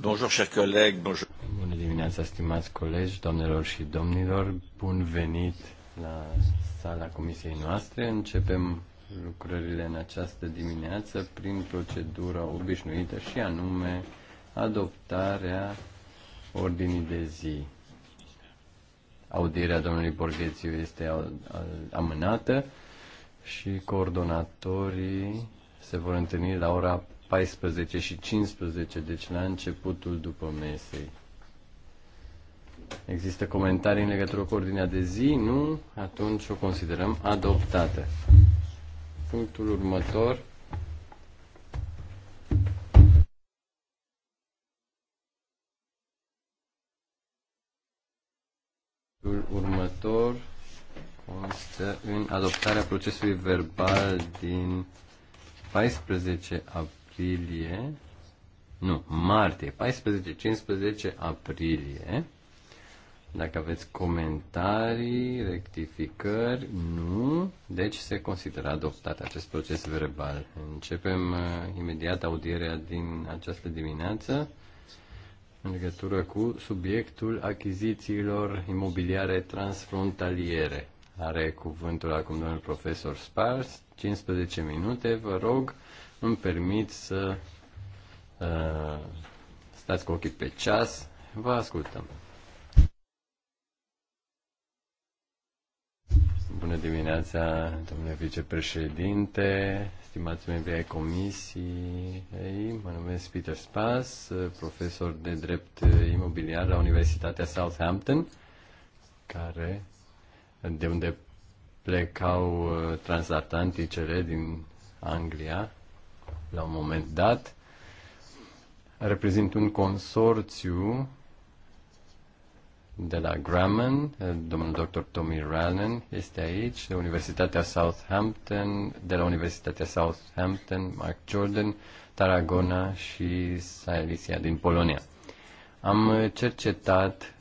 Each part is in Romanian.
Bonjour, chers collègues. Bonjour. Bună dimineața, stimați colegi, doamnelor și domnilor. Bun venit la sala comisiei noastre. Începem lucrările în această dimineață prin procedura obișnuită și anume adoptarea ordinii de zi. Audierea domnului Borghețiu este amânată și coordonatorii se vor întâlni la ora 14 și 15, deci la începutul după mesei. Există comentarii în legătură cu ordinea de zi? Nu? Atunci o considerăm adoptată. Punctul următor. Punctul următor constă în adoptarea procesului verbal din 14 aprilie aprilie, nu, martie, 14-15 aprilie. Dacă aveți comentarii, rectificări, nu. Deci se consideră adoptat acest proces verbal. Începem uh, imediat audierea din această dimineață în legătură cu subiectul achizițiilor imobiliare transfrontaliere. Are cuvântul acum domnul profesor Spars, 15 minute, vă rog, îmi permit să uh, stați cu ochii pe ceas. Vă ascultăm. Bună dimineața, domnule vicepreședinte, stimați membri ai comisiei. Mă numesc Peter Spas, profesor de drept imobiliar la Universitatea Southampton, care de unde plecau uh, transatlanticele din Anglia la un moment dat. Reprezint un consorțiu de la Grumman, domnul dr. Tommy Rannan este aici, de Universitatea Southampton, de la Universitatea Southampton, Mark Jordan, Tarragona și Silesia din Polonia. Am cercetat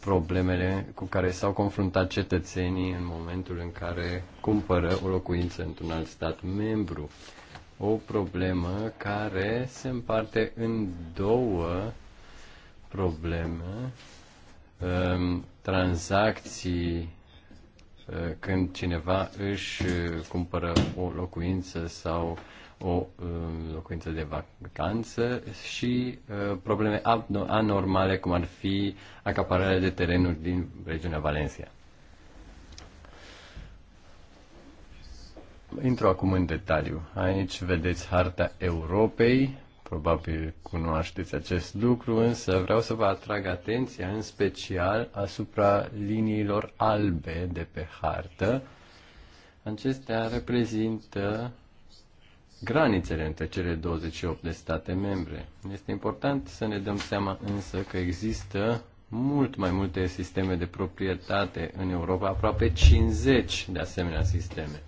problemele cu care s-au confruntat cetățenii în momentul în care cumpără o locuință într-un alt stat membru o problemă care se împarte în două probleme. Ehm, tranzacții eh, când cineva își eh, cumpără o locuință sau o ehm, locuință de vacanță și eh, probleme anormale, cum ar fi acapararea de terenuri din regiunea Valencia. intru acum în detaliu. Aici vedeți harta Europei, probabil cunoașteți acest lucru, însă vreau să vă atrag atenția în special asupra liniilor albe de pe hartă. Acestea reprezintă granițele între cele 28 de state membre. Este important să ne dăm seama însă că există mult mai multe sisteme de proprietate în Europa, aproape 50 de asemenea sisteme.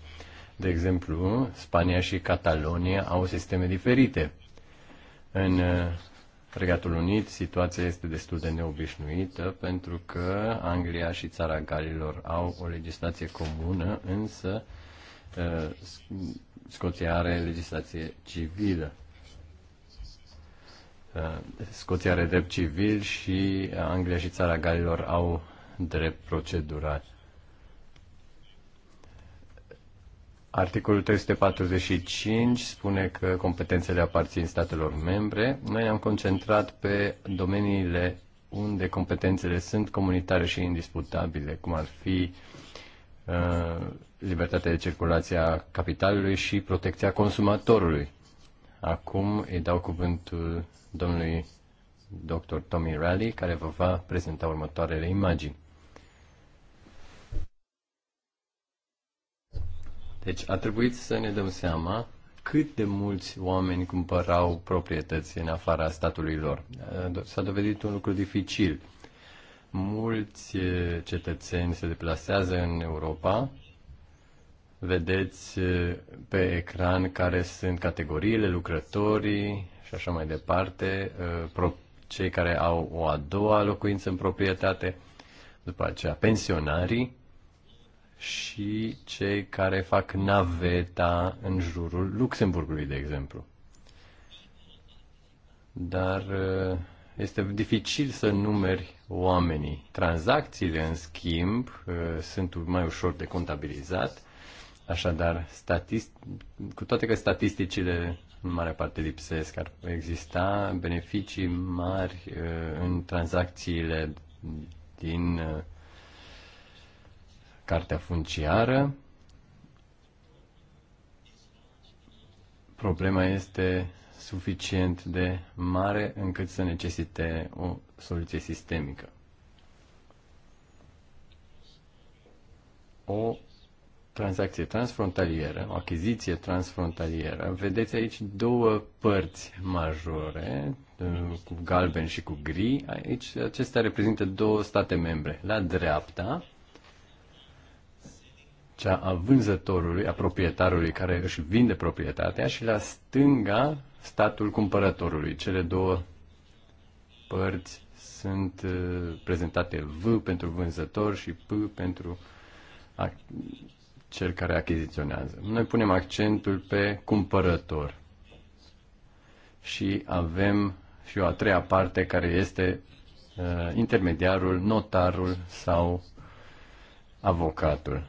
De exemplu, Spania și Catalonia au sisteme diferite. În uh, Regatul Unit situația este destul de neobișnuită pentru că Anglia și țara Galilor au o legislație comună, însă uh, Scoția are legislație civilă. Uh, Scoția are drept civil și Anglia și țara Galilor au drept procedural. Articolul 345 spune că competențele aparțin statelor membre. Noi ne-am concentrat pe domeniile unde competențele sunt comunitare și indisputabile, cum ar fi uh, libertatea de circulație a capitalului și protecția consumatorului. Acum îi dau cuvântul domnului dr. Tommy Riley care vă va prezenta următoarele imagini. Deci a trebuit să ne dăm seama cât de mulți oameni cumpărau proprietăți în afara statului lor. Eh, s-a dovedit un lucru dificil. Mulți eh, cetățeni se deplasează în Europa. Vedeți eh, pe ecran care sunt categoriile, lucrătorii și așa mai departe, cei care au o a doua locuință în proprietate, după aceea pensionarii, și cei care fac naveta în jurul Luxemburgului, de exemplu. Dar uh, este dificil să numeri oamenii. Tranzacțiile, în schimb, uh, sunt mai ușor de contabilizat, așadar, statist- cu toate că statisticile în mare parte lipsesc, ar exista beneficii mari uh, în tranzacțiile din cartea funciară. Problema este suficient de mare încât să necesite o soluție sistemică. O tranzacție transfrontalieră, o achiziție transfrontalieră. Vedeți aici două părți majore, eh, cu galben și cu gri. Aici acestea reprezintă două state membre. La dreapta cea a vânzătorului, a proprietarului care își vinde proprietatea și la stânga statul cumpărătorului. Cele două părți sunt uh, prezentate V pentru vânzător și P pentru cel care achiziționează. Noi punem accentul pe cumpărător și avem și o a treia parte care este uh, intermediarul, notarul sau avocatul.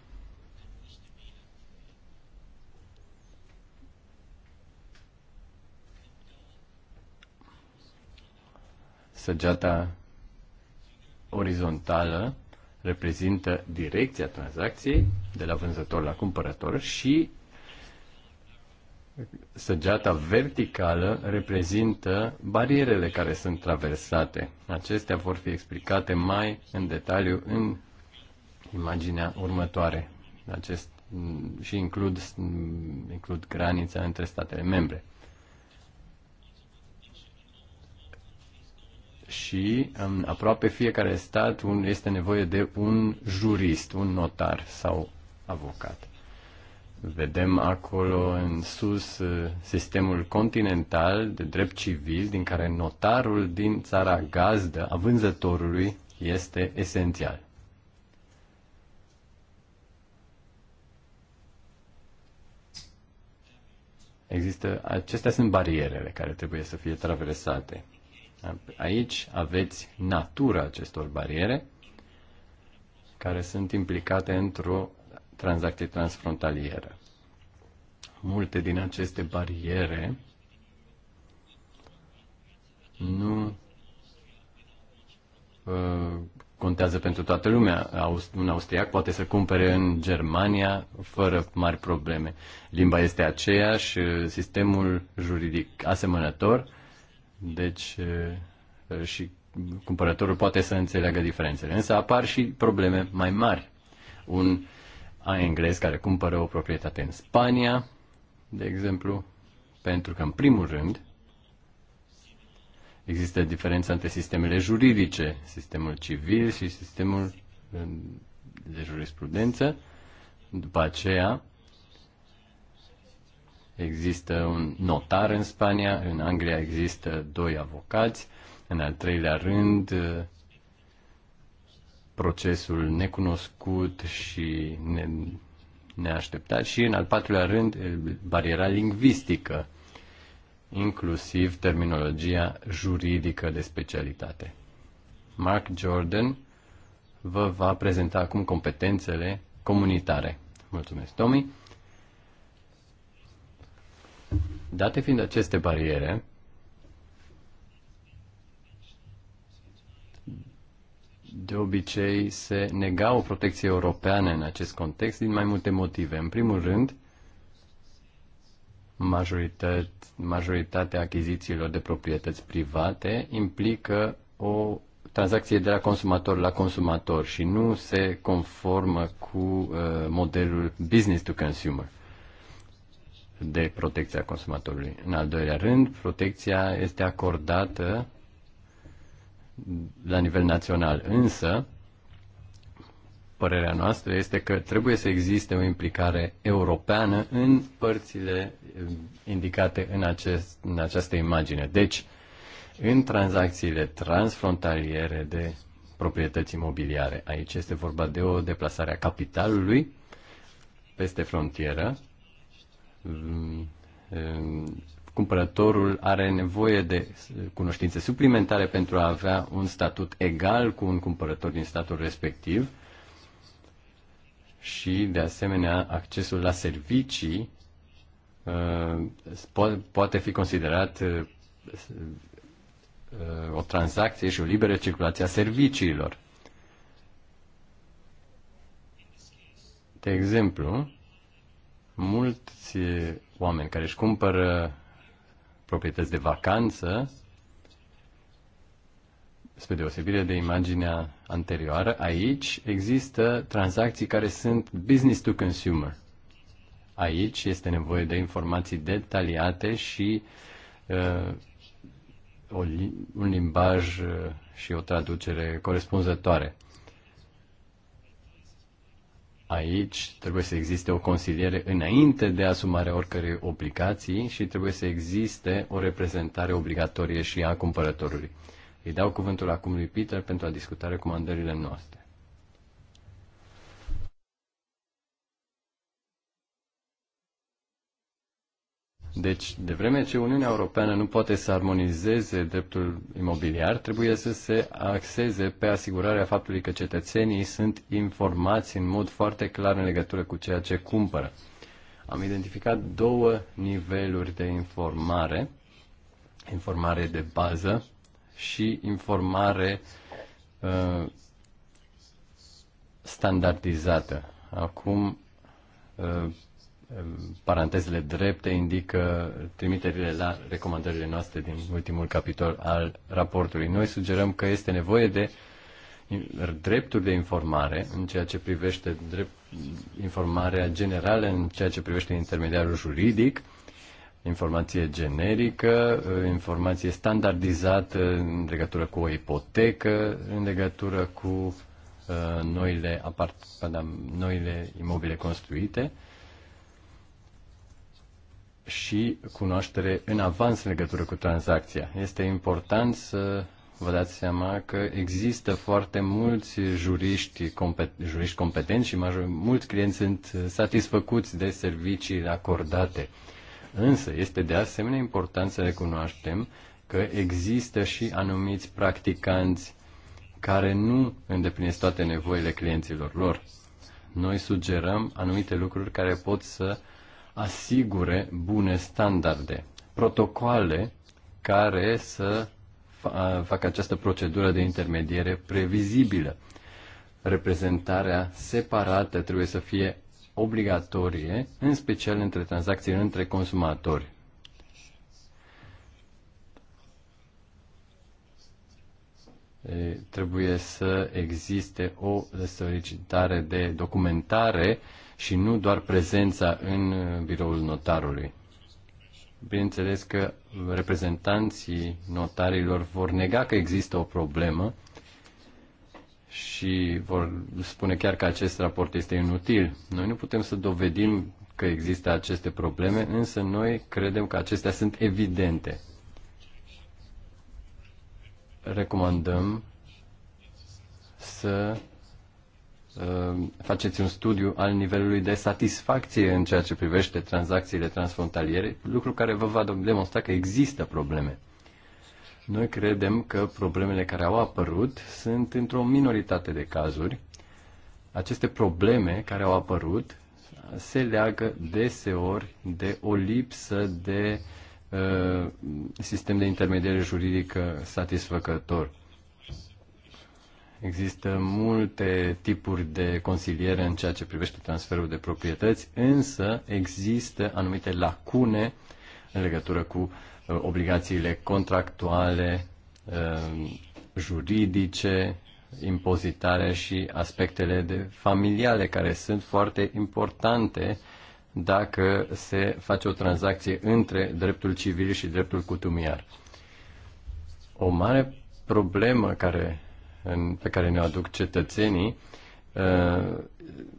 Săgeata orizontală reprezintă direcția tranzacției de la vânzător la cumpărător și săgeata verticală reprezintă barierele care sunt traversate. Acestea vor fi explicate mai în detaliu în imaginea următoare. Acest, și includ, includ granița între statele membre. și în aproape fiecare stat este nevoie de un jurist, un notar sau avocat. Vedem acolo în sus uh, sistemul continental de drept civil, din care notarul din țara gazdă a vânzătorului este esențial. Există, acestea sunt barierele care trebuie să fie traversate. Aici aveți natura acestor bariere care sunt implicate într-o tranzacție transfrontalieră. Multe din aceste bariere nu uh, contează pentru toată lumea. Un austriac poate să cumpere în Germania fără mari probleme. Limba este aceeași, uh, sistemul juridic asemănător, deci și cumpărătorul poate să înțeleagă diferențele. Însă apar și probleme mai mari. Un englez care cumpără o proprietate în Spania, de exemplu, pentru că, în primul rând, există diferența între sistemele juridice, sistemul civil și sistemul de jurisprudență. După aceea, există un notar în Spania, în Anglia există doi avocați, în al treilea rând procesul necunoscut și ne, neașteptat și în al patrulea rând bariera lingvistică, inclusiv terminologia juridică de specialitate. Mark Jordan vă va prezenta acum competențele comunitare. Mulțumesc, Tommy. Date fiind aceste bariere, de obicei se nega o protecție europeană în acest context din mai multe motive. În primul rând, majoritatea achizițiilor de proprietăți private implică o tranzacție de la consumator la consumator și nu se conformă cu uh, modelul business to consumer. Uh, de protecția consumatorului. În al doilea rând, protecția este acordată la nivel național, însă părerea noastră este că trebuie să existe o implicare europeană în părțile um, indicate în, acest, în această imagine. Deci, în tranzacțiile transfrontaliere de proprietăți imobiliare. Aici este vorba de o deplasare a capitalului peste frontieră Mm, cumpărătorul are nevoie de cunoștințe suplimentare pentru a avea un statut egal cu un cumpărător din statul respectiv și, de asemenea, accesul la servicii poate fi considerat o tranzacție și o liberă circulație a serviciilor. De exemplu, mulți oameni care își cumpără proprietăți de vacanță, spre deosebire de imaginea anterioară, aici există tranzacții care sunt business to consumer. Aici este nevoie de informații detaliate și uh, o, un limbaj uh, și o traducere corespunzătoare aici trebuie să existe o consiliere înainte de asumarea oricărei obligații și trebuie să existe o reprezentare obligatorie și a cumpărătorului. Îi dau cuvântul acum lui Peter pentru a discuta recomandările noastre. Deci, de vreme ce Uniunea Europeană nu poate să armonizeze dreptul imobiliar, trebuie să se axeze pe asigurarea faptului că cetățenii sunt informați în mod foarte clar în legătură cu ceea ce cumpără. Am identificat două niveluri de informare, informare de bază și informare uh, standardizată. Acum, uh, parantezele drepte indică trimiterile la recomandările noastre din ultimul capitol al raportului. Noi sugerăm că este nevoie de drepturi de informare în ceea ce privește drept, informarea generală, în ceea ce privește intermediarul juridic, informație generică, informație standardizată în legătură cu o ipotecă, în legătură cu uh, noile, apart, noile imobile construite și cunoaștere în avans în legătură cu tranzacția. Este important să vă dați seama că există foarte mulți juriști, compet- juriști competenți și major- mulți clienți sunt satisfăcuți de serviciile acordate. Însă este de asemenea important să recunoaștem că există și anumiți practicanți care nu îndeplinesc toate nevoile clienților lor. Noi sugerăm anumite lucruri care pot să uh, asigure bune standarde, protocoale care să facă această procedură de intermediere previzibilă. Reprezentarea separată trebuie să fie obligatorie, în special între tranzacții între consumatori. Trebuie să existe o solicitare de documentare uh, și nu doar prezența în biroul notarului. Bineînțeles că reprezentanții notarilor vor nega că există o problemă și vor spune chiar că acest raport este inutil. Noi nu putem să dovedim că există aceste probleme, însă noi credem că acestea sunt evidente. Recomandăm să Uh, faceți un studiu al nivelului de satisfacție în ceea ce privește tranzacțiile transfrontaliere, lucru care vă va demonstra că există probleme. Noi credem că problemele care au apărut sunt într-o minoritate de cazuri. Aceste probleme care au apărut se leagă deseori de o lipsă de uh, sistem de intermediere juridică satisfăcător. Există multe tipuri de consiliere în ceea ce privește transferul de proprietăți, însă există anumite lacune în legătură cu uh, obligațiile contractuale, uh, juridice, impozitare și aspectele de familiale care sunt foarte importante dacă se face o tranzacție între dreptul civil și dreptul cutumiar. O mare problemă care în, pe care ne-o aduc cetățenii uh,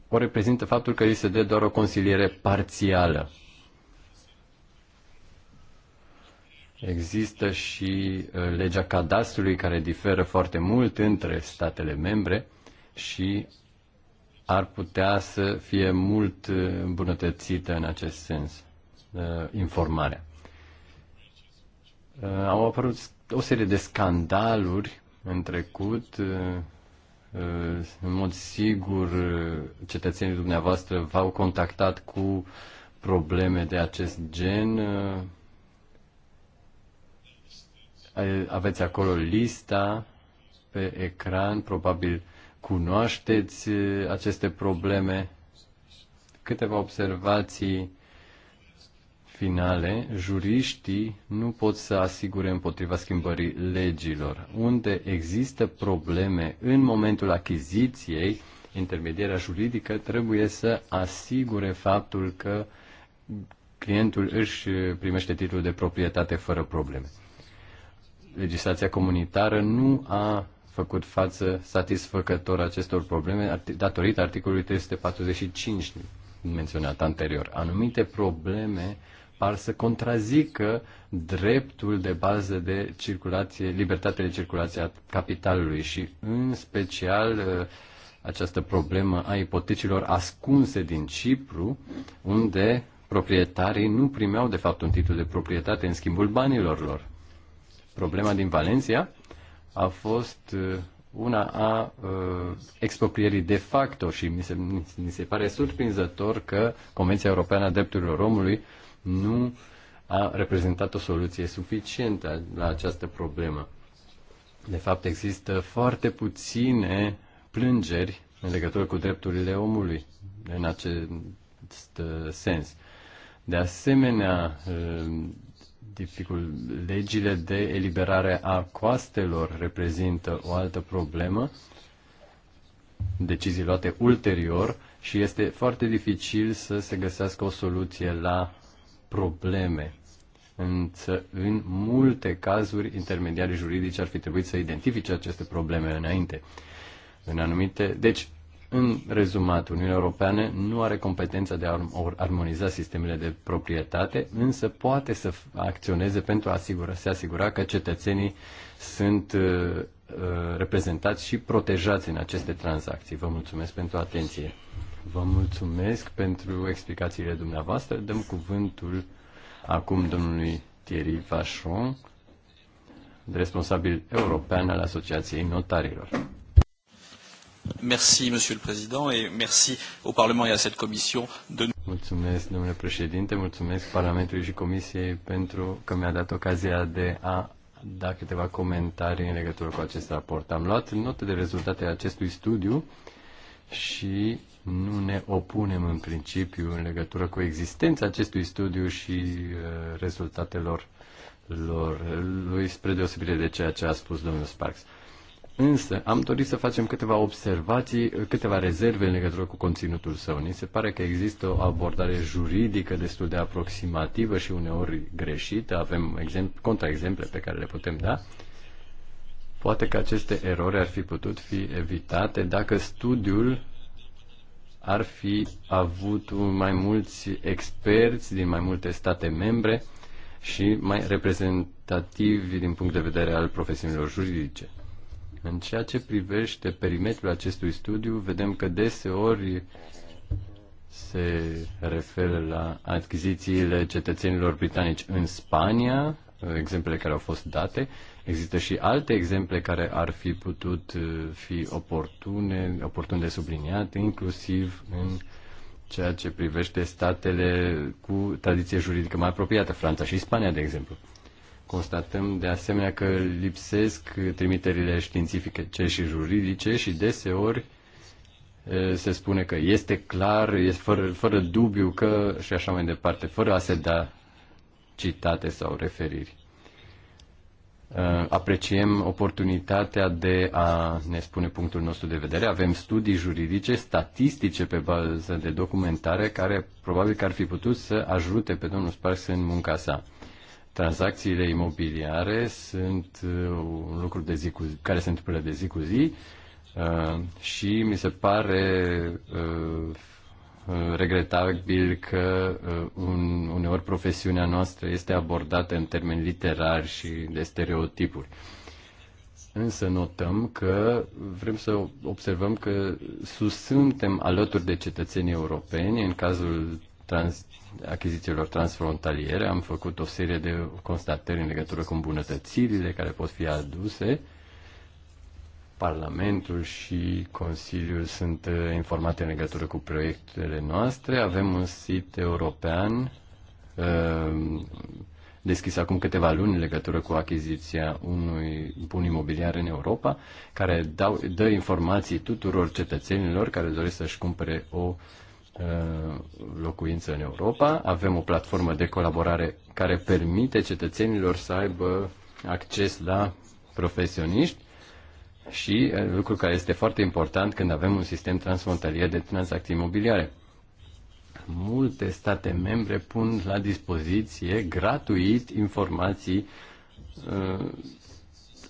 o reprezintă faptul că îi se dă doar o consiliere parțială. Există și uh, legea cadastrului care diferă foarte mult între statele membre și ar putea să fie mult uh, îmbunătățită în acest sens informarea. Au apărut o serie de scandaluri în trecut, uh, uh, în mod sigur, uh, cetățenii dumneavoastră v-au contactat cu probleme de acest gen. Aveți acolo lista pe ecran, probabil cunoașteți aceste probleme. Câteva observații finale, juriștii nu pot să asigure împotriva schimbării legilor. Unde există probleme în momentul achiziției, intermedierea juridică trebuie să asigure faptul că clientul își primește titlul de proprietate fără probleme. Legislația comunitară nu a făcut față satisfăcător acestor probleme datorită articolului 345 menționat anterior. Anumite probleme par să contrazică dreptul de bază de circulație, libertatea de circulație a capitalului și în special uh, această problemă a ipotecilor ascunse din Cipru, unde proprietarii nu primeau de fapt un titlu de proprietate în schimbul banilor lor. Problema din Valencia a fost uh, una a uh, exproprierii de facto și mi se, mi se pare surprinzător că Convenția Europeană a Drepturilor Omului nu a reprezentat o soluție suficientă la această problemă. De fapt, există foarte puține plângeri în legătură cu drepturile omului în acest uh, sens. De asemenea, uh, dificul, legile de eliberare a coastelor reprezintă o altă problemă, decizii luate ulterior și este foarte dificil să se găsească o soluție la probleme. Însă, în multe cazuri, intermediarii juridici ar fi trebuit să identifice aceste probleme înainte. În anumite, deci, în rezumat, Uniunea Europeană nu are competența de a armoniza sistemele de proprietate, însă poate să acționeze pentru a asigura, se asigura că cetățenii sunt uh, uh, reprezentați și protejați în aceste tranzacții. Vă mulțumesc pentru atenție. Vă mulțumesc pentru explicațiile dumneavoastră. Dăm cuvântul acum domnului Thierry Vachon, responsabil european al Asociației Notarilor. Merci, Monsieur le Président, et merci au Parlement et à cette Commission de Mulțumesc, domnule președinte, mulțumesc Parlamentului și Comisiei pentru că mi-a dat ocazia de a da câteva comentarii în legătură cu acest raport. Am luat note de rezultate acestui studiu și nu ne opunem în principiu în legătură cu existența acestui studiu și uh, rezultatelor lor, lui spre deosebire de ceea ce a spus domnul Sparks. Însă, am dorit să facem câteva observații, câteva rezerve în legătură cu conținutul său. Ni se pare că există o abordare juridică destul de aproximativă și uneori greșită. Avem exemple, contraexemple pe care le putem da. Poate că aceste erori ar fi putut fi evitate dacă studiul ar fi avut mai mulți experți din mai multe state membre și mai reprezentativi din punct de vedere al profesiunilor juridice. În ceea ce privește perimetrul acestui studiu, vedem că deseori se referă la achizițiile cetățenilor britanici în Spania, exemplele care au fost date, Există și alte exemple care ar fi putut uh, fi oportune, oportun de subliniat, inclusiv în ceea ce privește statele cu tradiție juridică mai apropiată, Franța și Spania, de exemplu. Constatăm de asemenea că lipsesc trimiterile științifice și juridice și deseori uh, se spune că este clar, este fără, fără dubiu că și așa mai departe, fără a se da citate sau referiri. Uh, apreciem oportunitatea de a ne spune punctul nostru de vedere. Avem studii juridice, statistice pe bază de documentare care probabil că ar fi putut să ajute pe domnul Sparks în munca sa. Tranzacțiile imobiliare sunt uh, un lucru de zi cu, zi, care se întâmplă de zi cu zi uh, și mi se pare Uh, regretabil că uh, un, uneori profesiunea noastră este abordată în termeni literari și de stereotipuri. Însă notăm că vrem să observăm că suntem alături de cetățenii europeni în cazul trans, achizițiilor transfrontaliere. Am făcut o serie de constatări în legătură cu îmbunătățirile care pot fi aduse Parlamentul și Consiliul sunt uh, informate în legătură cu proiectele noastre. Avem un sit european uh, deschis acum câteva luni în legătură cu achiziția unui bun imobiliar în Europa, care dau, dă informații tuturor cetățenilor care doresc să-și cumpere o uh, locuință în Europa. Avem o platformă de colaborare care permite cetățenilor să aibă acces la profesioniști și lucru care este foarte important când avem un sistem transfrontalier de tranzacții imobiliare. Multe state membre pun la dispoziție gratuit informații uh,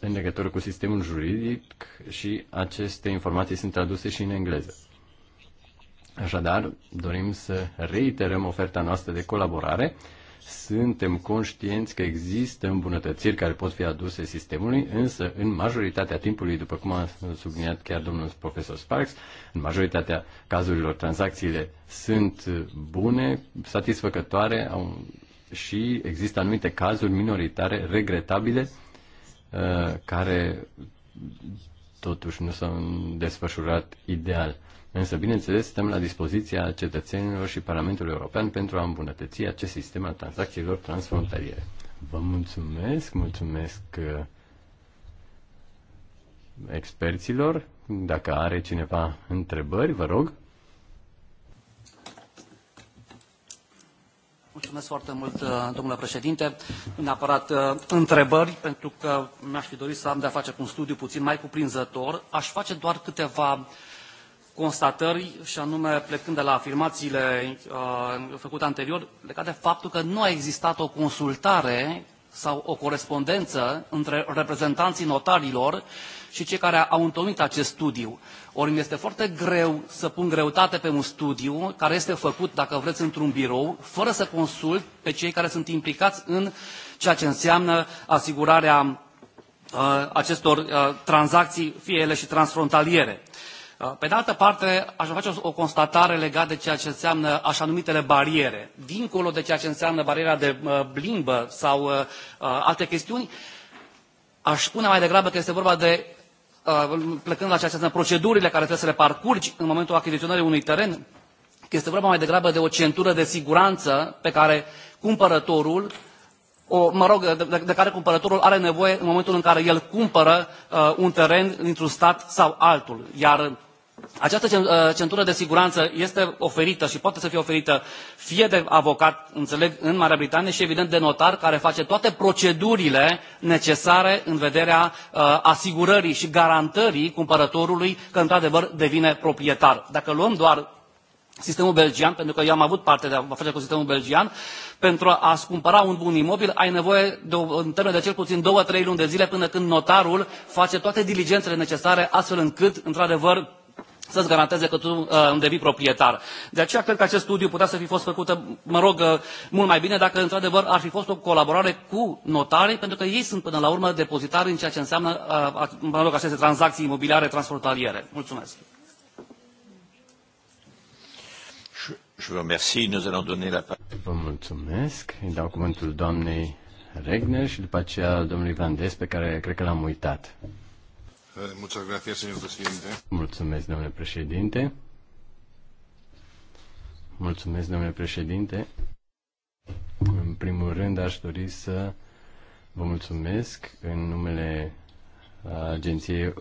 în legătură cu sistemul juridic și aceste informații sunt traduse și în engleză. Așadar, dorim să reiterăm oferta noastră de colaborare suntem conștienți că există îmbunătățiri care pot fi aduse sistemului, însă în majoritatea timpului, după cum a subliniat chiar domnul profesor Sparks, în majoritatea cazurilor tranzacțiile sunt bune, satisfăcătoare și există anumite cazuri minoritare regretabile uh, care totuși nu s-au desfășurat ideal. Însă, bineînțeles, stăm la dispoziția cetățenilor și Parlamentului European pentru a îmbunătăți acest sistem al tranzacțiilor transfrontaliere. Vă mulțumesc, mulțumesc uh, experților. Dacă are cineva întrebări, vă rog. Mulțumesc foarte mult, uh, domnule președinte. Neapărat uh, întrebări, pentru că mi-aș fi dorit să am de-a face cu un studiu puțin mai cuprinzător. Aș face doar câteva uh, constatări, și anume plecând de la afirmațiile uh, făcute anterior, legate de faptul că nu a existat o consultare sau o corespondență între reprezentanții notarilor și cei care au întocmit acest studiu. Ori mi este foarte greu să pun greutate pe un studiu care este făcut, dacă vreți, într-un birou, fără să consult pe cei care sunt implicați în ceea ce înseamnă asigurarea uh, acestor uh, tranzacții, fie ele și transfrontaliere. Uh, pe de altă parte, aș face o constatare legată de ceea ce înseamnă așa numitele bariere. Dincolo de ceea ce înseamnă bariera de uh, limbă sau uh, alte chestiuni, aș spune mai degrabă că este vorba de plecând la ceea ce înseamnă procedurile care trebuie să le parcurgi în momentul achiziționării unui teren, că este vorba mai degrabă de o centură de siguranță pe care cumpărătorul, o, mă rog, de, de care cumpărătorul are nevoie în momentul în care el cumpără uh, un teren dintr-un stat sau altul. Iar această ă, centură de siguranță este oferită și poate să fie oferită fie de avocat, înțeleg, în Marea Britanie și evident de notar care face toate procedurile necesare în vederea uh, asigurării și garantării cumpărătorului că într-adevăr devine proprietar. Dacă luăm doar sistemul belgian, pentru că eu am avut parte de a face cu sistemul belgian, pentru a cumpăra un bun imobil, ai nevoie de în termen de cel puțin două, trei luni de zile până când notarul face toate diligențele necesare astfel încât, într-adevăr, să-ți garanteze că tu uh, îmi devii proprietar. De aceea cred că acest studiu putea să fi fost făcut, uh, mă rog, uh, mult mai bine dacă într-adevăr ar fi fost o colaborare cu notarii, pentru că ei sunt până la urmă depozitari în ceea ce înseamnă, uh, mă rog, aceste tranzacții imobiliare transfrontaliere. Mulțumesc. Vă mulțumesc. Îi dau cuvântul doamnei Regner și după aceea domnului Vandes, pe care cred că l-am uitat. Eh, muchas gracias, señor presidente. Mulțumesc, domnule președinte. Mulțumesc, domnule președinte. În primul rând, aș dori să vă mulțumesc în numele uh, Agenției uh,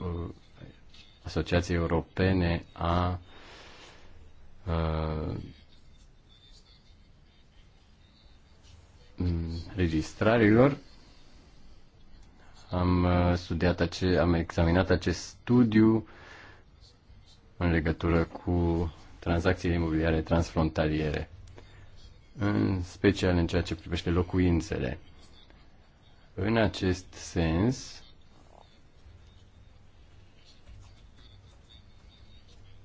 Asociației Europene a, a uh, registrarilor am uh, studiat ace- am examinat acest studiu în legătură cu tranzacțiile imobiliare transfrontaliere, în special în ceea ce privește locuințele. În acest sens,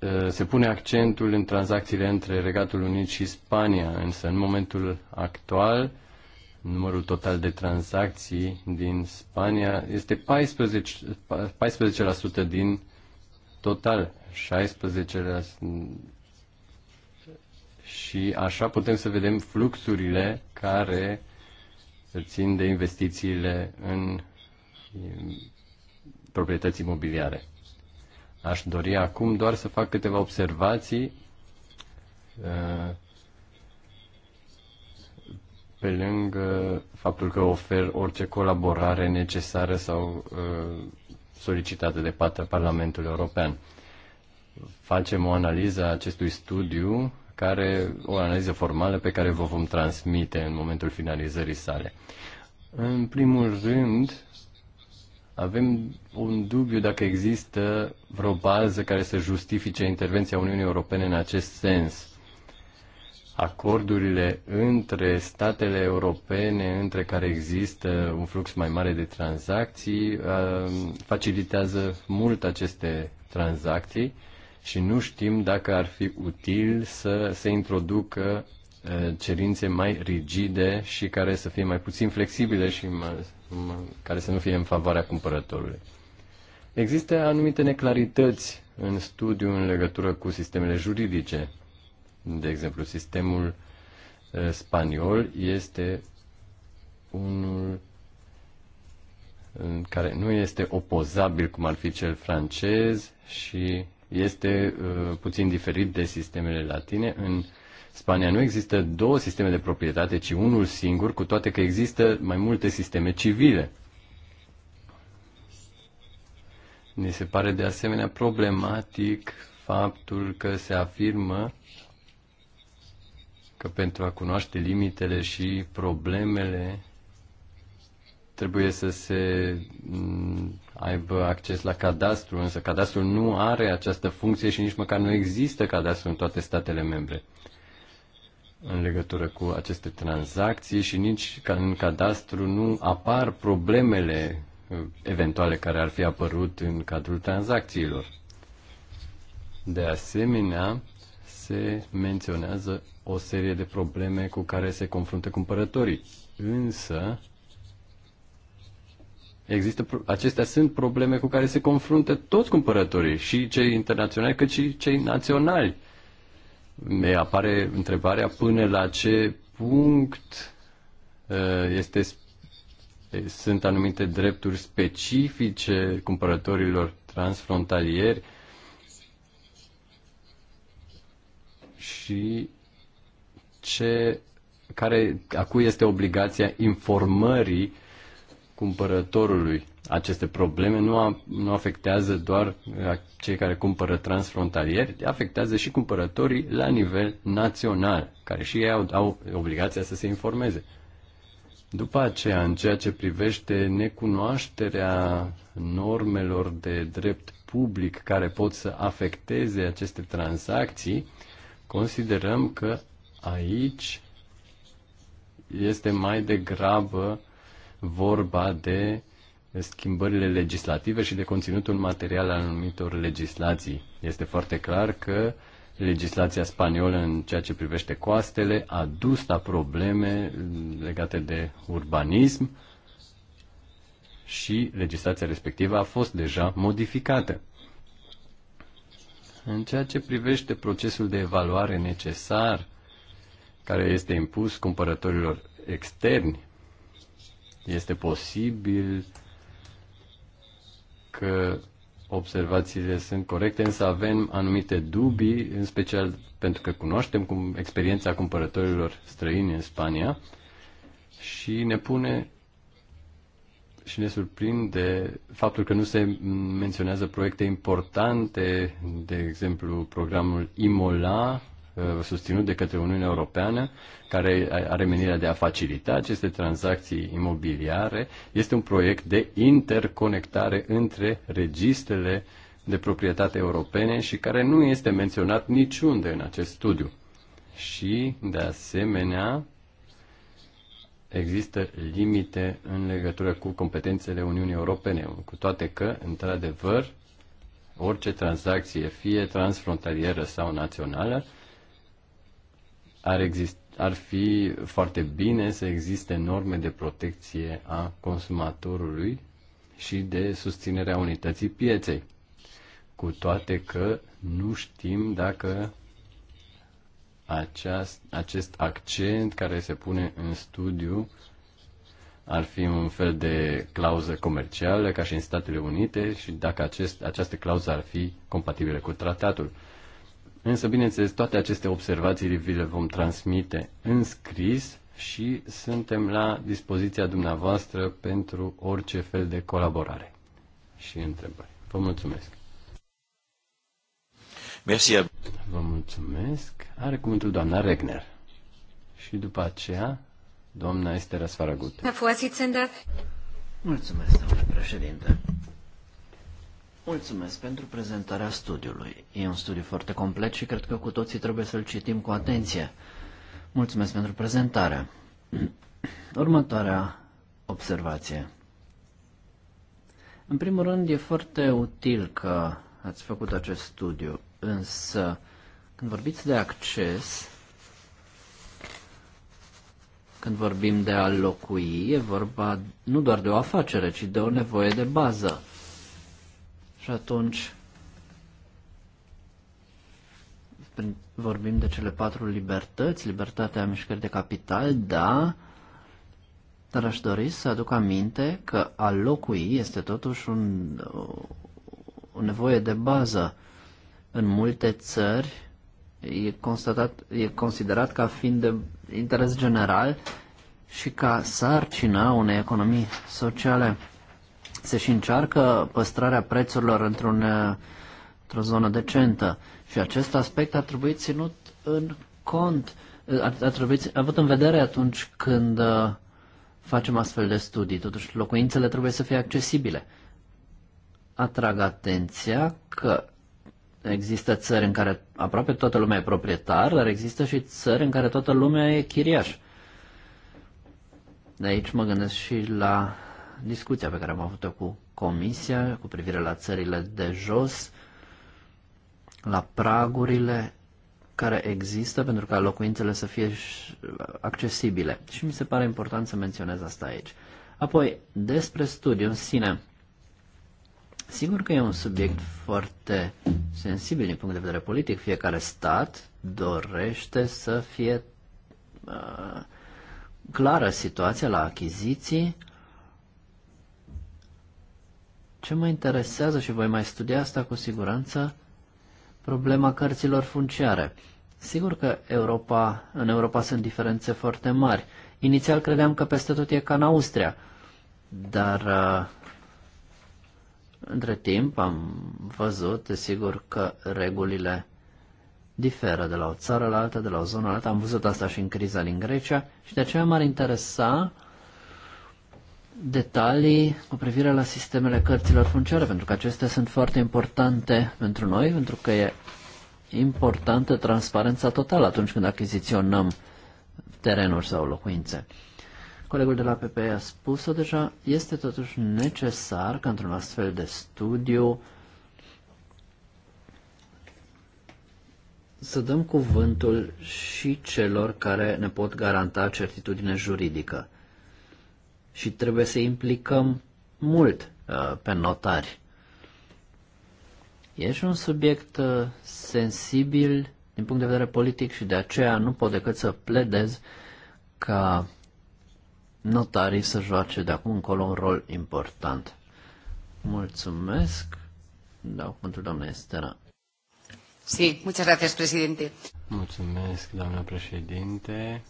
uh, se pune accentul în tranzacțiile între Regatul Unit și Spania, însă în momentul actual Numărul total de tranzacții din Spania este 14, 14% din total, 16% și așa putem să vedem fluxurile care țin de investițiile în proprietăți imobiliare. Aș dori acum doar să fac câteva observații uh, pe lângă faptul că ofer orice colaborare necesară sau uh, solicitată de partea Parlamentului European. Facem o analiză a acestui studiu, care, o analiză formală pe care vă vom transmite în momentul finalizării sale. În primul rând, avem un dubiu dacă există vreo bază care să justifice intervenția Uniunii Europene în acest sens acordurile între statele europene, între care există un flux mai mare de tranzacții, uh, facilitează mult aceste tranzacții și nu știm dacă ar fi util să se introducă uh, cerințe mai rigide și care să fie mai puțin flexibile și care să nu fie în favoarea cumpărătorului. Există anumite neclarități în studiu în legătură cu sistemele juridice de exemplu, sistemul uh, spaniol este unul care nu este opozabil cum ar fi cel francez și este uh, puțin diferit de sistemele latine. În Spania nu există două sisteme de proprietate, ci unul singur, cu toate că există mai multe sisteme civile. Ni se pare de asemenea problematic faptul că se afirmă că pentru a cunoaște limitele și problemele trebuie să se mm, aibă acces la cadastru, însă cadastrul nu are această funcție și nici măcar nu există cadastru în toate statele membre în legătură cu aceste tranzacții și nici în cadastru nu apar problemele uh, eventuale care ar fi apărut în cadrul tranzacțiilor. De asemenea, se menționează o serie de probleme cu care se confruntă cumpărătorii. Însă, există, acestea sunt probleme cu care se confruntă toți cumpărătorii, și cei internaționali, cât și cei naționali. Mi apare întrebarea până la ce punct uh, este, sunt anumite drepturi specifice cumpărătorilor transfrontalieri, și ce, care, a cui este obligația informării cumpărătorului. Aceste probleme nu, a, nu afectează doar uh, cei care cumpără transfrontalier, afectează și cumpărătorii la nivel național, care și ei au, au obligația să se informeze. După aceea, în ceea ce privește necunoașterea normelor de drept public care pot să afecteze aceste tranzacții, Considerăm că aici este mai degrabă vorba de schimbările legislative și de conținutul material al anumitor legislații. Este foarte clar că legislația spaniolă în ceea ce privește coastele a dus la probleme legate de urbanism și legislația respectivă a fost deja modificată. În ceea ce privește procesul de evaluare necesar care este impus cumpărătorilor externi, este posibil că observațiile sunt corecte, însă avem anumite dubii, în special pentru că cunoaștem cum experiența cumpărătorilor străini în Spania și ne pune și ne surprinde faptul că nu se menționează proiecte importante, de exemplu programul IMOLA, uh, susținut de către Uniunea Europeană, care are menirea de a facilita aceste tranzacții imobiliare, este un proiect de interconectare între registrele de proprietate europene și care nu este menționat niciunde în acest studiu. Și, de asemenea, există limite în legătură cu competențele Uniunii Europene, cu toate că, într-adevăr, orice tranzacție, fie transfrontalieră sau națională, ar, exist, ar fi foarte bine să existe norme de protecție a consumatorului și de susținerea unității pieței. Cu toate că nu știm dacă aceast, acest accent care se pune în studiu ar fi un fel de clauză comercială, ca și în Statele Unite, și dacă acest, această clauză ar fi compatibilă cu tratatul. Însă, bineînțeles, toate aceste observații vi le vom transmite în scris și suntem la dispoziția dumneavoastră pentru orice fel de colaborare și întrebări. Vă mulțumesc! Merci. Vă mulțumesc. Are cuvântul doamna Regner. Și după aceea, doamna Estera Sfaragut. Mulțumesc, domnule președinte. Mulțumesc pentru prezentarea studiului. E un studiu foarte complet și cred că cu toții trebuie să-l citim cu atenție. Mulțumesc pentru prezentare. Următoarea observație. În primul rând, e foarte util că ați făcut acest studiu. Însă, când vorbiți de acces, când vorbim de a locui, e vorba nu doar de o afacere, ci de o nevoie de bază. Și atunci vorbim de cele patru libertăți, libertatea mișcării de capital, da, dar aș dori să aduc aminte că a locui este totuși un, o nevoie de bază în multe țări e, constatat, e considerat ca fiind de interes general și ca sarcina unei economii sociale. Se și încearcă păstrarea prețurilor într-un, într-o zonă decentă și acest aspect ar trebui ținut în cont, ar, ar trebui avut în vedere atunci când uh, facem astfel de studii. Totuși, locuințele trebuie să fie accesibile. Atrag atenția că Există țări în care aproape toată lumea e proprietar, dar există și țări în care toată lumea e chiriaș. De aici mă gândesc și la discuția pe care am avut-o cu Comisia cu privire la țările de jos, la pragurile care există pentru ca locuințele să fie accesibile. Și mi se pare important să menționez asta aici. Apoi, despre studiu în sine. Sigur că e un subiect foarte sensibil din punct de vedere politic. Fiecare stat dorește să fie uh, clară situația la achiziții. Ce mă interesează și voi mai studia asta cu siguranță, problema cărților funciare. Sigur că Europa, în Europa sunt diferențe foarte mari. Inițial credeam că peste tot e ca în Austria, dar uh, între timp am văzut, desigur, că regulile diferă de la o țară la alta, de la o zonă la alta. Am văzut asta și în criza din Grecia și de aceea m-ar interesa detalii cu privire la sistemele cărților funciare, pentru că acestea sunt foarte importante pentru noi, pentru că e importantă transparența totală atunci când achiziționăm terenuri sau locuințe colegul de la PPE a spus-o deja, este totuși necesar ca într-un astfel de studiu să dăm cuvântul și celor care ne pot garanta certitudine juridică. Și trebuie să implicăm mult uh, pe notari. E și un subiect uh, sensibil din punct de vedere politic și de aceea nu pot decât să pledez ca notarii să joace de acum încolo un rol important. Mulțumesc. Dau cuvântul doamna Estera. Sí, muchas gracias, presidente. Mulțumesc, doamna președinte.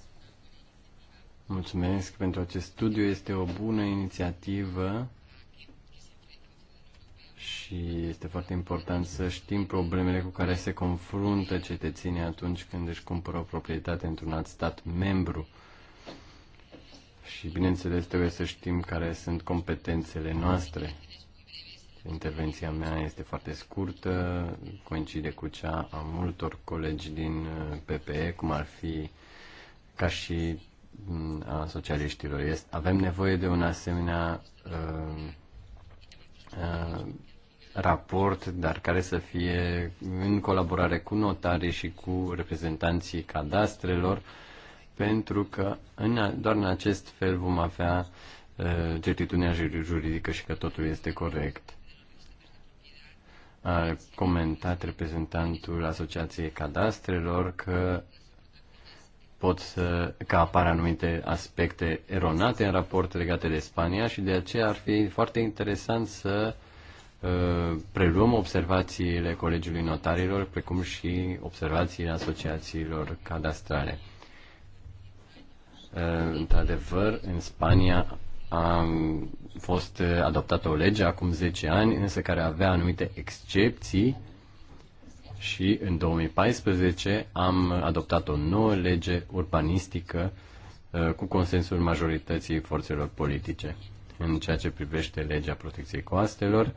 Mulțumesc pentru acest studiu. Este o bună inițiativă și este foarte important să știm problemele cu care se confruntă cetățenii atunci când își cumpără o proprietate într-un alt stat membru și, bineînțeles, trebuie să știm care sunt competențele noastre. Intervenția mea este foarte scurtă, coincide cu cea a multor colegi din uh, PPE, cum ar fi ca și mm, a socialiștilor. avem nevoie de un asemenea uh, uh, raport, dar care să fie în colaborare cu notarii și cu reprezentanții cadastrelor uh, pentru că în, doar în acest fel vom avea uh, certitudinea juridică și că totul este corect. A comentat reprezentantul Asociației Cadastrelor că pot să, că apar anumite aspecte eronate în raport legate de Spania și de aceea ar fi foarte interesant să uh, preluăm observațiile Colegiului Notarilor, precum și observațiile asociațiilor cadastrale. Uh, într-adevăr, în Spania a fost uh, adoptată o lege acum 10 ani, însă care avea anumite excepții și în 2014 am adoptat o nouă lege urbanistică uh, cu consensul majorității forțelor politice. În ceea ce privește legea protecției coastelor,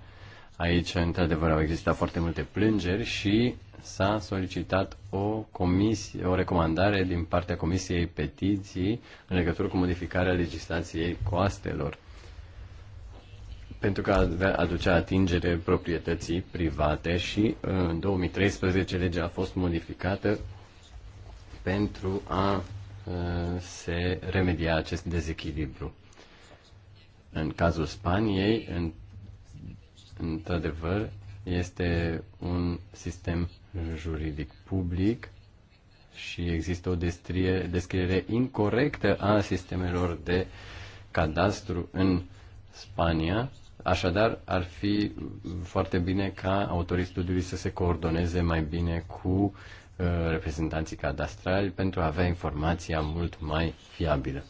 aici într-adevăr au existat foarte multe plângeri și s-a solicitat o, comisie, o recomandare din partea Comisiei Petiții în legătură cu modificarea legislației coastelor pentru că aducea atingere proprietății private și uh, în 2013 legea a fost modificată pentru a uh, se remedia acest dezechilibru. În cazul Spaniei, în, într-adevăr, este un sistem juridic public și există o descriere, descriere incorrectă a sistemelor de cadastru în Spania. Așadar, ar fi foarte bine ca autorii studiului să se coordoneze mai bine cu uh, reprezentanții cadastrali pentru a avea informația mult mai fiabilă.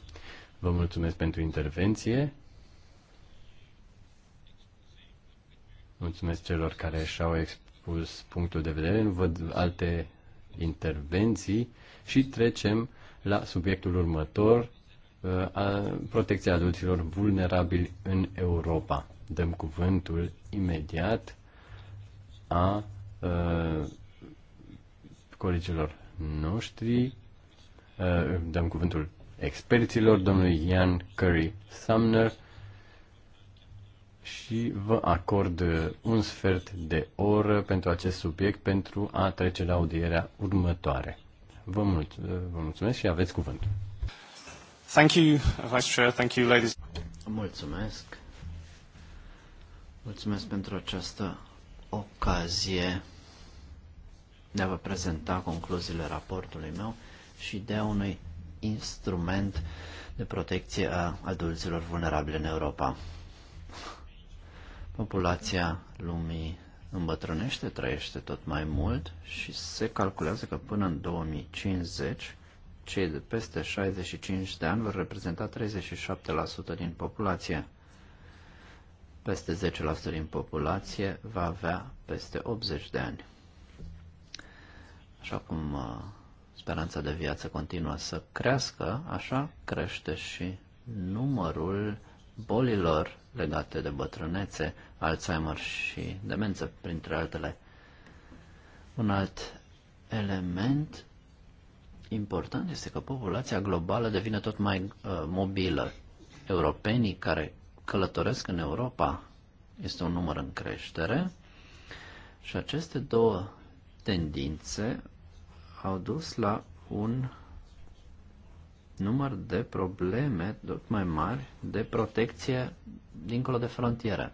Vă mulțumesc pentru intervenție. Mulțumesc celor care și-au exprimat spus punctul de vedere, nu văd alte intervenții și trecem la subiectul următor, uh, a protecția adulților vulnerabili în Europa. Dăm cuvântul imediat a, a uh, colegilor noștri, a, uh, dăm cuvântul experților, domnului Ian Curry Sumner, și vă acord un sfert de oră pentru acest subiect pentru a trece la audierea următoare. Vă, mul- vă mulțumesc și aveți cuvântul. Thank you, Vice Chair. Thank you, ladies. Mulțumesc. Mulțumesc pentru această ocazie de a vă prezenta concluziile raportului meu și de a unui instrument de protecție a adulților vulnerabili în Europa. Populația lumii îmbătrânește, trăiește tot mai mult și se calculează că până în 2050 cei de peste 65 de ani vor reprezenta 37% din populație. Peste 10% din populație va avea peste 80 de ani. Așa cum uh, speranța de viață continuă să crească, așa crește și numărul bolilor legate de bătrânețe, Alzheimer și demență, printre altele. Un alt element important este că populația globală devine tot mai uh, mobilă. Europenii care călătoresc în Europa este un număr în creștere și aceste două tendințe au dus la un număr de probleme tot mai mari de protecție dincolo de frontiere.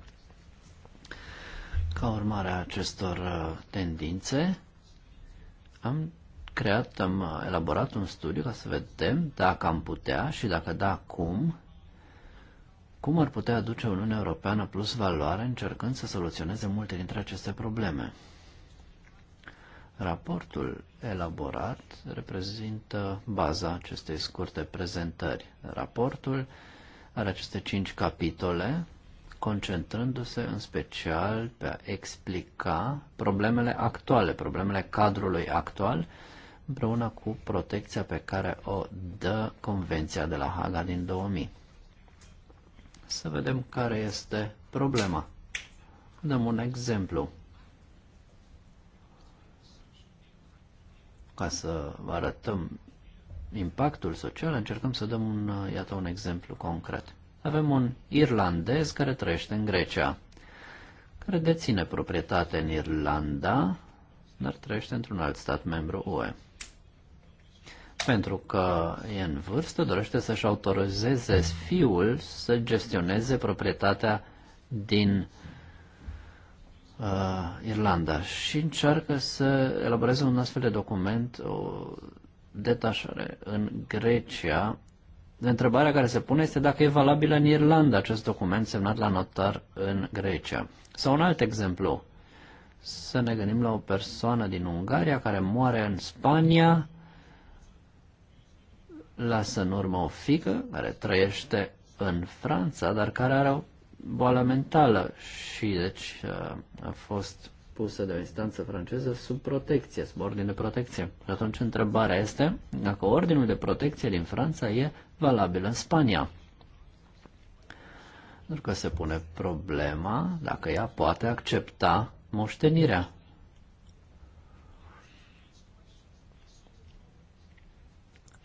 Ca urmare a acestor uh, tendințe, am creat, am uh, elaborat un studiu ca să vedem dacă am putea și dacă da, cum, cum ar putea aduce Uniunea Europeană plus valoare încercând să soluționeze multe dintre aceste probleme. Raportul elaborat reprezintă baza acestei scurte prezentări. Raportul are aceste cinci capitole, concentrându-se în special pe a explica problemele actuale, problemele cadrului actual, împreună cu protecția pe care o dă Convenția de la Haga din 2000. Să vedem care este problema. Dăm un exemplu. ca să vă arătăm impactul social, încercăm să dăm un, uh, iată, un exemplu concret. Avem un irlandez care trăiește în Grecia, care deține proprietate în Irlanda, dar trăiește într-un alt stat membru UE. Pentru că e în vârstă, dorește să-și autorizeze fiul să gestioneze proprietatea din uh, Irlanda și încearcă să elaboreze un astfel de document, o detașare în Grecia. Întrebarea care se pune este dacă e valabil în Irlanda acest document semnat la notar în Grecia. Sau un alt exemplu, să ne gândim la o persoană din Ungaria care moare în Spania, lasă în urmă o fică care trăiește în Franța, dar care are o boală mentală și deci a fost pusă de o instanță franceză sub protecție, sub ordin de protecție. Și atunci întrebarea este dacă ordinul de protecție din Franța e valabil în Spania. Pentru că se pune problema dacă ea poate accepta moștenirea.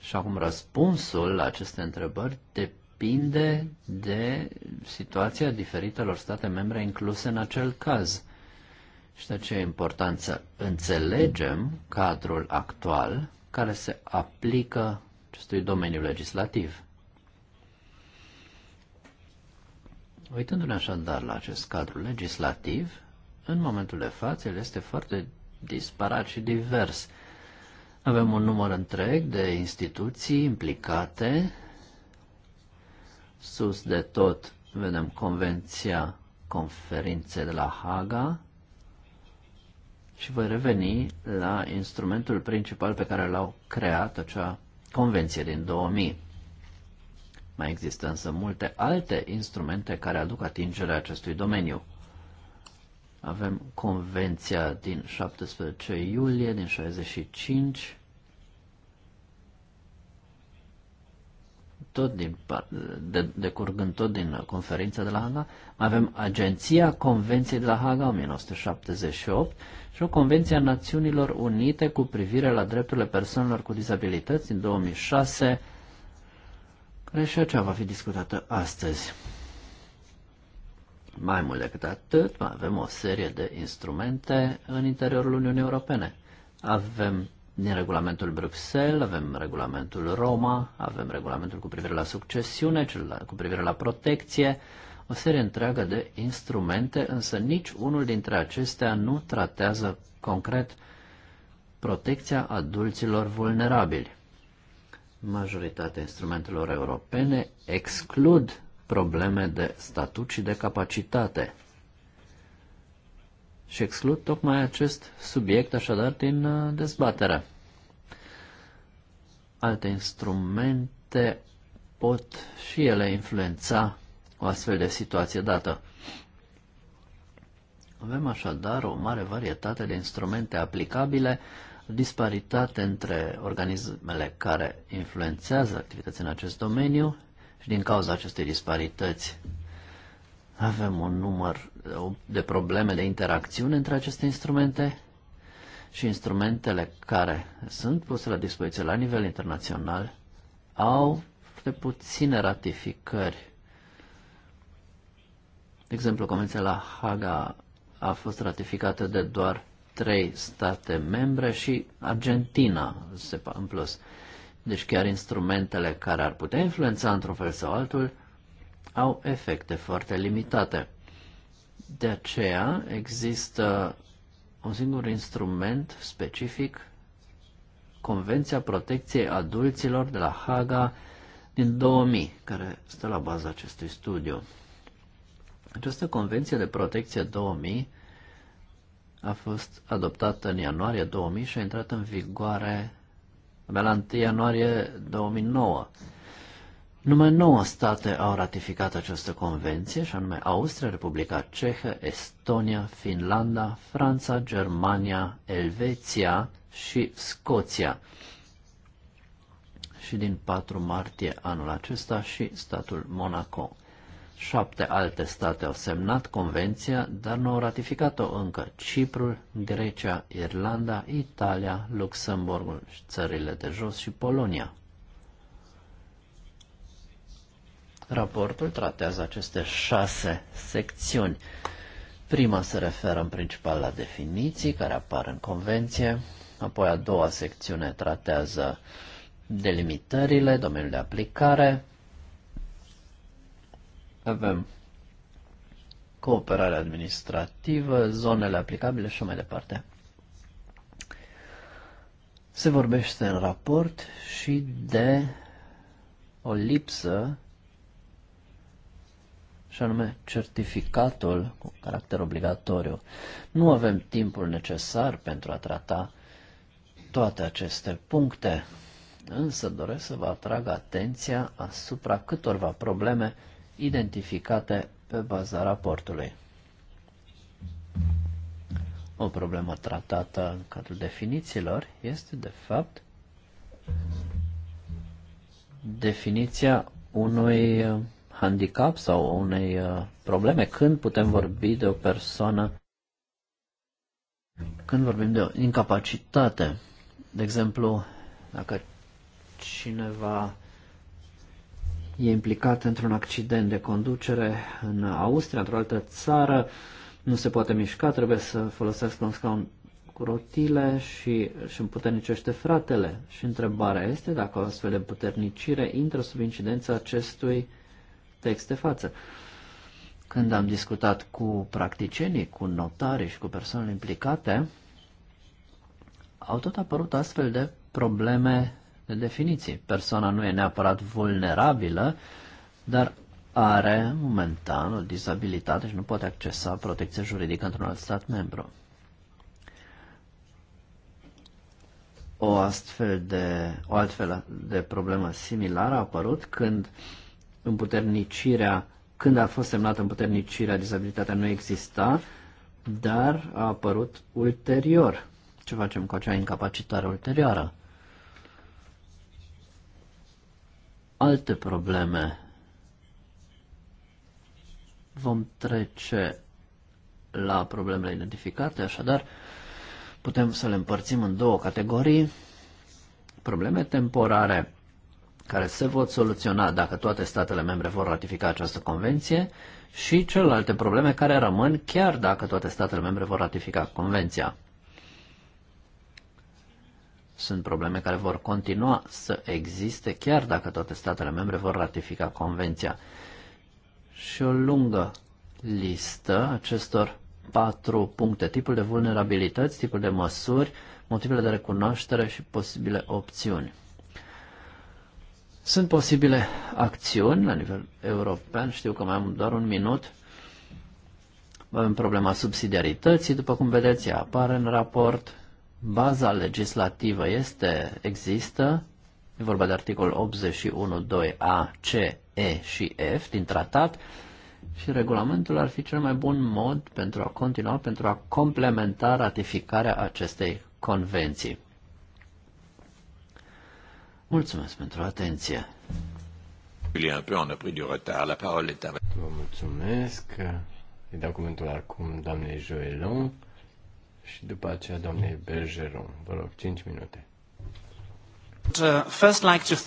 Și acum răspunsul la aceste întrebări depinde depinde de situația diferitelor state membre incluse în acel caz. Și de ce e important să înțelegem cadrul actual care se aplică acestui domeniu legislativ. Uitându-ne așadar la acest cadru legislativ, în momentul de față el este foarte disparat și divers. Avem un număr întreg de instituții implicate Sus de tot vedem Convenția Conferinței de la Haga și voi reveni la instrumentul principal pe care l-au creat, acea Convenție din 2000. Mai există însă multe alte instrumente care aduc atingerea acestui domeniu. Avem Convenția din 17 iulie din 65, tot din, de, decurgând tot din conferința de la Haga, mai avem Agenția Convenției de la Haga 1978 și o Convenție a Națiunilor Unite cu privire la drepturile persoanelor cu dizabilități din 2006, care și aceea va fi discutată astăzi. Mai mult decât atât, mai avem o serie de instrumente în interiorul Uniunii Europene. Avem din regulamentul Bruxelles, avem regulamentul Roma, avem regulamentul cu privire la succesiune, cel cu privire la protecție, o serie întreagă de instrumente, însă nici unul dintre acestea nu tratează concret protecția adulților vulnerabili. Majoritatea instrumentelor europene exclud probleme de statut și de capacitate și exclud tocmai acest subiect așadar din uh, dezbatere. Alte instrumente pot și ele influența o astfel de situație dată. Avem așadar o mare varietate de instrumente aplicabile, disparitate între organismele care influențează activități în acest domeniu și din cauza acestei disparități avem un număr de probleme de interacțiune între aceste instrumente și instrumentele care sunt puse la dispoziție la nivel internațional au de puține ratificări. De exemplu, Convenția la Haga a fost ratificată de doar trei state membre și Argentina în plus. Deci chiar instrumentele care ar putea influența într-un fel sau altul au efecte foarte limitate. De aceea există un singur instrument specific, Convenția Protecției Adulților de la Haga din 2000, care stă la baza acestui studiu. Această Convenție de Protecție 2000 a fost adoptată în ianuarie 2000 și a intrat în vigoare abia la 1 ianuarie 2009. Numai nouă state au ratificat această convenție, și anume Austria, Republica Cehă, Estonia, Finlanda, Franța, Germania, Elveția și Scoția. Și din 4 martie anul acesta și statul Monaco. Șapte alte state au semnat convenția, dar nu au ratificat-o încă. Ciprul, Grecia, Irlanda, Italia, Luxemburgul, țările de jos și Polonia. Raportul tratează aceste șase secțiuni. Prima se referă în principal la definiții care apar în convenție, apoi a doua secțiune tratează delimitările, domeniul de aplicare. Avem cooperare administrativă, zonele aplicabile și mai departe. Se vorbește în raport și de o lipsă și anume certificatul cu caracter obligatoriu. Nu avem timpul necesar pentru a trata toate aceste puncte, însă doresc să vă atrag atenția asupra câtorva probleme identificate pe baza raportului. O problemă tratată în cadrul definițiilor este, de fapt, definiția unui handicap sau unei uh, probleme, când putem vorbi de o persoană, când vorbim de o incapacitate. De exemplu, dacă cineva e implicat într-un accident de conducere în Austria, într-o altă țară, nu se poate mișca, trebuie să folosească un scaun cu rotile și își împuternicește fratele. Și întrebarea este dacă o astfel de puternicire intră sub incidența acestui text de față. Când am discutat cu practicienii, cu notarii și cu persoanele implicate, au tot apărut astfel de probleme de definiții. Persoana nu e neapărat vulnerabilă, dar are momentan o dizabilitate și nu poate accesa protecția juridică într-un alt stat membru. O astfel de, o altfel de problemă similară a apărut când împuternicirea, când a fost semnată împuternicirea, dizabilitatea nu exista, dar a apărut ulterior. Ce facem cu acea incapacitare ulterioară? Alte probleme. Vom trece la problemele identificate, așadar putem să le împărțim în două categorii. Probleme temporare care se pot soluționa dacă toate statele membre vor ratifica această convenție și celelalte probleme care rămân chiar dacă toate statele membre vor ratifica convenția. Sunt probleme care vor continua să existe chiar dacă toate statele membre vor ratifica convenția. Și o lungă listă acestor patru puncte, tipul de vulnerabilități, tipul de măsuri, motivele de recunoaștere și posibile opțiuni. Sunt posibile acțiuni la nivel european, știu că mai am doar un minut. Avem problema subsidiarității, după cum vedeți, ea apare în raport. Baza legislativă este, există, e vorba de articol 81, 2a, c, e și f din tratat și regulamentul ar fi cel mai bun mod pentru a continua, pentru a complementa ratificarea acestei convenții. Mulțumesc pentru atenție. un a du retard. La parole est Vă mulțumesc. Îi dau cuvântul acum doamnei Joelon și după aceea doamnei Bergeron. Vă rog, 5 minute. Uh,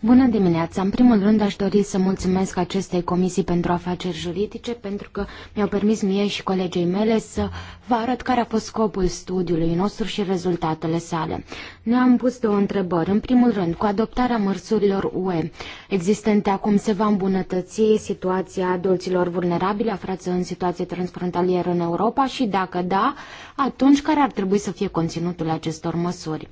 Bună dimineața! În primul rând aș dori să mulțumesc acestei comisii pentru afaceri juridice pentru că mi-au permis mie și colegii mele să vă arăt care a fost scopul studiului nostru și rezultatele sale. Ne-am pus două întrebări. În primul rând, cu adoptarea măsurilor UE existente acum se va îmbunătăți situația adulților vulnerabili aflați în situație transfrontalieră în Europa și dacă da, atunci care ar trebui să fie conținutul acestor măsuri?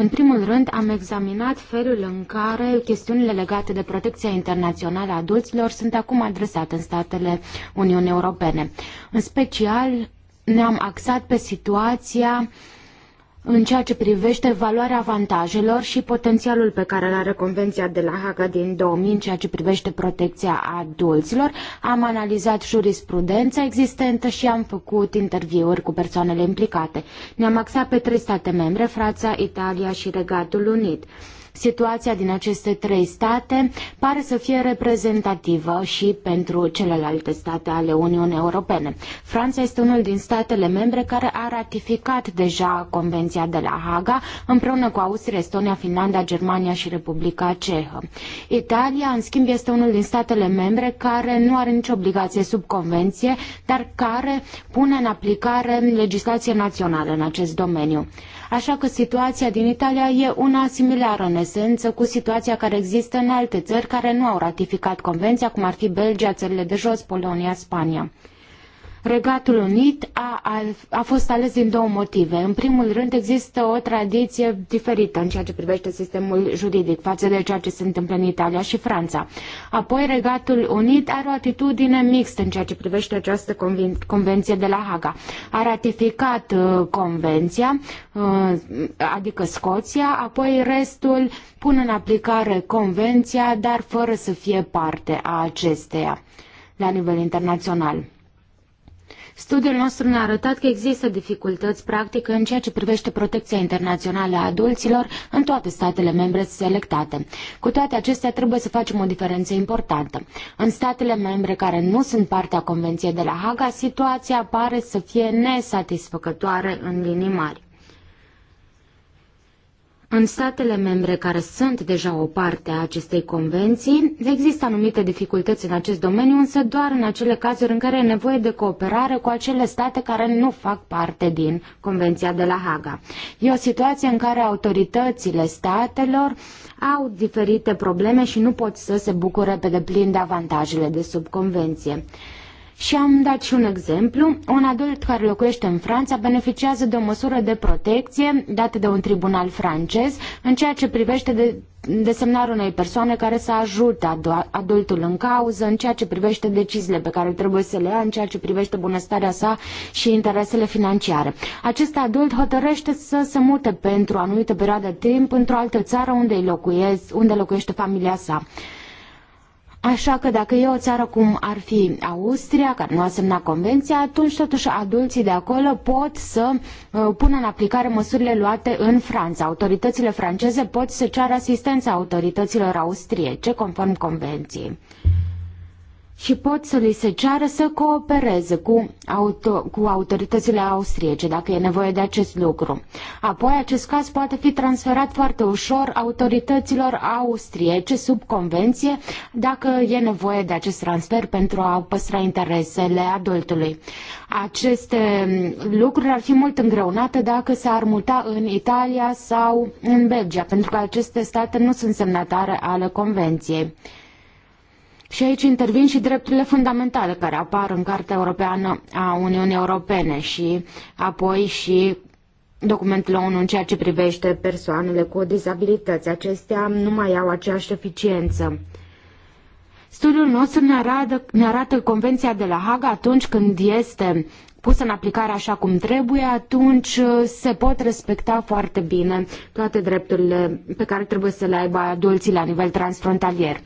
În primul rând, am examinat felul în care chestiunile legate de protecția internațională a adulților sunt acum adresate în statele Uniunii Europene. În special, ne-am axat pe situația uh, în ceea ce privește valoarea avantajelor și potențialul pe care îl are Convenția de la Haga din 2000 în ceea ce privește protecția adulților. Am analizat jurisprudența existentă și am făcut interviuri cu persoanele implicate. Ne-am axat pe trei state membre, Franța, Italia și Regatul Unit. Situația din aceste trei state pare să fie reprezentativă și pentru celelalte state ale Uniunii Europene. Franța este unul din statele membre care a ratificat deja Convenția de la Haga împreună cu Austria, Estonia, Finlanda, Germania și Republica Cehă. Italia, în schimb, este unul din statele membre care nu are nicio obligație sub convenție, dar care pune în aplicare legislație națională în acest domeniu. Așa că situația din Italia e una similară în esență cu situația care există în alte țări care nu au ratificat convenția, cum ar fi Belgia, țările de jos, Polonia, Spania. Regatul Unit a, a, a fost ales din două motive. În primul rând, există o tradiție diferită în ceea ce privește sistemul juridic față de ceea ce se întâmplă în Italia și Franța. Apoi, Regatul Unit are o atitudine mixtă în ceea ce privește această conven- convenție de la Haga. A ratificat uh, convenția, uh, adică Scoția, apoi restul pun în aplicare convenția, dar fără să fie parte a acesteia la nivel internațional. Studiul nostru ne-a arătat că există dificultăți practice în ceea ce privește protecția internațională a adulților în toate statele membre selectate. Cu toate acestea, trebuie să facem o diferență importantă. În statele membre care nu sunt parte a Convenției de la Haga, situația pare să fie nesatisfăcătoare în linii mari. În statele membre care sunt deja o parte a acestei convenții, există anumite dificultăți în acest domeniu, însă doar în acele cazuri în care e nevoie de cooperare cu acele state care nu fac parte din Convenția de la Haga. E o situație în care autoritățile statelor au diferite probleme și nu pot să se bucure pe deplin de avantajele de sub convenție. Și am dat și un exemplu. Un adult care locuiește în Franța beneficiază de o măsură de protecție dată de un tribunal francez în ceea ce privește de desemnarea unei persoane care să ajute adultul în cauză în ceea ce privește deciziile pe care trebuie să le ia, în ceea ce privește bunăstarea sa și interesele financiare. Acest adult hotărăște să se mute pentru o anumită perioadă de timp într-o altă țară unde, locuiesc, unde locuiește familia sa. Așa că dacă e o țară cum ar fi Austria, care nu a semnat convenția, atunci totuși adulții de acolo pot să uh, pună în aplicare măsurile luate în Franța. Autoritățile franceze pot să ceară asistența autorităților austriece, conform convenției și pot să li se ceară să coopereze cu, auto, cu autoritățile austriece dacă e nevoie de acest lucru. Apoi acest caz poate fi transferat foarte ușor autorităților austriece sub convenție dacă e nevoie de acest transfer pentru a păstra interesele adultului. Aceste lucruri ar fi mult îngreunate dacă s-ar muta în Italia sau în Belgia, pentru că aceste state nu sunt semnatare ale convenției. Și aici intervin și drepturile fundamentale care apar în Cartea Europeană a Uniunii Europene și apoi și documentul ONU în ceea ce privește persoanele cu dizabilități. Acestea nu mai au aceeași eficiență. Studiul nostru ne arată, ne arată Convenția de la Haga atunci când este pusă în aplicare așa cum trebuie, atunci uh, se pot respecta foarte bine toate drepturile pe care trebuie să le aibă adulții la nivel transfrontalier.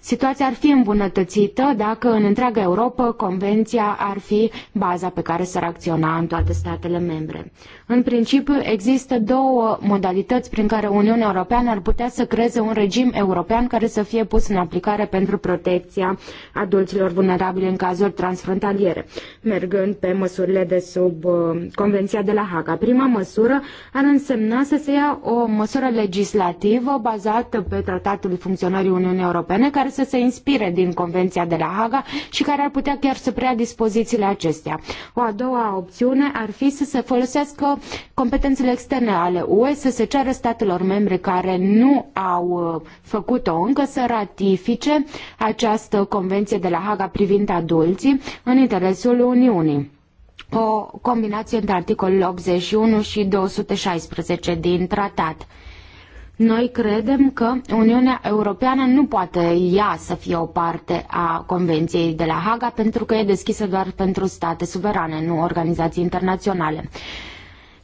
Situația ar fi îmbunătățită dacă în întreaga Europa convenția ar fi baza pe care s-ar acționa în toate statele membre. În principiu, există două modalități prin care Uniunea Europeană ar putea să creeze un regim european care să fie pus în aplicare pentru protecția adulților vulnerabili în cazuri transfrontaliere, mergând pe măsuri țările de sub uh, Convenția de la Haga. Prima măsură ar însemna să se ia o măsură legislativă bazată pe Tratatul Funcționării Uniunii Europene, care să se inspire din Convenția de la Haga și care ar putea chiar să preia dispozițiile acestea. O a doua opțiune ar fi să se folosească competențele externe ale UE, să se ceară statelor membre care nu au uh, făcut-o încă să ratifice această Convenție de la Haga privind adulții în interesul Uniunii o combinație între articolul 81 și 216 din tratat. Noi credem că Uniunea Europeană nu poate ea să fie o parte a Convenției de la Haga pentru că e deschisă doar pentru state suverane, nu organizații internaționale.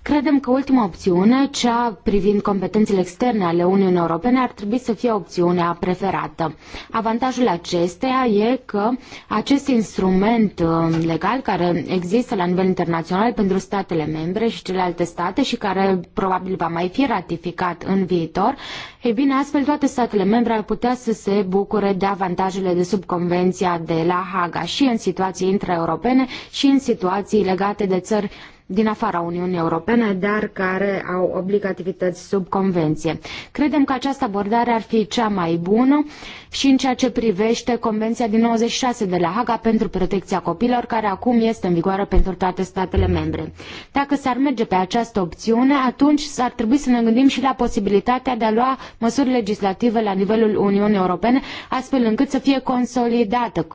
Credem că ultima opțiune, cea privind competențele externe ale Uniunii Europene, ar trebui să fie opțiunea preferată. Avantajul acesteia e că acest instrument um, legal care există la nivel internațional pentru statele membre și celelalte state și care probabil va mai fi ratificat în viitor, e bine, astfel toate statele membre ar putea să se bucure de avantajele de sub convenția de la Haga și în situații intraeuropene și în situații legate de țări din afara Uniunii Europene, dar care au obligativități sub convenție. Credem că această abordare ar fi cea mai bună și în ceea ce privește Convenția din 96 de la Haga pentru protecția copilor, care acum este în vigoare pentru toate statele membre. Dacă s-ar merge pe această opțiune, atunci ar trebui să ne gândim și la posibilitatea de a lua măsuri legislative la nivelul Uniunii Europene, astfel încât să fie consolidată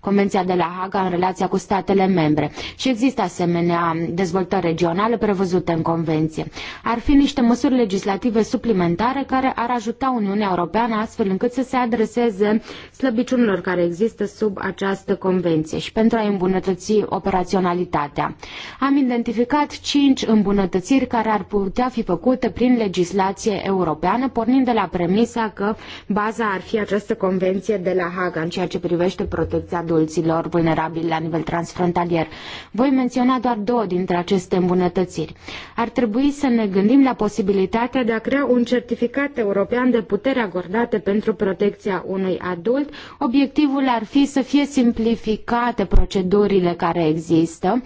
Convenția de la Haga în relația cu statele membre. Și există asemenea dezvoltare dezvoltări regionale prevăzute în convenție. Ar fi niște măsuri legislative suplimentare care ar ajuta Uniunea Europeană astfel încât să se adreseze slăbiciunilor care există sub această convenție și pentru a îmbunătăți operaționalitatea. Am identificat cinci îmbunătățiri care ar putea fi făcute prin legislație europeană, pornind de la premisa că baza ar fi această convenție de la Haga în ceea ce privește protecția adulților vulnerabili la nivel transfrontalier. Voi menționa doar două dintre aceste îmbunătățiri. Ar trebui să ne gândim la posibilitatea de a crea un certificat european de putere acordată pentru protecția unui adult. Obiectivul ar fi să fie simplificate procedurile care există.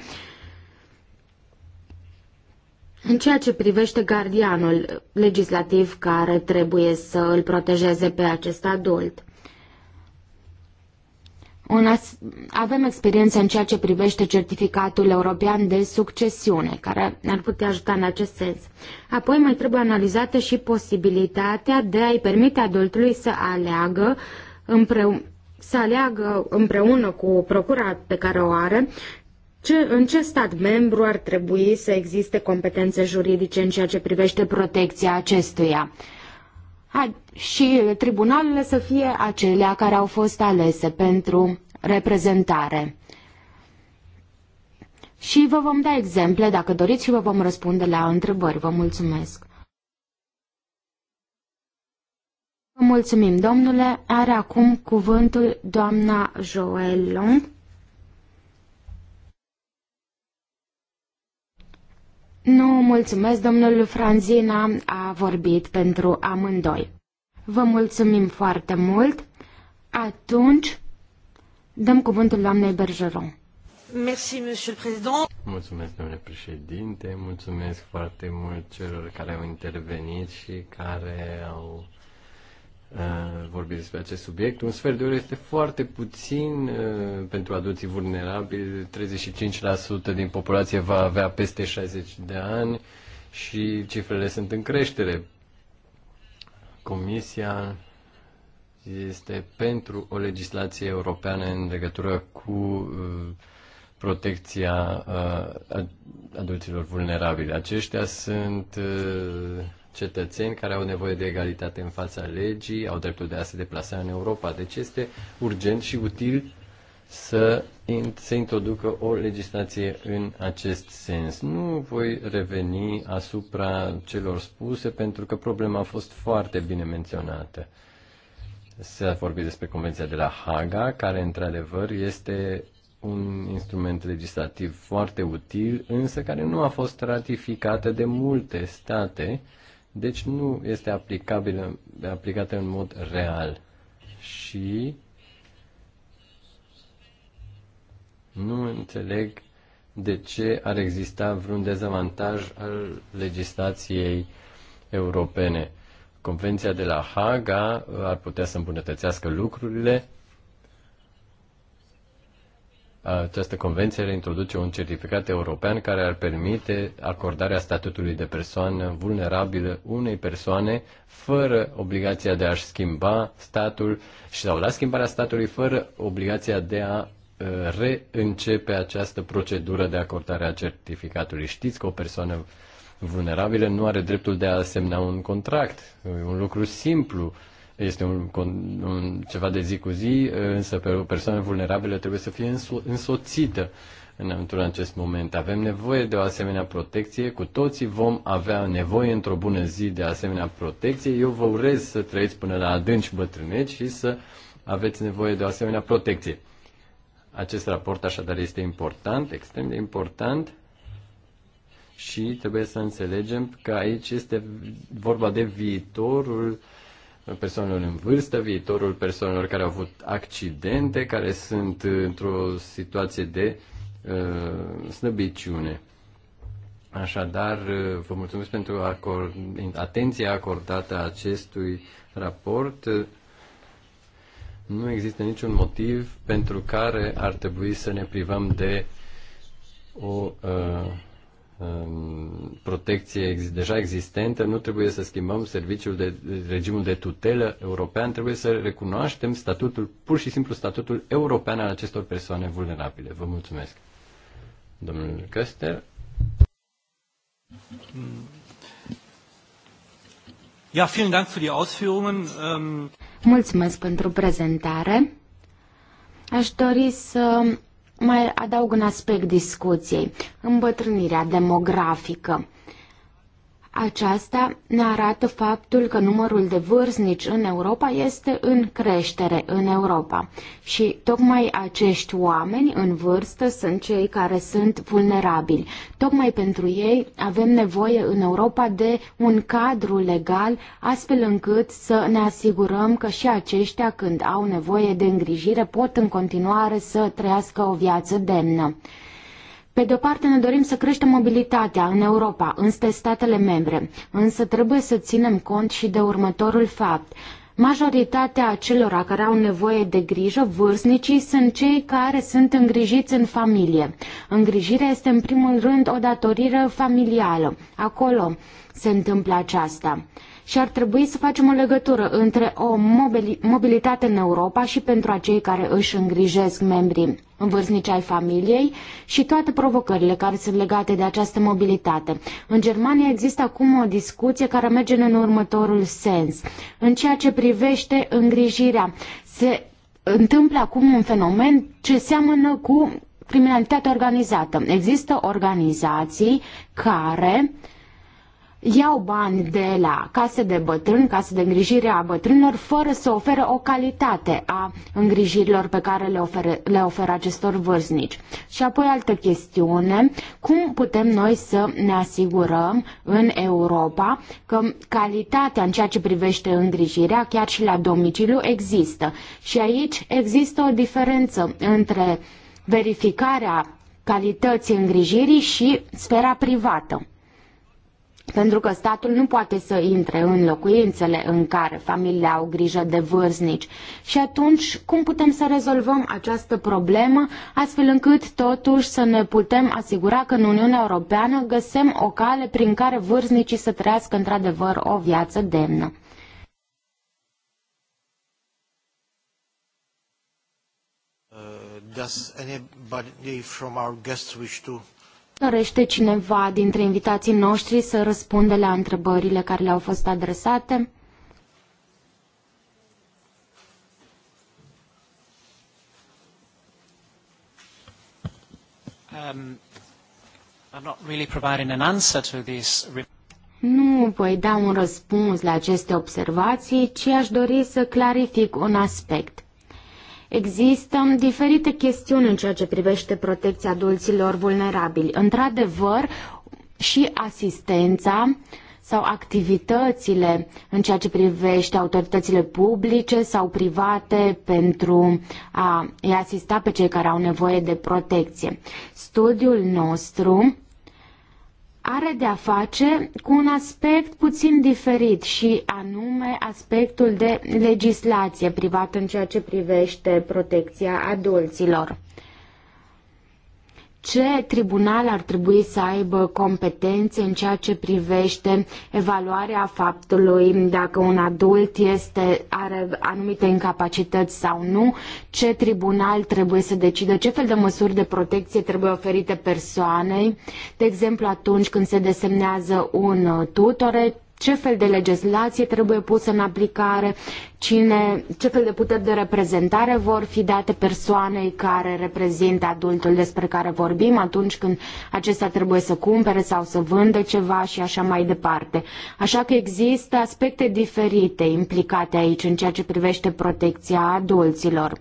În ceea ce privește gardianul legislativ care trebuie să îl protejeze pe acest adult avem experiență în ceea ce privește certificatul european de succesiune, care ne-ar putea ajuta în acest sens. Apoi mai trebuie analizată și posibilitatea de a-i permite adultului să aleagă împreună să aleagă împreună cu procura pe care o are ce, în ce stat membru ar trebui să existe competențe juridice în ceea ce privește protecția acestuia. A, și tribunalele să fie acelea care au fost alese pentru reprezentare. Și vă vom da exemple dacă doriți și vă vom răspunde la întrebări. Vă mulțumesc! Vă mulțumim, domnule. Are acum cuvântul doamna Joel Long. Nu, mulțumesc, domnul Franzina a vorbit pentru amândoi. Vă mulțumim foarte mult. Atunci, Dăm cuvântul doamnei Bergeron. Merci, monsieur le président. Mulțumesc, domnule președinte, mulțumesc foarte mult celor care au intervenit și care au uh, vorbit despre acest subiect. Un sfert de oră este foarte puțin uh, pentru adulții vulnerabili. 35% din populație va avea peste 60 de ani și cifrele sunt în creștere. Comisia este pentru o legislație europeană în legătură cu uh, protecția uh, adulților vulnerabili. Aceștia sunt uh, cetățeni care au nevoie de egalitate în fața legii, au dreptul de a se deplasa în Europa. Deci este urgent și util să se introducă o legislație în acest sens. Nu voi reveni asupra celor spuse pentru că problema a fost foarte bine menționată. Se a vorbit despre Convenția de la Haga, care într-adevăr este un instrument legislativ foarte util, însă care nu a fost ratificată de multe state, deci nu este aplicabilă, aplicată în mod real. Și nu înțeleg de ce ar exista vreun dezavantaj al legislației europene. Convenția de la Haga ar putea să îmbunătățească lucrurile. Această convenție introduce un certificat european care ar permite acordarea statutului de persoană vulnerabilă unei persoane fără obligația de a-și schimba statul și sau la schimbarea statului fără obligația de a uh, reîncepe această procedură de acordare a certificatului. Știți că o persoană uh, vulnerabilă nu are dreptul de a semna un contract. E un lucru simplu, este un, un, ceva de zi cu zi, însă pe o persoană vulnerabilă trebuie să fie înso- însoțită în, acest moment. Avem nevoie de o asemenea protecție, cu toții vom avea nevoie într-o bună zi de asemenea protecție. Eu vă urez să trăiți până la adânci bătrâneci și să aveți nevoie de o asemenea protecție. Acest raport așadar este important, extrem de important și trebuie să înțelegem că aici este vorba de viitorul persoanelor în vârstă, viitorul persoanelor care au avut accidente, care sunt într-o situație de uh, slăbiciune. Așadar, uh, vă mulțumesc pentru acord, atenția acordată acestui raport. Nu există niciun motiv pentru care ar trebui să ne privăm de o uh, Um, protecție deja existentă, nu trebuie să schimbăm serviciul de regimul de tutelă european, trebuie să recunoaștem statutul, pur și simplu statutul european al acestor persoane vulnerabile. Vă mulțumesc. Domnul Căster. Ja, vielen Dank für die Ausführungen. Ähm, mulțumesc pentru prezentare. Aș dori să mai adaug un aspect discuției, îmbătrânirea demografică. Aceasta ne arată faptul că numărul de vârstnici în Europa este în creștere în Europa și tocmai acești oameni în vârstă sunt cei care sunt vulnerabili. Tocmai pentru ei avem nevoie în Europa de un cadru legal astfel încât să ne asigurăm că și aceștia când au nevoie de îngrijire pot în continuare să trăiască o viață demnă. Pe de o parte ne dorim să creștem mobilitatea în Europa, în statele membre, însă trebuie să ținem cont și de următorul fapt. Majoritatea acelora care au nevoie de grijă, vârstnicii, sunt cei care sunt îngrijiți în familie. Îngrijirea este în primul rând o datorire familială. Acolo se întâmplă aceasta și ar trebui să facem o legătură între o mobilitate în Europa și pentru acei care își îngrijesc membrii vârstnici ai familiei și toate provocările care sunt legate de această mobilitate. În Germania există acum o discuție care merge în următorul sens. În ceea ce privește îngrijirea, se întâmplă acum un fenomen ce seamănă cu criminalitatea organizată. Există organizații care uh, iau bani de la case de bătrâni, case de îngrijire a bătrânilor, fără să oferă o calitate a îngrijirilor pe care le oferă, le oferă acestor vârstnici. Și apoi altă chestiune, cum putem noi să ne asigurăm în Europa că calitatea în ceea ce privește îngrijirea, chiar și la domiciliu, există. Și aici există o diferență între verificarea calității îngrijirii și sfera privată pentru că statul nu poate să intre în locuințele în care familiile au grijă de vârstnici. Și atunci, cum putem să rezolvăm această problemă, astfel încât totuși să ne putem asigura că în Uniunea Europeană găsim o cale prin care vârstnicii să trăiască într-adevăr o viață demnă? Uh, does anybody from our guests wish to Dorește cineva dintre invitații noștri să răspundă la întrebările care le-au fost adresate? Um, not really an to Nu voi da un răspuns la aceste observații, ci aș dori să clarific un aspect. Există um, diferite chestiuni în ceea ce privește protecția adulților vulnerabili. Într-adevăr, și asistența sau activitățile în ceea ce privește autoritățile publice sau private pentru a i asista pe cei care au nevoie de protecție. Studiul nostru are de-a face cu un aspect puțin diferit și anume aspectul de legislație privată în ceea ce privește protecția adulților ce tribunal ar trebui să aibă competențe în ceea ce privește evaluarea faptului dacă un adult este, are anumite incapacități sau nu, ce tribunal trebuie să decidă, ce fel de măsuri de protecție trebuie oferite persoanei, de exemplu atunci când se desemnează un tutore, ce fel de legislație trebuie pusă în aplicare, cine, ce fel de puteri de reprezentare vor fi date persoanei care reprezintă adultul despre care vorbim atunci când acesta trebuie să cumpere sau să vândă ceva și așa mai departe. Așa că există aspecte diferite implicate aici în ceea ce privește protecția adulților.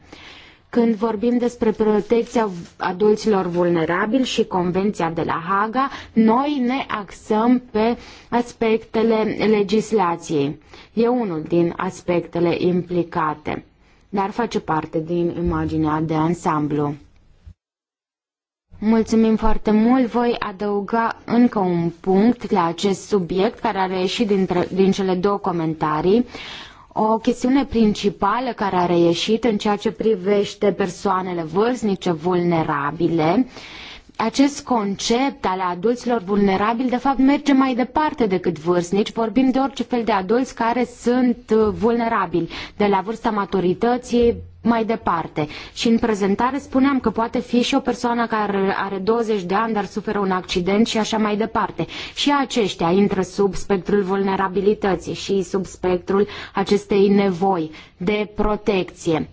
Când vorbim despre protecția adulților vulnerabili și Convenția de la Haga, noi ne axăm pe aspectele legislației. E unul din aspectele implicate, dar face parte din imaginea de ansamblu. Mulțumim foarte mult. Voi adăuga încă un punct la acest subiect care a reieșit dintre, din cele două comentarii. O chestiune principală care a reieșit în ceea ce privește persoanele vârstnice vulnerabile acest concept al adulților vulnerabili, de fapt, merge mai departe decât vârstnici. Vorbim de orice fel de adulți care sunt uh, vulnerabili, de la vârsta maturității mai departe. Și în prezentare spuneam că poate fi și o persoană care are 20 de ani, dar suferă un accident și așa mai departe. Și aceștia intră sub spectrul vulnerabilității și sub spectrul acestei nevoi de protecție.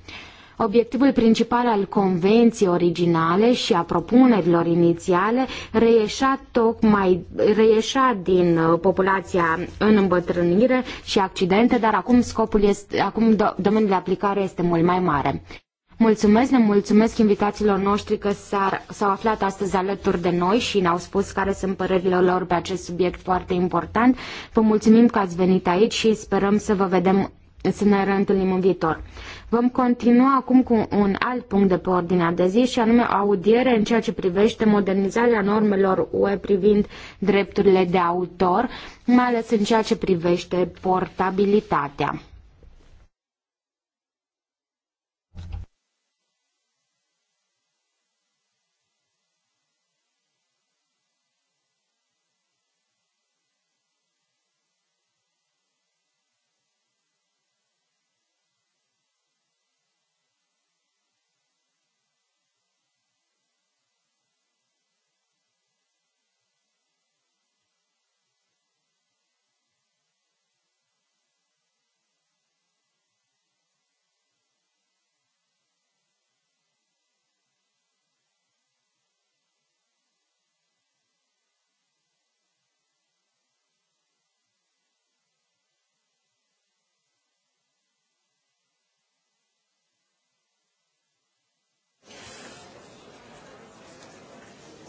Obiectivul principal al convenției originale și a propunerilor inițiale reieșa, tocmai, reieșa din uh, populația în îmbătrânire și accidente, dar acum scopul este, acum domeniul de aplicare este mult mai mare. Mulțumesc, ne mulțumesc invitațiilor noștri că s-au aflat astăzi alături de noi și ne-au spus care sunt părerile lor pe acest subiect foarte important. Vă mulțumim că ați venit aici și sperăm să vă vedem, să ne reîntâlnim în viitor. Vom continua acum cu un alt punct de pe ordinea de zi și anume audiere în ceea ce privește modernizarea normelor UE privind drepturile de autor, mai ales în ceea ce privește portabilitatea.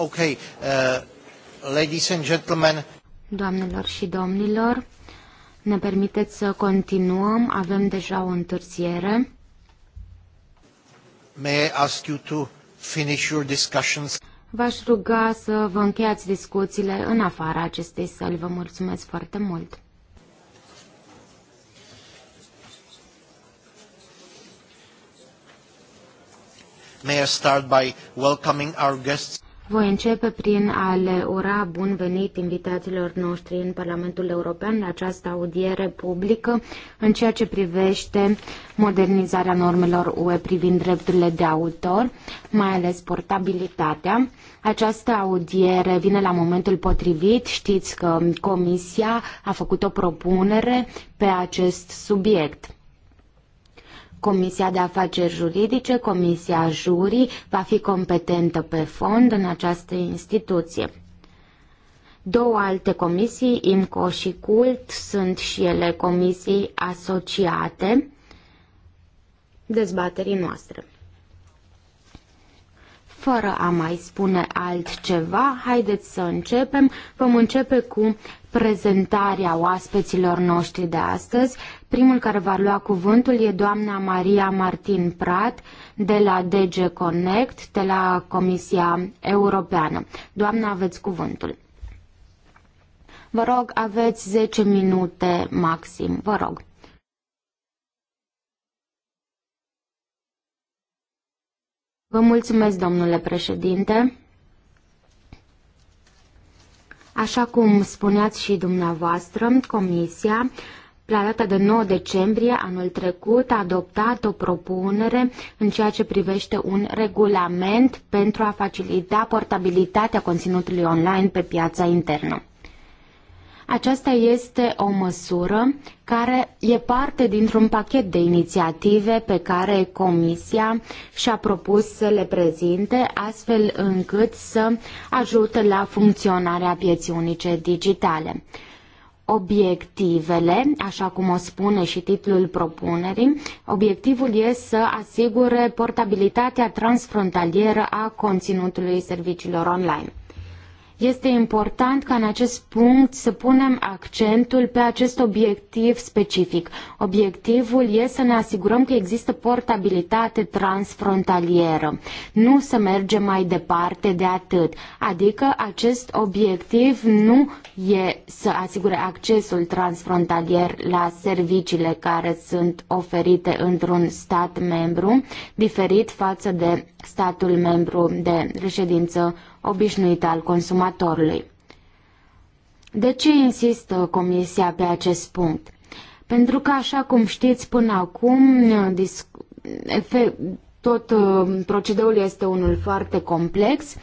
Okay, uh, ladies and gentlemen. Doamnelor și domnilor, ne permiteți să continuăm, avem deja o întârziere. May I ask you to finish your discussions? V-aș ruga să vă încheiați discuțiile în afara acestei săli. Vă mulțumesc foarte mult. May I start by welcoming our guests? Voi începe prin a le ura bun venit invitațiilor noștri în Parlamentul European la această audiere publică în ceea ce privește modernizarea normelor UE privind drepturile de autor, mai ales portabilitatea. Această audiere vine la momentul potrivit. Știți că Comisia a făcut o propunere pe acest subiect. Comisia de Afaceri Juridice, Comisia Jurii, va fi competentă pe fond în această instituție. Două alte comisii, IMCO și CULT, sunt și ele comisii asociate dezbaterii noastre. Fără a mai spune altceva, haideți să începem. Vom începe cu prezentarea oaspeților noștri de astăzi. Primul care va lua cuvântul e doamna Maria Martin Prat de la DG Connect, de la Comisia Europeană. Doamna, aveți cuvântul. Vă rog, aveți 10 minute maxim. Vă rog. Vă mulțumesc, domnule președinte. Așa cum spuneați și dumneavoastră, Comisia, la data de 9 decembrie anul trecut, a adoptat o propunere în ceea ce privește un regulament pentru a facilita portabilitatea conținutului online pe piața internă. Aceasta este o măsură care e parte dintr-un pachet de inițiative pe care Comisia și-a propus să le prezinte, astfel încât să ajute la funcționarea pieții unice digitale obiectivele, așa cum o spune și titlul propunerii, obiectivul e să asigure portabilitatea transfrontalieră a conținutului serviciilor online. Este important ca în acest punct să punem accentul pe acest obiectiv specific. Obiectivul este să ne asigurăm că există portabilitate transfrontalieră. Nu să mergem mai departe de atât. Adică acest obiectiv nu e să asigure accesul transfrontalier la serviciile care sunt oferite într-un stat membru, diferit față de statul membru de reședință obișnuită al consumatorului. De ce insistă Comisia pe acest punct? Pentru că, așa cum știți, până acum tot uh, procedeul este unul foarte complex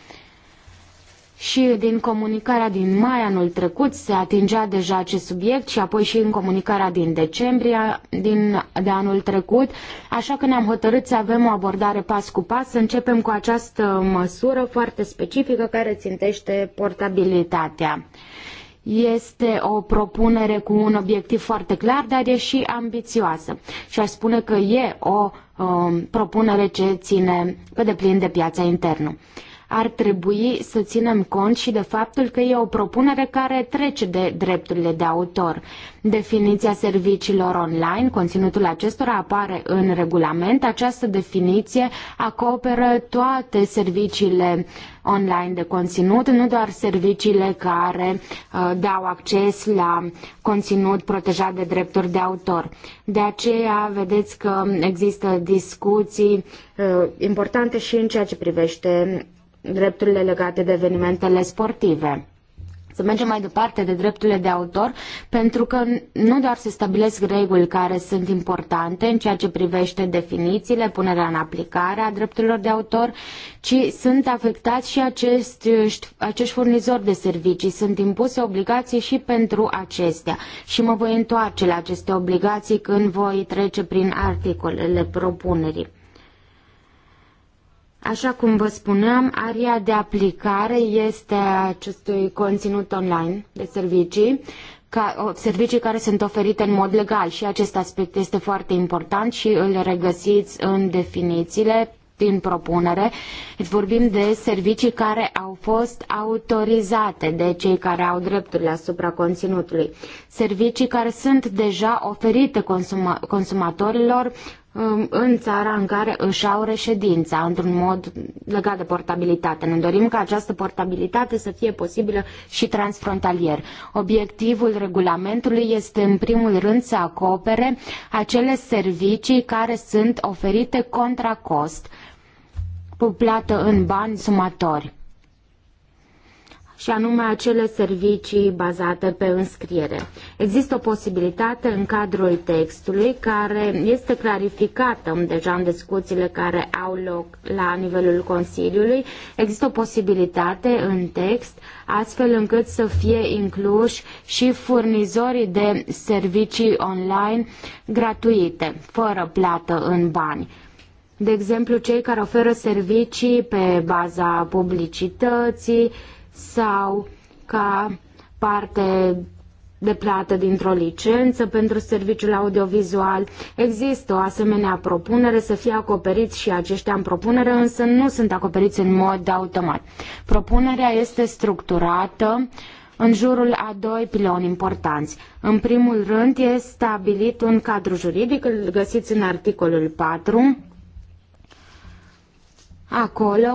și din comunicarea din mai anul trecut se atingea deja acest subiect și apoi și în comunicarea din decembrie din, de anul trecut, așa că ne-am hotărât să avem o abordare pas cu pas, să începem cu această măsură foarte specifică care țintește portabilitatea. Este o propunere cu un obiectiv foarte clar, dar e și ambițioasă. Și aș spune că e o uh, propunere ce ține pe deplin de piața internă. Uh, ar trebui să ținem cont și de faptul că e o propunere care trece de drepturile de autor. Definiția serviciilor online, conținutul acestora apare în regulament. Această definiție acoperă toate serviciile online de conținut, nu doar serviciile care uh, dau acces la conținut protejat de drepturi de autor. De aceea vedeți că există discuții uh, importante și în ceea ce privește drepturile legate de evenimentele sportive. Să mergem mai departe de drepturile de autor, pentru că nu doar se stabilesc reguli care sunt importante în ceea ce privește definițiile, punerea în aplicare a drepturilor de autor, ci sunt afectați și acești, acești furnizori de servicii. Sunt impuse obligații și pentru acestea. Și mă voi întoarce la aceste obligații când voi trece prin articolele propunerii. Așa cum vă spuneam, area de aplicare este acestui conținut online de servicii, ca, servicii care sunt oferite în mod legal și acest aspect este foarte important și îl regăsiți în definițiile din propunere. Deci vorbim de servicii care au fost autorizate de cei care au drepturile asupra conținutului. Servicii care sunt deja oferite consuma- consumatorilor Um, în țara în care își au reședința, într-un mod legat de portabilitate. Ne dorim ca această portabilitate să fie posibilă și transfrontalier. Obiectivul regulamentului este în primul rând să acopere acele servicii care sunt oferite contra cost, cu plată în bani sumatori și anume acele servicii bazate pe înscriere. Există o posibilitate în cadrul textului care este clarificată deja în discuțiile care au loc la nivelul Consiliului. Există o posibilitate în text astfel încât să fie incluși și furnizorii de servicii online gratuite, fără plată în bani. De exemplu, cei care oferă servicii pe baza publicității, sau ca parte de plată dintr-o licență pentru serviciul audiovizual. Există o asemenea propunere să fie acoperiți și aceștia în propunere, însă nu sunt acoperiți în mod automat. Propunerea este structurată în jurul a doi piloni importanți. În primul rând este stabilit un cadru juridic, îl găsiți în articolul 4. Acolo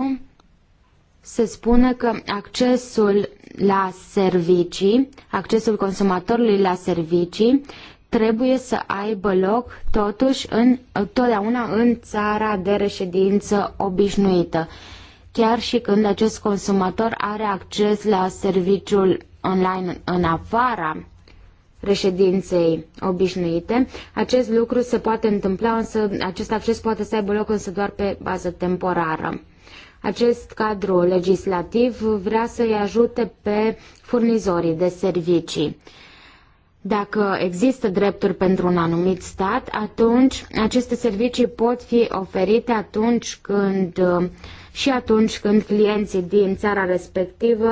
se spune că accesul la servicii, accesul consumatorului la servicii trebuie să aibă loc totuși în, totdeauna în țara de reședință obișnuită, chiar și când acest consumator are acces la serviciul online în afara reședinței obișnuite. Acest lucru se poate întâmpla, însă acest acces poate să aibă loc însă doar pe bază temporară. Acest cadru legislativ vrea să-i ajute pe furnizorii de servicii. Dacă există drepturi pentru un anumit stat, atunci aceste servicii pot fi oferite atunci când și atunci când clienții din țara respectivă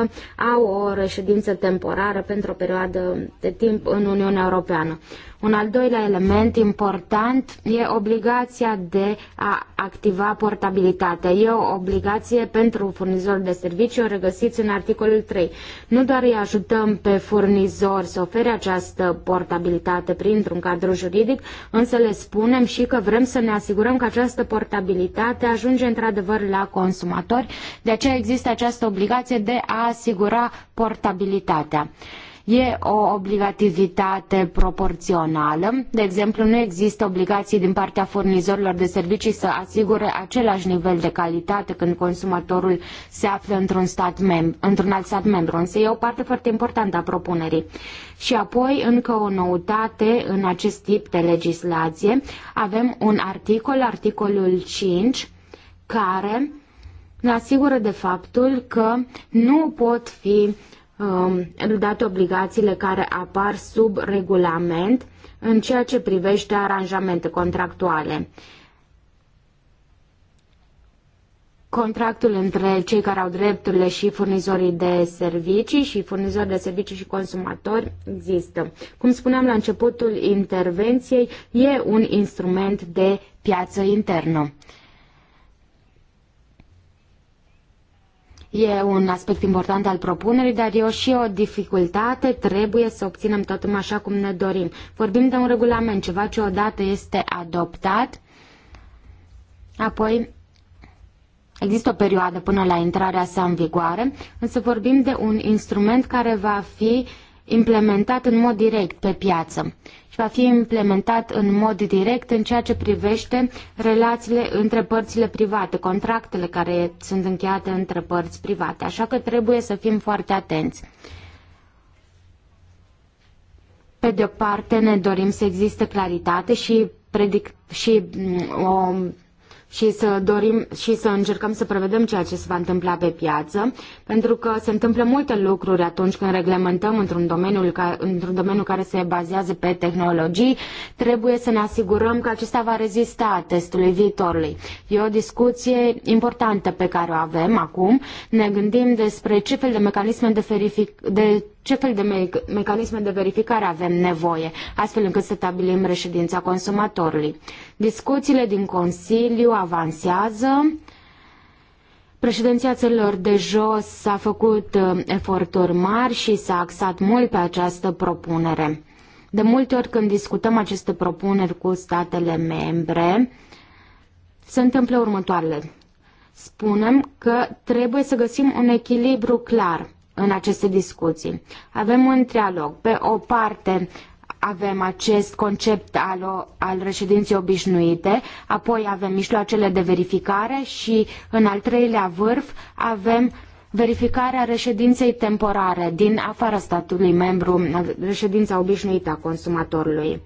au o reședință temporară pentru o perioadă de timp în Uniunea Europeană. Un al doilea element important e obligația de a activa portabilitatea. E o obligație pentru furnizorul de servicii, o regăsiți în articolul 3. Nu doar îi ajutăm pe furnizor să ofere această portabilitate printr-un cadru juridic, însă le spunem și că vrem să ne asigurăm că această portabilitate ajunge într-adevăr la consumatori. De aceea există această obligație de a asigura portabilitatea. E o obligativitate proporțională. De exemplu, nu există obligații din partea furnizorilor de servicii să asigure același nivel de calitate când consumatorul se află într-un, stat mem- într-un alt stat membru. Însă e o parte foarte importantă a propunerii. Și apoi, încă o noutate în acest tip de legislație, avem un articol, articolul 5, care ne asigură de faptul că nu pot fi uh, Um, date obligațiile care apar sub regulament în ceea ce privește aranjamente contractuale. Contractul între cei care au drepturile și furnizorii de servicii și furnizorii de servicii și consumatori există. Cum spuneam la începutul intervenției, e un instrument de piață internă. E un aspect important al propunerii, dar e și o dificultate, trebuie să obținem totul așa cum ne dorim. Vorbim de un regulament, ceva ce odată este adoptat, apoi Există o perioadă până la intrarea sa în vigoare, însă vorbim de un instrument care va fi implementat în mod direct pe piață și va fi implementat în mod direct în ceea ce privește relațiile între părțile private, contractele care sunt încheiate între părți private, așa că trebuie să fim foarte atenți. Pe de o parte ne dorim să existe claritate și, predic- și mm, o și să dorim și să încercăm să prevedem ceea ce se va întâmpla pe piață, pentru că se întâmplă multe lucruri atunci când reglementăm într-un domeniu, într-un domeniu care se bazează pe tehnologii, trebuie să ne asigurăm că acesta va rezista testului viitorului. E o discuție importantă pe care o avem acum. Ne gândim despre ce fel de mecanisme de, verific, de ce fel de me- mecanisme de verificare avem nevoie, astfel încât să stabilim reședința consumatorului. Discuțiile din Consiliu avansează. Președinția țărilor de jos a făcut uh, eforturi mari și s-a axat mult pe această propunere. De multe ori când discutăm aceste propuneri cu statele membre, se întâmplă următoarele. Spunem că trebuie să găsim un echilibru clar în aceste discuții. Avem un trialog. Pe o parte avem acest concept al, o, al reședinței obișnuite, apoi avem mijloacele de verificare și în al treilea vârf avem verificarea reședinței temporare din afara statului membru, reședința obișnuită a consumatorului.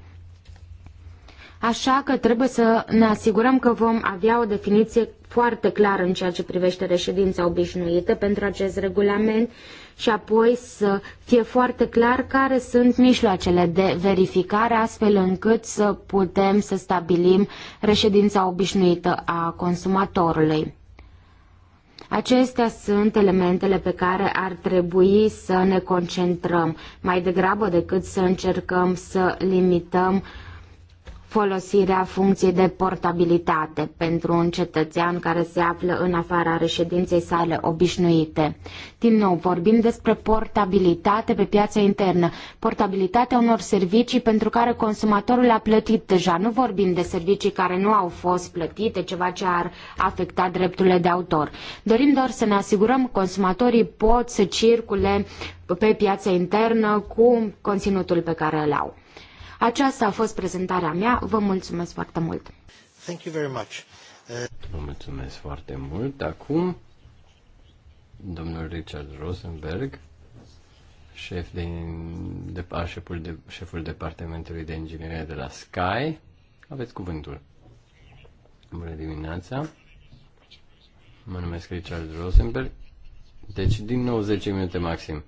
Așa că trebuie să ne asigurăm că vom avea o definiție foarte clară în ceea ce privește reședința obișnuită pentru acest regulament și apoi să fie foarte clar care sunt mijloacele de verificare, astfel încât să putem să stabilim reședința obișnuită a consumatorului. Acestea sunt elementele pe care ar trebui să ne concentrăm, mai degrabă decât să încercăm să limităm folosirea funcției de portabilitate pentru un cetățean care se află în afara reședinței sale obișnuite. Din nou, vorbim despre portabilitate pe piața internă, portabilitatea unor servicii pentru care consumatorul a plătit deja. Nu vorbim de servicii care nu au fost plătite, ceva ce ar afecta drepturile de autor. Dorim doar să ne asigurăm că consumatorii pot să circule pe piața internă cu conținutul pe care îl au. Aceasta a fost prezentarea mea. Vă mulțumesc foarte mult! Thank you very much. Vă mulțumesc foarte mult. Acum, domnul Richard Rosenberg, șef din, de, a șeful, de, șeful departamentului de inginerie de la Sky. Aveți cuvântul. Bună dimineața. Mă numesc Richard Rosenberg. Deci, din nou 10 minute maxim.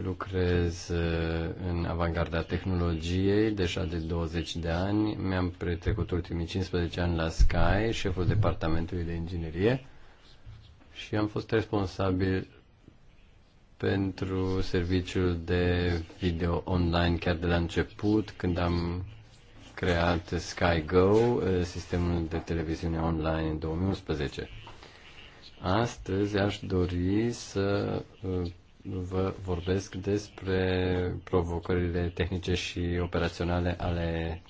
Lucrez uh, în avangarda tehnologiei deja de 20 de ani. Mi-am petrecut ultimii 15 ani la Sky, șeful departamentului de inginerie și am fost responsabil pentru serviciul de video online chiar de la început, când am creat Sky Go, uh, sistemul de televiziune online în 2011. Astăzi aș dori să uh, vă vorbesc despre provocările tehnice și operaționale ale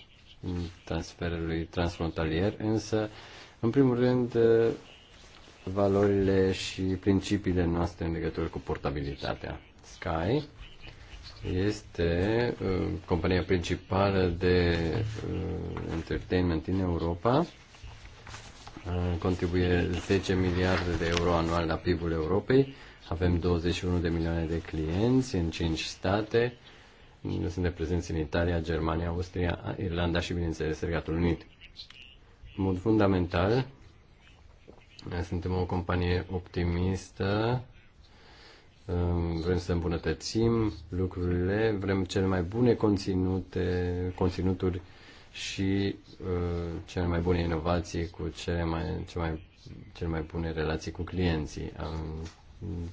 transferului transfrontalier, însă, în primul rând, valorile și principiile noastre în legătură cu portabilitatea. Sky este uh, compania principală de uh, entertainment în Europa. Uh, contribuie 10 miliarde de euro anual la PIB-ul Europei. Uh, avem 21 de milioane de clienți în 5 state. Suntem prezenți în Italia, Germania, Austria, Irlanda și, bineînțeles, Regatul Unit. În mod fundamental, suntem o companie optimistă, ehm, vrem să îmbunătățim lucrurile, vrem cele mai bune conținute, conținuturi și uh, cele mai bune inovații cu cele mai, cele mai, cele mai bune relații cu clienții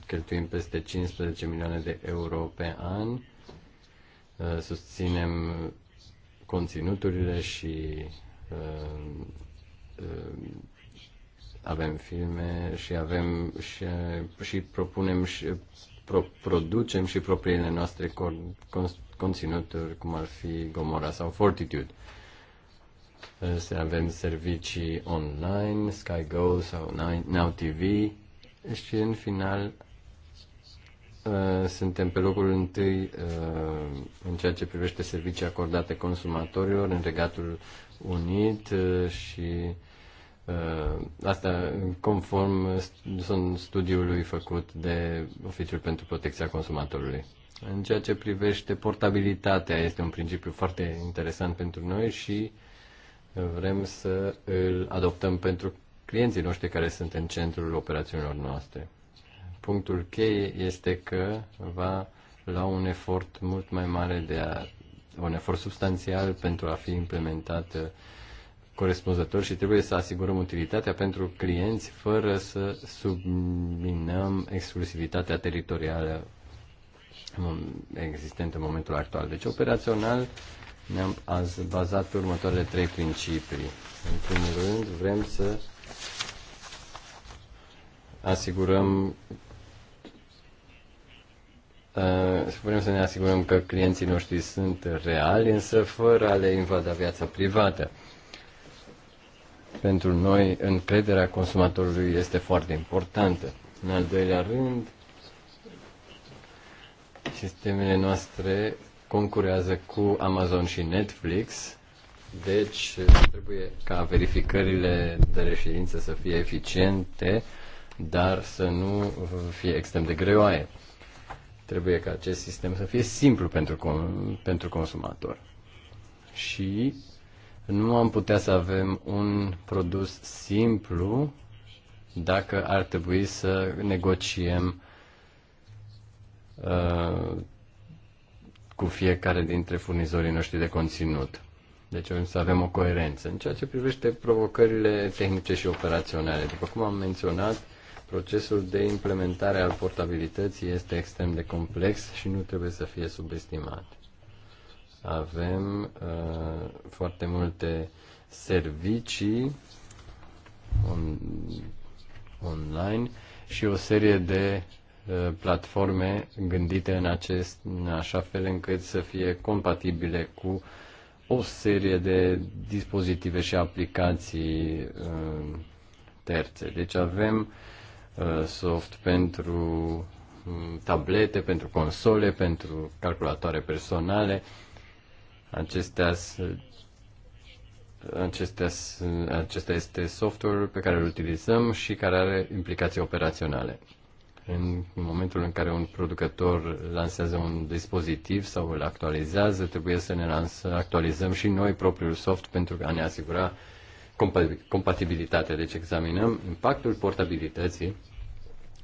cheltuim peste 15 milioane de euro pe an, uh, susținem conținuturile și uh, uh, avem filme și avem și, și propunem și pro, producem și propriile noastre con, con, conținuturi, cum ar fi Gomora sau Fortitude. Să avem servicii online, Sky Go sau Now TV, și în final uh, suntem pe locul întâi uh, în ceea ce privește servicii acordate consumatorilor în Regatul Unit uh, și asta conform studiului făcut de Oficiul pentru Protecția Consumatorului. În ceea ce privește portabilitatea, este un principiu foarte interesant pentru noi și vrem să îl adoptăm pentru clienții noștri care sunt în centrul operațiunilor noastre. Punctul cheie este că va la un efort mult mai mare de a, un efort substanțial pentru a fi implementată uh, corespunzător și trebuie să asigurăm utilitatea pentru clienți fără să subminăm exclusivitatea teritorială existentă în momentul actual. Deci operațional ne-am bazat pe următoarele trei principii. În primul rând, vrem să asigurăm uh, să să ne asigurăm că clienții noștri sunt reali, însă fără a le invada viața privată. Pentru noi, încrederea consumatorului este foarte importantă. În al doilea rând, sistemele noastre concurează cu Amazon și Netflix, deci trebuie ca verificările de reședință să fie eficiente dar să nu fie extrem de greoaie. Trebuie ca acest sistem să fie simplu pentru, pentru consumator. Și nu am putea să avem un produs simplu dacă ar trebui să negociem uh, cu fiecare dintre furnizorii noștri de conținut. Deci să avem o coerență. În ceea ce privește provocările tehnice și operaționale, după cum am menționat, Procesul de implementare al portabilității este extrem de complex și nu trebuie să fie subestimat. Avem uh, foarte multe servicii on, online și o serie de uh, platforme gândite în, acest, în așa fel încât să fie compatibile cu o serie de dispozitive și aplicații uh, terțe. Deci avem uh, Uh, soft pentru mm, tablete, pentru console, pentru calculatoare personale. Acestea, acestea, acesta este software pe care îl utilizăm și care are implicații operaționale. În momentul în care un producător lansează un dispozitiv sau îl actualizează, trebuie să ne lansă, actualizăm și noi propriul soft pentru a ne asigura uh, compatibilitatea. Deci examinăm impactul portabilității,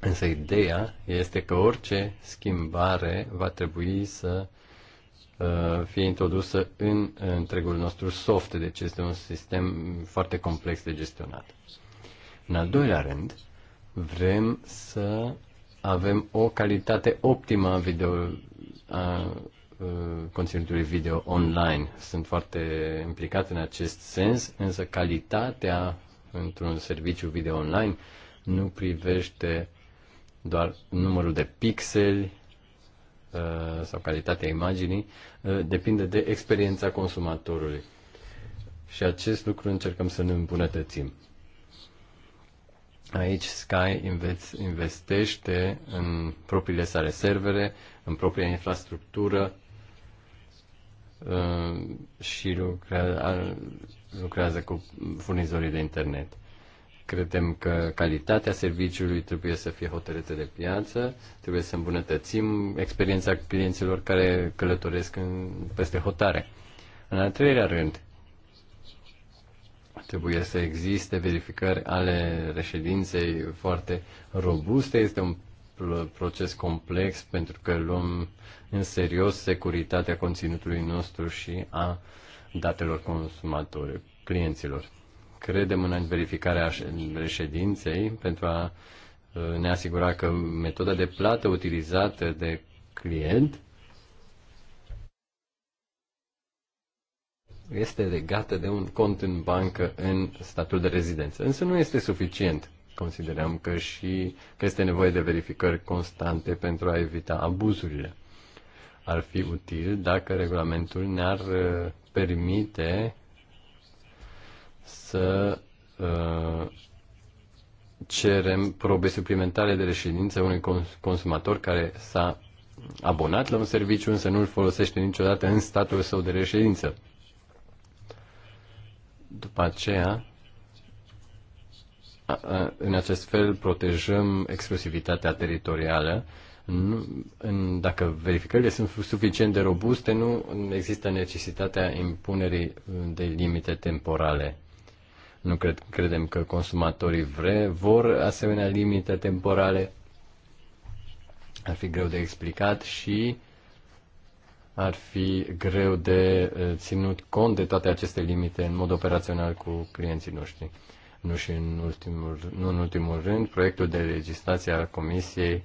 însă ideea este că orice schimbare va trebui să uh, fie introdusă în uh, întregul nostru soft, deci este un sistem foarte complex de gestionat. În al doilea rând, vrem să avem o calitate optimă a video, a Uh, conținutului video online. Sunt foarte implicat în acest sens, însă calitatea într-un serviciu video online nu privește doar numărul de pixeli uh, sau calitatea imaginii, uh, depinde de experiența consumatorului. Și acest lucru încercăm să ne îmbunătățim. Aici Sky investește în propriile sale servere, în propria infrastructură, Uh, și lucrează, lucrează cu furnizorii de internet. Credem că calitatea serviciului trebuie să fie hotărâtă de piață, trebuie să îmbunătățim experiența clienților care călătoresc în, peste hotare. În al treilea rând, trebuie să existe verificări ale reședinței foarte robuste. Este un proces complex pentru că luăm în serios securitatea conținutului nostru și a datelor consumatorilor, clienților. Credem în verificarea reședinței pentru a uh, ne asigura că metoda de plată utilizată de client este legată de un cont în bancă în statul de rezidență. Însă nu este suficient considerăm că și că este nevoie de verificări constante pentru a evita abuzurile. Ar fi util dacă regulamentul ne-ar uh, permite să uh, cerem probe suplimentare de reședință unui consumator care s-a abonat la un serviciu, însă nu îl folosește niciodată în statul său de reședință. După aceea, în acest fel protejăm exclusivitatea teritorială. Nu, în, dacă verificările sunt suficient de robuste, nu există necesitatea impunerii de limite temporale. Nu cred, credem că consumatorii vre, vor asemenea limite temporale. Ar fi greu de explicat și ar fi greu de eh, ținut cont de toate aceste limite în mod operațional cu clienții noștri nu și în ultimul, nu în ultimul rând, proiectul de legislație al Comisiei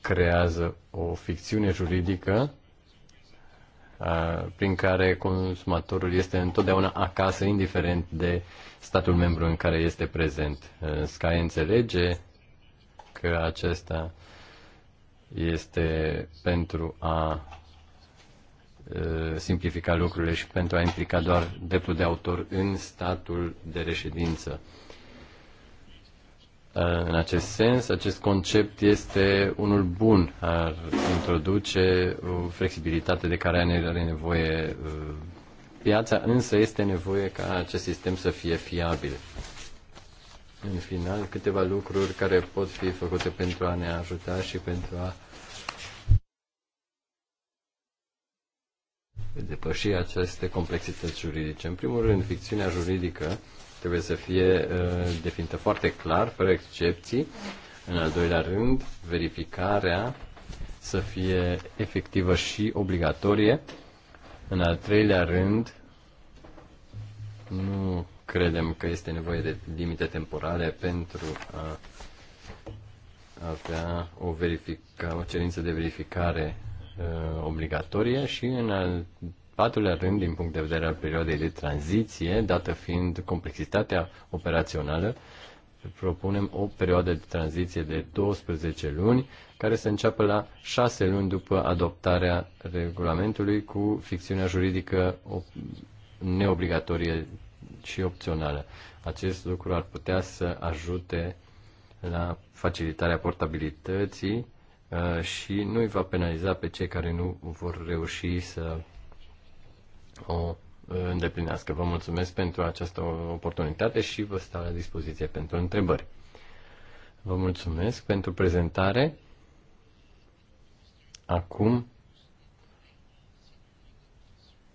creează o ficțiune juridică prin care consumatorul este întotdeauna acasă, indiferent de statul membru în care este prezent. Sky înțelege că acesta este pentru a Uh, simplifica lucrurile și pentru a implica doar dreptul de autor în statul de reședință. Uh, în acest sens, acest concept este unul bun, ar introduce o flexibilitate de care are nevoie uh, piața, însă este nevoie ca acest sistem să fie fiabil. În final, câteva lucruri care pot fi făcute pentru a ne ajuta și pentru a depăși aceste complexități juridice. În primul rând, ficțiunea juridică trebuie să fie uh, definită foarte clar, fără excepții. În al doilea rând, verificarea să fie efectivă și obligatorie. În al treilea rând, nu credem că este nevoie de limite temporale pentru a avea o, verifica, o cerință de verificare Uh, obligatorie și în al patrulea rând, din punct de vedere al perioadei de tranziție, dată fiind complexitatea operațională, propunem o perioadă de tranziție de 12 luni, care se înceapă la 6 luni după adoptarea regulamentului cu ficțiunea juridică neobligatorie și opțională. Acest lucru ar putea să ajute la facilitarea portabilității Uh, și nu îi va penaliza pe cei care nu vor reuși să o uh, îndeplinească. Vă mulțumesc pentru această oportunitate și vă stau la dispoziție pentru întrebări. Vă mulțumesc pentru prezentare. Acum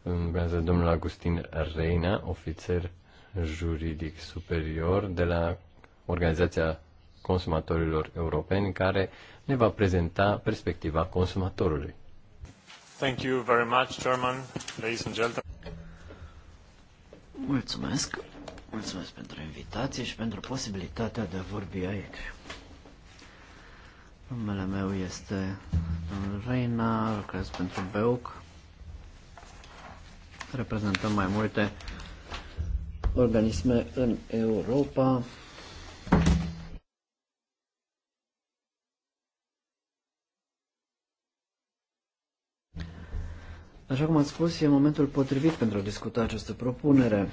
urmează domnul Agustin Reina, ofițer juridic superior de la Organizația consumatorilor europeni care ne va prezenta perspectiva consumatorului. Thank you very much, Chairman, ladies and gentlemen. Mulțumesc. Mulțumesc pentru invitație și pentru posibilitatea de a vorbi aici. Numele meu este domnul Reina, lucrez pentru BEUC. Reprezentăm mai multe organisme în Europa Așa cum am spus, e momentul potrivit pentru a discuta această propunere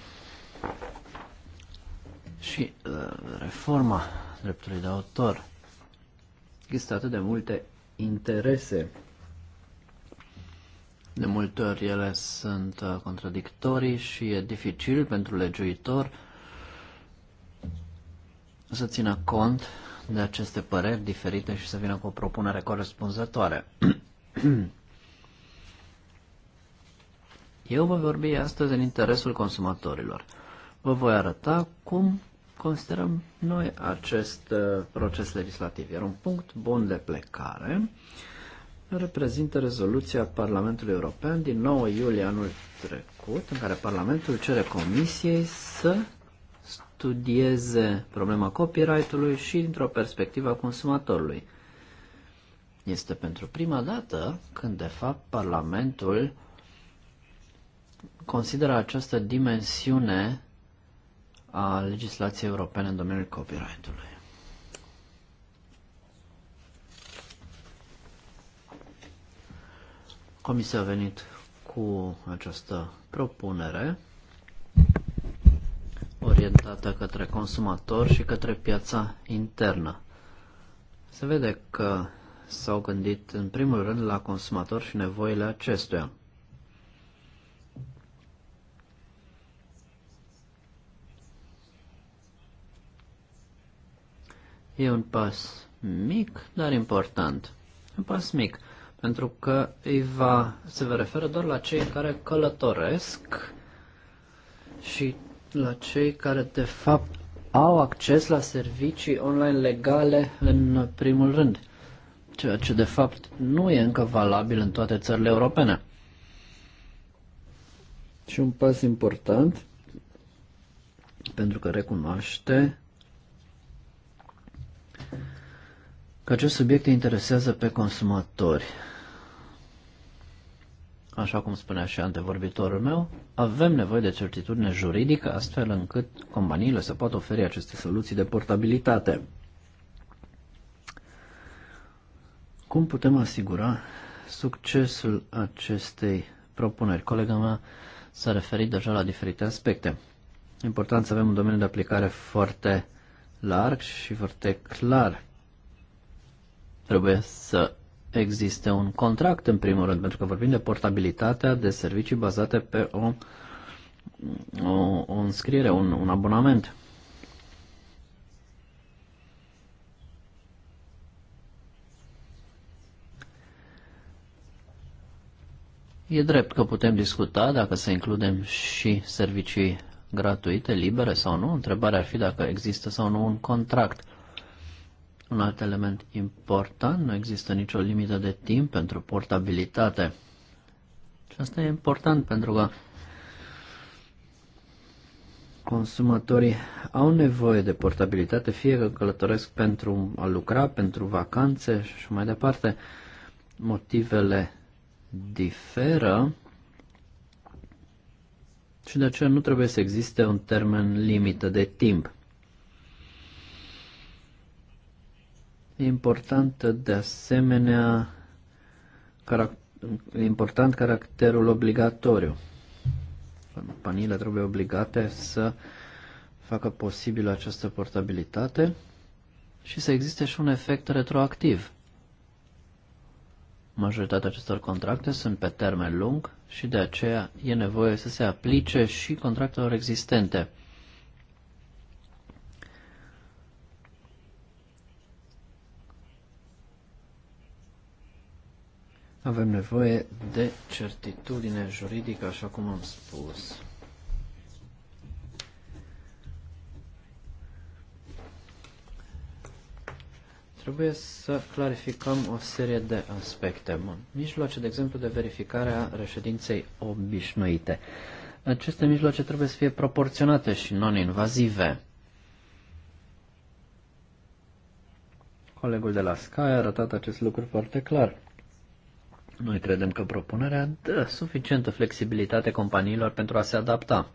și uh, reforma dreptului de autor. Există atât de multe interese. De multe ori ele sunt uh, contradictorii și e dificil pentru legiuitor să țină cont de aceste păreri diferite și să vină cu o propunere corespunzătoare. Eu vă vorbi astăzi în interesul consumatorilor. Vă voi arăta cum considerăm noi acest uh, proces legislativ. Iar un punct bun de plecare reprezintă rezoluția Parlamentului European din 9 iulie anul trecut, în care Parlamentul cere Comisiei să studieze problema copyright-ului și dintr-o perspectivă a consumatorului. Este pentru prima dată când, de fapt, Parlamentul consideră această dimensiune a legislației europene în domeniul copyright-ului. Comisia a venit cu această propunere orientată către consumator și către piața internă. Se vede că s-au gândit în primul rând la consumator și nevoile acestuia. E un pas mic, dar important. Un pas mic, pentru că îi va, se va referă doar la cei care călătoresc și la cei care de fapt au acces la servicii online legale în primul rând, ceea ce de fapt nu e încă valabil în toate țările europene. Și un pas important pentru că recunoaște că acest subiect interesează pe consumatori. Așa cum spunea și antevorbitorul meu, avem nevoie de certitudine juridică astfel încât companiile să poată oferi aceste soluții de portabilitate. Cum putem asigura succesul acestei propuneri? Colega mea s-a referit deja la diferite aspecte. Important să avem un domeniu de aplicare foarte larg și foarte clar Trebuie să existe un contract, în primul rând, pentru că vorbim de portabilitatea de servicii bazate pe o, o, o înscriere, un, un abonament. E drept că putem discuta dacă să includem și servicii gratuite, libere sau nu. Întrebarea ar fi dacă există sau nu un contract. Un alt element important, nu există nicio limită de timp pentru portabilitate. Și asta e important pentru că consumatorii au nevoie de portabilitate, fie că călătoresc pentru a lucra, pentru vacanțe și mai departe. Motivele diferă și de aceea nu trebuie să existe un termen limită de timp. E important de asemenea e important caracterul obligatoriu. Companiile trebuie obligate să facă posibilă această portabilitate și să existe și un efect retroactiv. Majoritatea acestor contracte sunt pe termen lung și de aceea e nevoie să se aplice și contractelor existente. Avem nevoie de certitudine juridică, așa cum am spus. Trebuie să clarificăm o serie de aspecte. Bun. Mijloace, de exemplu, de verificare a reședinței obișnuite. Aceste mijloace trebuie să fie proporționate și non-invazive. Colegul de la Sky a arătat acest lucru foarte clar. Noi credem că propunerea dă suficientă flexibilitate companiilor pentru a se adapta.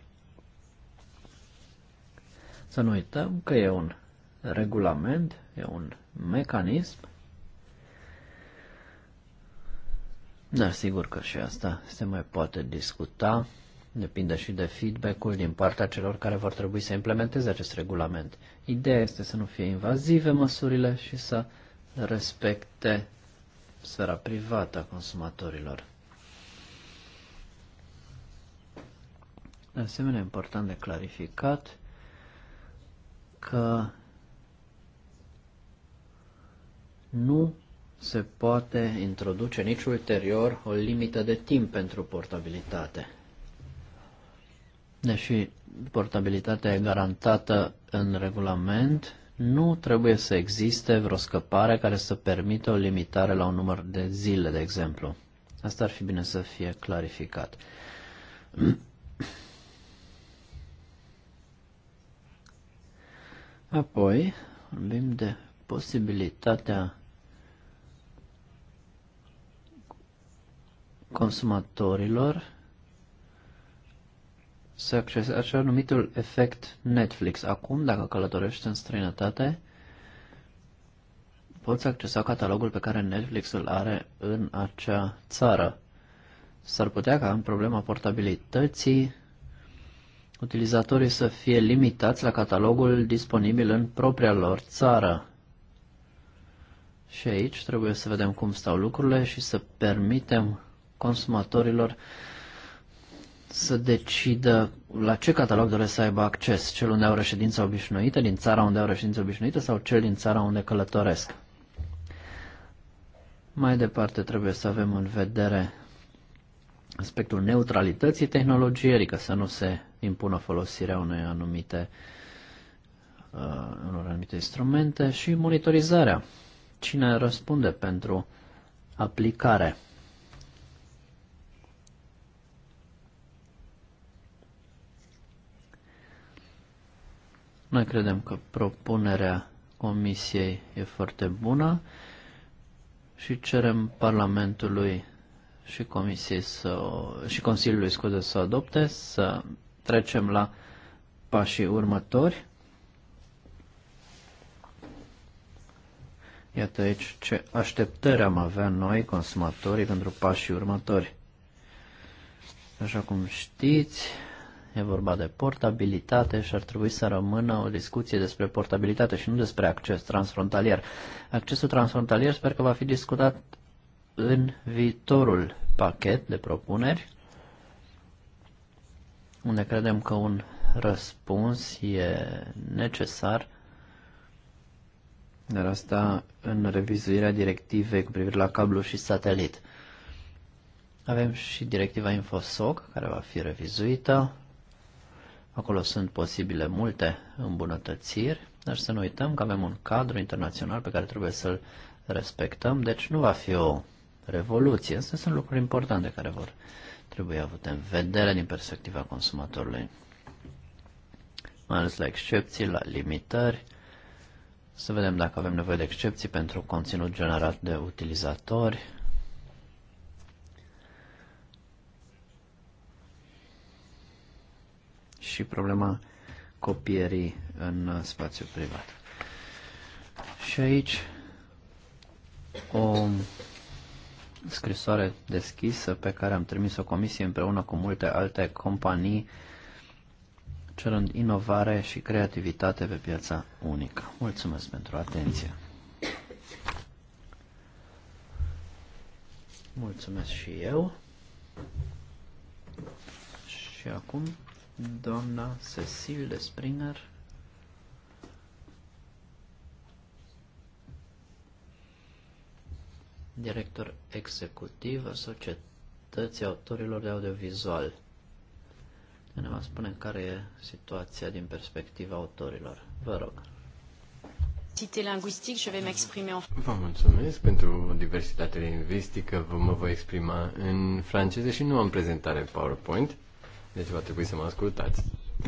Să nu uităm că e un regulament, e un mecanism. Dar sigur că și asta se mai poate discuta, depinde și de feedback-ul din partea celor care vor trebui să implementeze acest regulament. Ideea este să nu fie invazive măsurile și să respecte sfera privată a consumatorilor. De asemenea, important de clarificat că nu se poate introduce nici ulterior o limită de timp pentru portabilitate. Deși portabilitatea e garantată în regulament, nu trebuie să existe vreo scăpare care să permită o limitare la un număr de zile, de exemplu. Asta ar fi bine să fie clarificat. Apoi, vorbim de posibilitatea consumatorilor să acceseze așa numitul efect Netflix. Acum, dacă călătorești în străinătate, poți accesa catalogul pe care Netflix îl are în acea țară. S-ar putea ca în problema portabilității utilizatorii să fie limitați la catalogul disponibil în propria lor țară. Și aici trebuie să vedem cum stau lucrurile și să permitem consumatorilor să decidă la ce catalog doresc să aibă acces, cel unde au reședință obișnuită, din țara unde au reședință obișnuită sau cel din țara unde călătoresc. Mai departe trebuie să avem în vedere aspectul neutralității tehnologiei, adică să nu se impună folosirea unei anumite, uh, unor anumite instrumente și monitorizarea. Cine răspunde pentru aplicare? Noi credem că propunerea Comisiei e foarte bună și cerem Parlamentului și Comisiei să, și Consiliului scuze, să adopte, să trecem la pașii următori. Iată aici ce așteptări am avea noi, consumatorii, pentru pașii următori. Așa cum știți, E vorba de portabilitate și ar trebui să rămână o discuție despre portabilitate și nu despre acces transfrontalier. Accesul transfrontalier sper că va fi discutat în viitorul pachet de propuneri, unde credem că un răspuns e necesar. Dar asta în revizuirea directivei cu privire la cablu și satelit. Avem și directiva InfoSoc, care va fi revizuită. Acolo sunt posibile multe îmbunătățiri, dar să nu uităm că avem un cadru internațional pe care trebuie să-l respectăm, deci nu va fi o revoluție. Astea sunt lucruri importante care vor trebui avute în vedere din perspectiva consumatorului. Mai ales la excepții, la limitări. Să vedem dacă avem nevoie de excepții pentru conținut generat de utilizatori, și problema copierii în spațiu privat. Și aici o scrisoare deschisă pe care am trimis-o comisie împreună cu multe alte companii cerând inovare și creativitate pe piața unică. Mulțumesc pentru atenție! Mulțumesc și eu! Și acum doamna Cecil de Springer. director executiv a Societății Autorilor de Audiovizual. Ne va spune care e situația din perspectiva autorilor. Vă rog. Vă mulțumesc pentru diversitatea lingvistică, vă mă voi exprima în franceză și nu am prezentare PowerPoint. Deci va trebui să mă ascultați.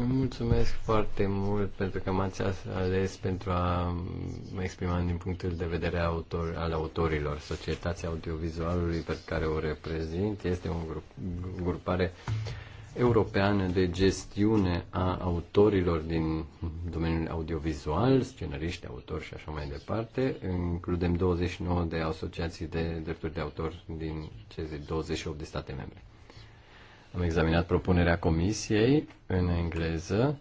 Mulțumesc foarte mult pentru că m-ați ales pentru a mă exprima din punctul de vedere autor, al autorilor. Societatea audiovizualului pe care o reprezint este o grup, grupare europeană de gestiune a autorilor din domeniul audiovizual, scenariști, autori și așa mai departe. Includem 29 de asociații de drepturi de autor din 28 de state membre. Am examinat propunerea comisiei în engleză.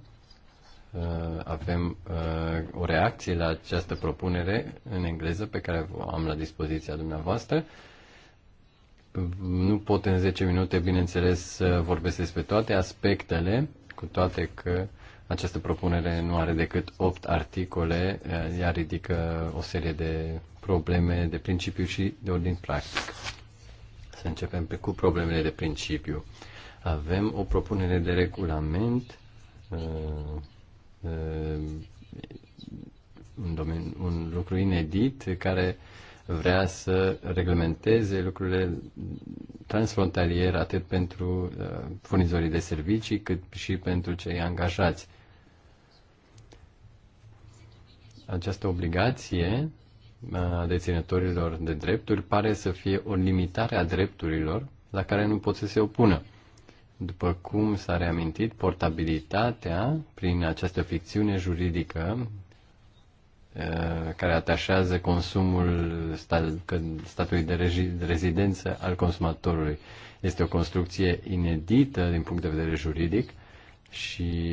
Uh, avem uh, o reacție la această propunere în engleză pe care o am la dispoziția dumneavoastră. Nu pot în 10 minute, bineînțeles, să vorbesc despre toate aspectele, cu toate că această propunere nu are decât 8 articole, uh, ea ridică o serie de probleme de principiu și de ordin practic. Să începem cu problemele de principiu. Uh, avem o propunere de regulament uh, uh, un, domen, un lucru inedit care vrea să reglementeze lucrurile transfrontalier atât pentru uh, furnizorii de servicii cât și pentru cei angajați. Această obligație a deținătorilor de drepturi pare să fie o limitare a drepturilor la care nu pot să se opună. După cum s-a reamintit, portabilitatea prin această ficțiune juridică eh, care atașează consumul statului de rezidență al consumatorului. Este o construcție inedită din punct de vedere juridic și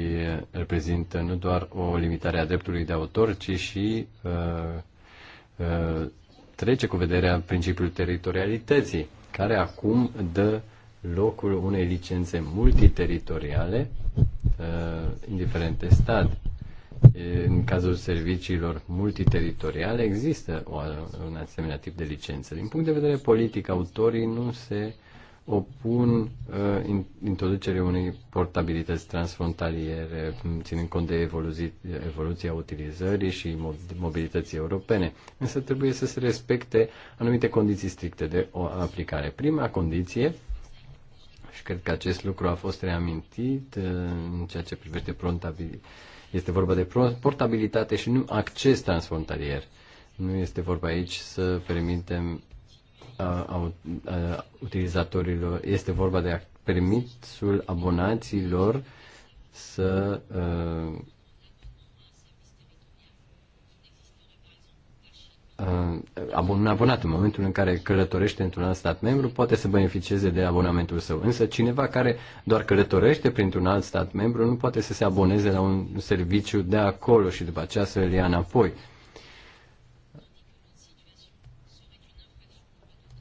reprezintă nu doar o limitare a dreptului de autor, ci și uh, uh, trece cu vederea principiul teritorialității, care acum dă locul unei licențe multiteritoriale, uh, indiferent de stat. În cazul serviciilor multiteritoriale există o, un asemenea tip de licență. Din punct de vedere politic, autorii nu se opun uh, introducerea unei portabilități transfrontaliere, ținând cont de evoluții, evoluția utilizării și mobilității europene. Însă trebuie să se respecte anumite condiții stricte de o aplicare. Prima condiție și cred că acest lucru a fost reamintit uh, în ceea ce privește portabilitate. Este vorba de portabilitate și nu acces transfrontalier. Nu este vorba aici să permitem a, a, a, utilizatorilor, este vorba de a permisul abonaților să uh, Uh, un abonat în momentul în care călătorește într-un alt stat membru poate să beneficieze de abonamentul său. Însă cineva care doar călătorește printr-un alt stat membru nu poate să se aboneze la un serviciu de acolo și după aceea să îl ia înapoi.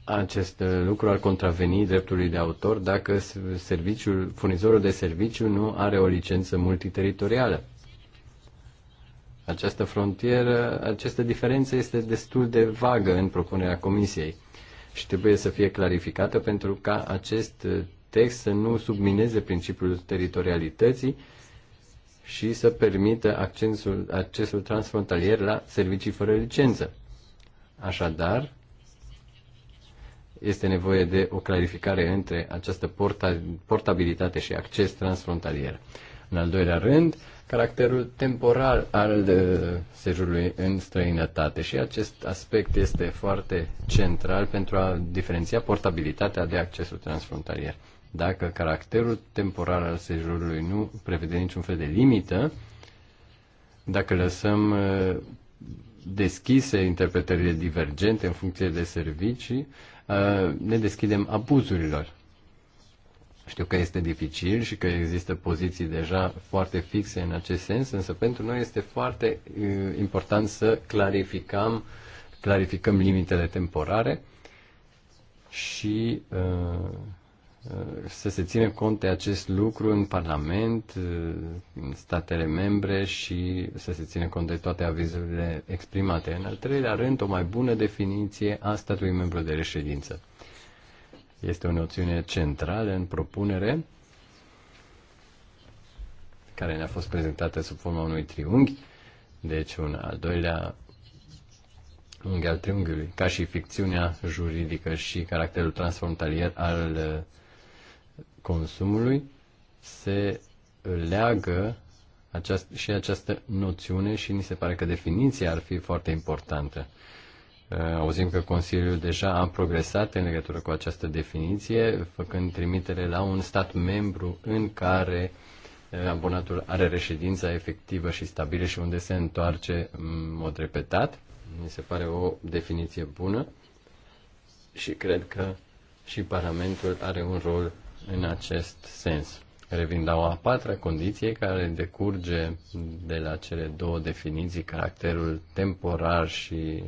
Acest lucru ar contraveni dreptului de autor dacă serviciul, furnizorul de serviciu nu are o licență multiteritorială. Această frontieră, această diferență este destul de vagă în propunerea Comisiei și trebuie să fie clarificată pentru ca acest text să nu submineze principiul teritorialității și să permită accesul, accesul transfrontalier la servicii fără licență. Așadar, este nevoie de o clarificare între această porta, portabilitate și acces transfrontalier. În al doilea rând, caracterul temporal al sejurului în străinătate și acest aspect este foarte central pentru a diferenția portabilitatea de accesul transfrontalier. Dacă caracterul temporal al sejurului nu prevede niciun fel de limită, dacă lăsăm uh, deschise interpretările divergente în funcție de servicii, uh, ne deschidem abuzurilor. Știu că este dificil și că există poziții deja foarte fixe în acest sens, însă pentru noi este foarte uh, important să clarificăm, clarificăm limitele temporare și uh, uh să se ține cont de acest lucru în Parlament, uh, în statele membre și să se ține cont de toate avizurile exprimate. În al treilea rând, o mai bună definiție a statului membru de reședință. Este o noțiune centrală în propunere care ne-a fost prezentată sub forma unui triunghi, deci un al doilea unghi al triunghiului, ca și ficțiunea juridică și caracterul transfrontalier al uh, consumului, se leagă aceast- și această noțiune și ni se pare că definiția ar fi foarte importantă. Eh, auzim că Consiliul deja a progresat în legătură cu această definiție, făcând trimitere la un stat membru în care eh, abonatul are reședința efectivă și stabilă și unde se întoarce în mod repetat. Mi se pare o definiție bună și cred că și Parlamentul are un rol în acest sens. Revin la o a patra condiție care decurge de la cele două definiții, caracterul temporar și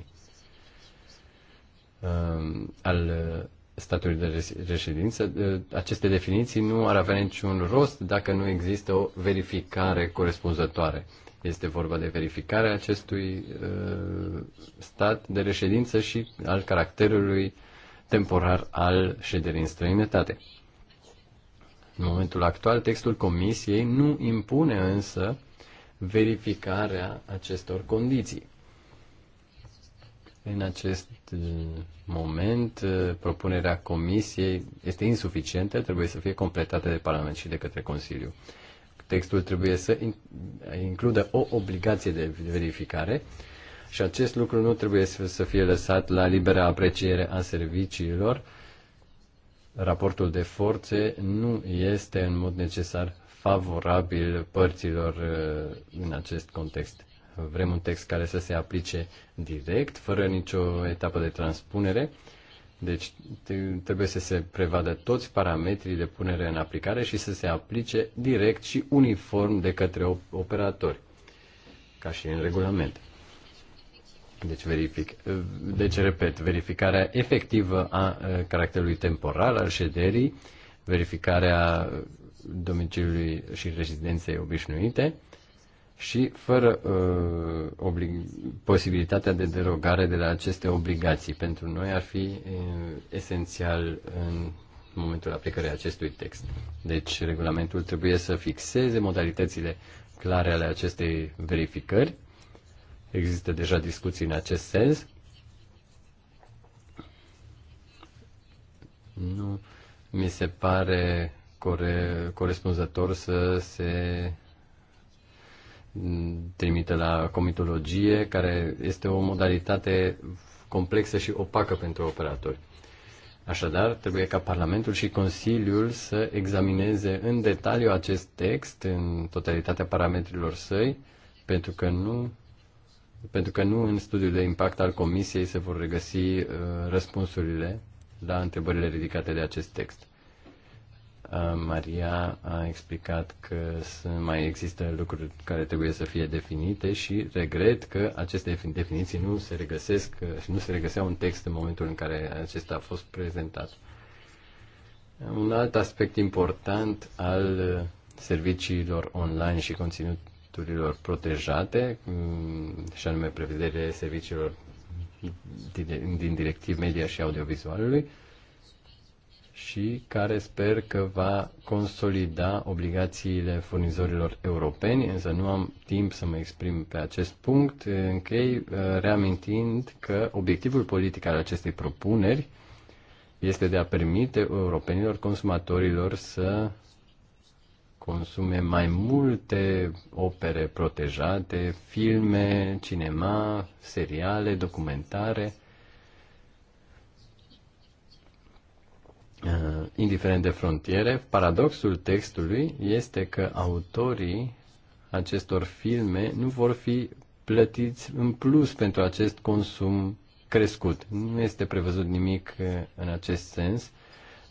Um, al uh, statului de reședință, uh, aceste definiții nu ar avea niciun rost dacă nu există o verificare corespunzătoare. Este vorba de verificarea acestui uh, stat de reședință și al caracterului temporar al șederii în străinătate. În momentul actual, textul Comisiei nu impune însă verificarea acestor condiții. În acest uh, moment, uh, propunerea Comisiei este insuficientă, trebuie să fie completată de Parlament și de către Consiliu. Textul trebuie să includă o obligație de verificare și acest lucru nu trebuie să fie lăsat la libera apreciere a serviciilor. Raportul de forțe nu este în mod necesar favorabil părților uh, în acest context. Vrem un text care să se aplice direct, fără nicio etapă de transpunere. Deci trebuie să se prevadă toți parametrii de punere în aplicare și să se aplice direct și uniform de către operatori, ca și în regulament. Deci, verific, deci, repet, verificarea efectivă a caracterului temporal al șederii, verificarea domiciliului și rezidenței obișnuite, și fără uh, oblig- posibilitatea de derogare de la aceste obligații. Pentru noi ar fi uh, esențial în momentul aplicării acestui text. Deci, regulamentul trebuie să fixeze modalitățile clare ale acestei verificări. Există deja discuții în acest sens. Nu mi se pare core- corespunzător să se trimite la comitologie, care este o modalitate complexă și opacă pentru operatori. Așadar, trebuie ca Parlamentul și Consiliul să examineze în detaliu acest text în totalitatea parametrilor săi, pentru că nu pentru că nu în studiul de impact al Comisiei se vor regăsi uh, răspunsurile la întrebările ridicate de acest text. Maria a explicat că mai există lucruri care trebuie să fie definite și regret că aceste definiții nu se regăsesc și nu se regăseau în text în momentul în care acesta a fost prezentat. Un alt aspect important al serviciilor online și conținuturilor protejate, mm, și anume prevederile serviciilor din directiv media și audiovizualului, și care sper că va consolida obligațiile furnizorilor europeni, însă nu am timp să mă exprim pe acest punct, închei uh, reamintind că obiectivul politic al acestei propuneri este de a permite europenilor consumatorilor să consume mai multe opere protejate, filme, cinema, seriale, documentare – Eh, indiferent de frontiere. Paradoxul textului este că autorii acestor filme nu vor fi plătiți în plus pentru acest consum crescut. Nu este prevăzut nimic eh, în acest sens.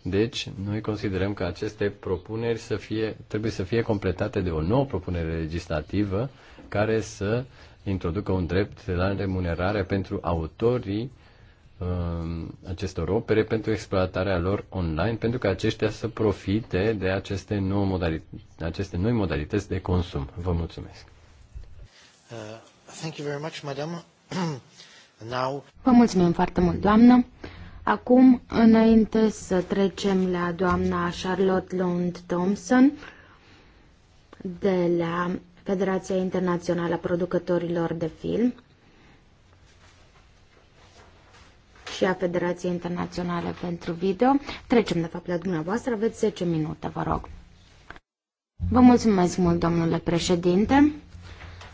Deci, noi considerăm că aceste propuneri să fie, trebuie să fie completate de o nouă propunere legislativă care să introducă un drept la remunerare pentru autorii Um, acestor opere pentru exploatarea lor online, pentru că aceștia să profite de aceste, nouă modalități, aceste noi modalități de consum. Vă mulțumesc. Uh, Vă mulțumim foarte mult, doamnă. Acum, înainte să trecem la doamna Charlotte Lund Thompson de la Federația Internațională a Producătorilor de Film, și a Federației Internaționale pentru Video. Trecem, de fapt, la dumneavoastră. Aveți 10 minute, vă rog. Vă mulțumesc mult, domnule președinte.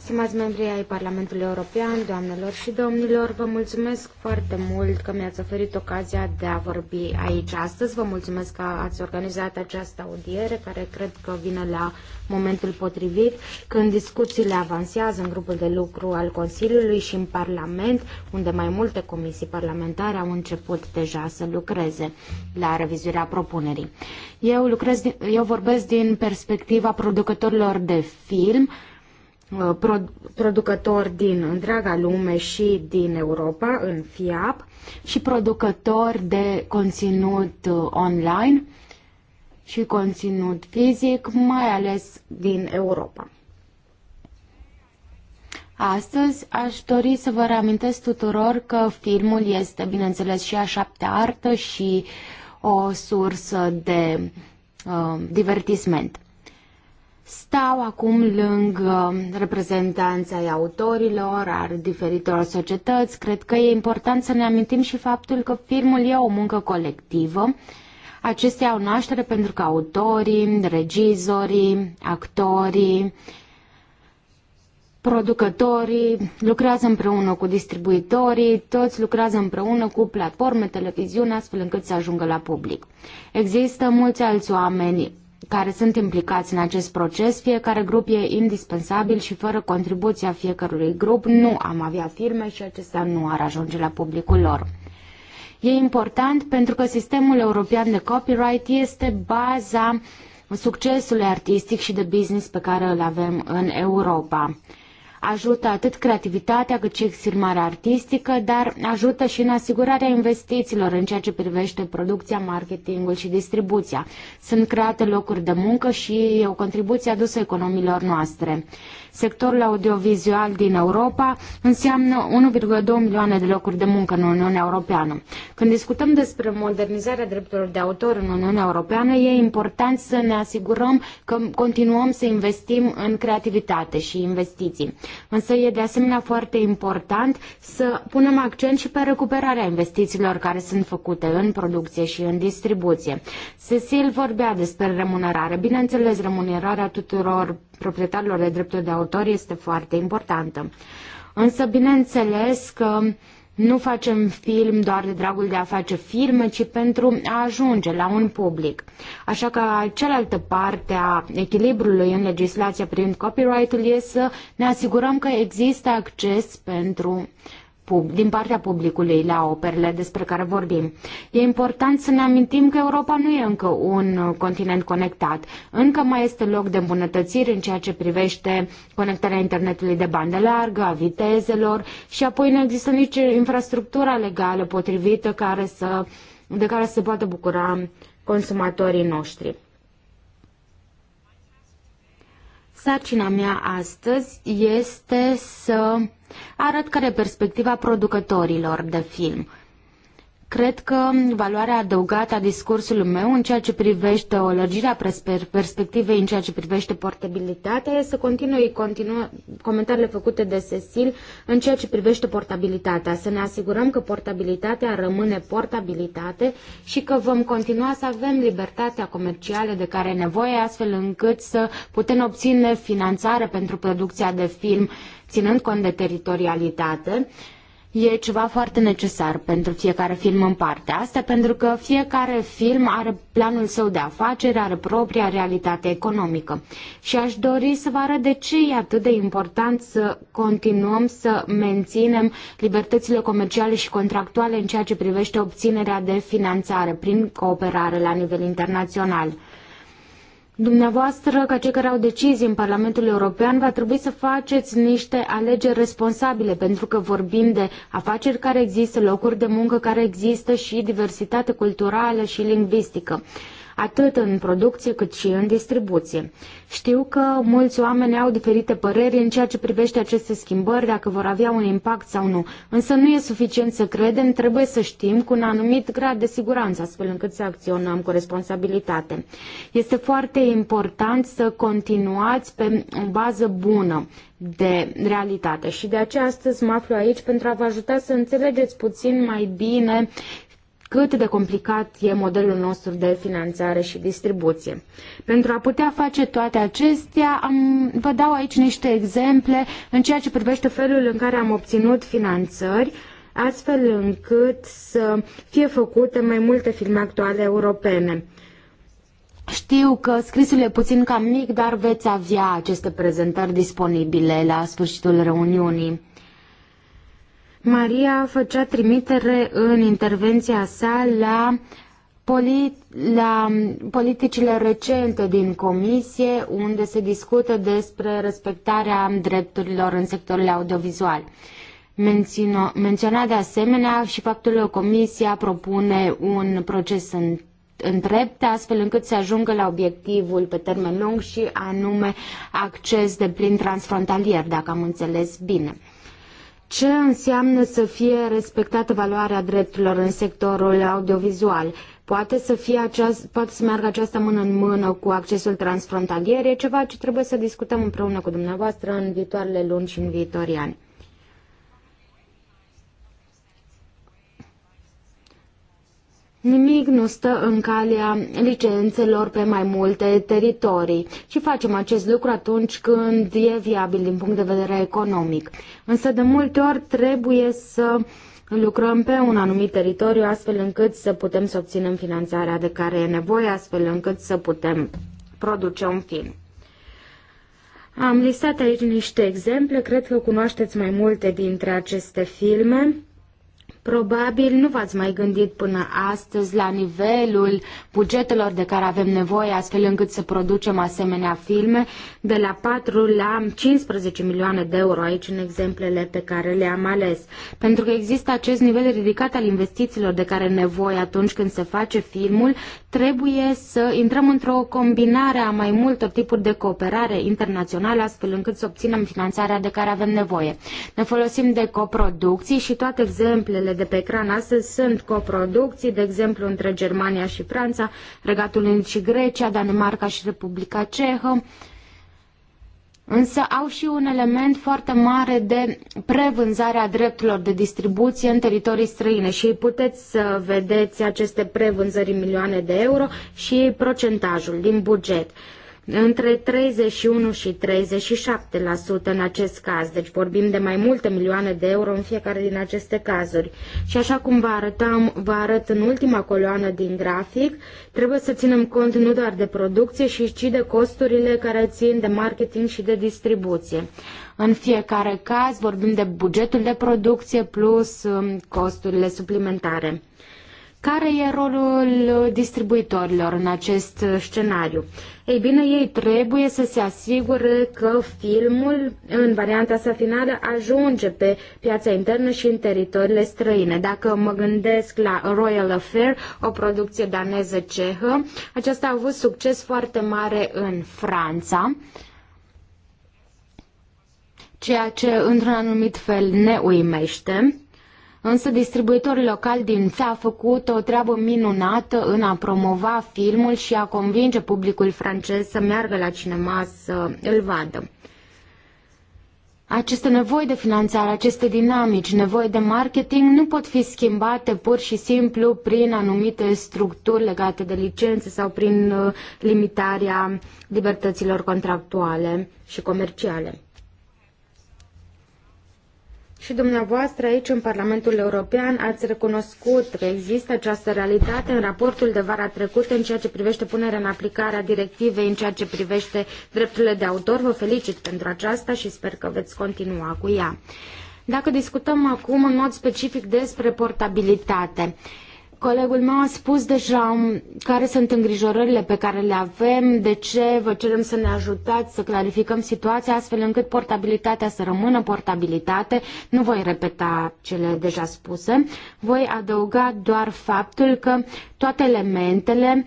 Stimați membri ai Parlamentului European, doamnelor și domnilor, vă mulțumesc foarte mult că mi-ați oferit ocazia de a vorbi aici astăzi. Vă mulțumesc că ați organizat această audiere, care cred că vine la momentul potrivit, când discuțiile avansează în grupul de lucru al Consiliului și în Parlament, unde mai multe comisii parlamentare au început deja să lucreze la revizuirea propunerii. Eu, lucrez, eu vorbesc din perspectiva producătorilor de film, Uh, producători din întreaga lume și din Europa, în FIAP, și producători de conținut uh, online și conținut fizic, mai ales din Europa. Astăzi aș dori să vă reamintesc tuturor că filmul este, bineînțeles, și a șapte artă și o sursă de uh, divertisment. Stau acum lângă reprezentanța ai autorilor, ar diferitor societăți. Cred că e important să ne amintim și faptul că filmul e o muncă colectivă. Acestea au naștere pentru că autorii, regizorii, actorii, producătorii lucrează împreună cu distribuitorii, toți lucrează împreună cu platforme, televiziune, astfel încât să ajungă la public. Există mulți alți oameni care sunt implicați în acest proces, fiecare grup e indispensabil și fără contribuția fiecărui grup nu am avea firme și acestea nu ar ajunge la publicul lor. E important pentru că sistemul european de copyright este baza succesului artistic și de business pe care îl avem în Europa ajută atât creativitatea cât și exprimarea artistică, dar ajută și în asigurarea investițiilor în ceea ce privește producția, marketingul și distribuția. Sunt create locuri de muncă și e o contribuție adusă economiilor noastre. Sectorul audiovizual din Europa înseamnă 1,2 milioane de locuri de muncă în Uniunea Europeană. Când discutăm despre modernizarea drepturilor de autor în Uniunea Europeană, e important să ne asigurăm că continuăm să investim în creativitate și investiții. Însă e de asemenea foarte important să punem accent și pe recuperarea investițiilor care sunt făcute în producție și în distribuție. Cecil vorbea despre remunerare. Bineînțeles, remunerarea tuturor proprietarilor de drepturi de autor este foarte importantă. Însă, bineînțeles că nu facem film doar de dragul de a face filme, ci pentru a ajunge la un public. Așa că cealaltă parte a echilibrului în legislația privind copyright-ul este să ne asigurăm că există acces pentru din partea publicului la operele despre care vorbim. E important să ne amintim că Europa nu e încă un continent conectat. Încă mai este loc de îmbunătățiri în ceea ce privește conectarea internetului de bandă largă, a vitezelor și apoi nu există nici infrastructura legală potrivită care să, de care se poate bucura consumatorii noștri. Sarcina mea astăzi este să arăt care e perspectiva producătorilor de film Cred că valoarea adăugată a discursului meu în ceea ce privește o lărgire a perspectivei, în ceea ce privește portabilitatea, este să continui continua, comentariile făcute de Cecil în ceea ce privește portabilitatea. Să ne asigurăm că portabilitatea rămâne portabilitate și că vom continua să avem libertatea comercială de care e nevoie, astfel încât să putem obține finanțare pentru producția de film, ținând cont de teritorialitate. Uh, e ceva foarte necesar pentru fiecare film în parte. Asta pentru că fiecare film are planul său de afaceri, are propria realitate economică. Și aș dori să vă arăt de ce e atât de important să continuăm să menținem libertățile comerciale și contractuale în ceea ce privește obținerea de finanțare prin cooperare la nivel internațional. Dumneavoastră, ca cei care au decizii în Parlamentul European, va trebui să faceți niște alegeri responsabile, pentru că vorbim de afaceri care există, locuri de muncă care există și diversitate culturală și lingvistică atât în producție cât și în distribuție. Știu că mulți oameni au diferite păreri în ceea ce privește aceste schimbări, dacă vor avea un impact sau nu. Însă nu e suficient să credem, trebuie să știm cu un anumit grad de siguranță, astfel încât să acționăm cu responsabilitate. Este foarte important să continuați pe o bază bună de realitate și de aceea astăzi mă aflu aici pentru a vă ajuta să înțelegeți puțin mai bine cât de complicat e modelul nostru de finanțare și distribuție. Pentru a putea face toate acestea, am, vă dau aici niște exemple în ceea ce privește felul în care am obținut finanțări, astfel încât să fie făcute mai multe filme actuale europene. Știu că scrisul e puțin cam mic, dar veți avea aceste prezentări disponibile la sfârșitul reuniunii. Maria făcea trimitere în intervenția sa la, polit- la politicile recente din comisie, unde se discută despre respectarea drepturilor în sectorul audiovizual. menționa de asemenea și faptul că Comisia propune un proces în, în drept, astfel încât să ajungă la obiectivul pe termen lung și anume acces de plin transfrontalier, dacă am înțeles bine ce înseamnă să fie respectată valoarea drepturilor în sectorul audiovizual. Poate să, fie aceast, poate să meargă aceasta mână în mână cu accesul transfrontalier, e ceva ce trebuie să discutăm împreună cu dumneavoastră în viitoarele luni și în viitorii ani. Nimic nu stă în calea licențelor pe mai multe teritorii și facem acest lucru atunci când e viabil din punct de vedere economic. Însă de multe ori trebuie să lucrăm pe un anumit teritoriu astfel încât să putem să obținem finanțarea de care e nevoie, astfel încât să putem produce un film. Am listat aici niște exemple, cred că cunoașteți mai multe dintre aceste filme. Probabil nu v-ați mai gândit până astăzi la nivelul bugetelor de care avem nevoie astfel încât să producem asemenea filme de la 4 la 15 milioane de euro aici în exemplele pe care le-am ales. Pentru că există acest nivel ridicat al investițiilor de care nevoie atunci când se face filmul, trebuie să intrăm într-o combinare a mai multor tipuri de cooperare internațională astfel încât să obținem finanțarea de care avem nevoie. Ne folosim de coproducții și toate exemplele de pe ecran astăzi sunt coproducții, de exemplu, între Germania și Franța, Regatul Unit și Grecia, Danemarca și Republica Cehă însă au și un element foarte mare de prevânzare a drepturilor de distribuție în teritorii străine și puteți să vedeți aceste prevânzări în milioane de euro și procentajul din buget între 31 și 37% în acest caz, deci vorbim de mai multe milioane de euro în fiecare din aceste cazuri. Și așa cum vă, arătam, vă arăt în ultima coloană din grafic, trebuie să ținem cont nu doar de producție, ci de costurile care țin de marketing și de distribuție. În fiecare caz vorbim de bugetul de producție plus um, costurile suplimentare. Care e rolul distribuitorilor în acest scenariu? Ei bine, ei trebuie să se asigure că filmul, în varianta sa finală, ajunge pe piața internă și în teritoriile străine. Dacă mă gândesc la Royal Affair, o producție daneză cehă, aceasta a avut succes foarte mare în Franța ceea ce într-un anumit fel ne uimește. Însă distribuitorul local din ța a făcut o treabă minunată în a promova filmul și a convinge publicul francez să meargă la cinema să îl vadă. Aceste nevoi de finanțare, aceste dinamici, nevoi de marketing nu pot fi schimbate pur și simplu prin anumite structuri legate de licențe sau prin uh, limitarea libertăților contractuale și comerciale. Și dumneavoastră aici în Parlamentul European ați recunoscut că există această realitate în raportul de vara trecută în ceea ce privește punerea în aplicare a directivei, în ceea ce privește drepturile de autor. Vă felicit pentru aceasta și sper că veți continua cu ea. Dacă discutăm acum în mod specific despre portabilitate, Colegul meu a spus deja care sunt îngrijorările pe care le avem, de ce vă cerem să ne ajutați să clarificăm situația astfel încât portabilitatea să rămână portabilitate. Nu voi repeta cele deja spuse. Voi adăuga doar faptul că toate elementele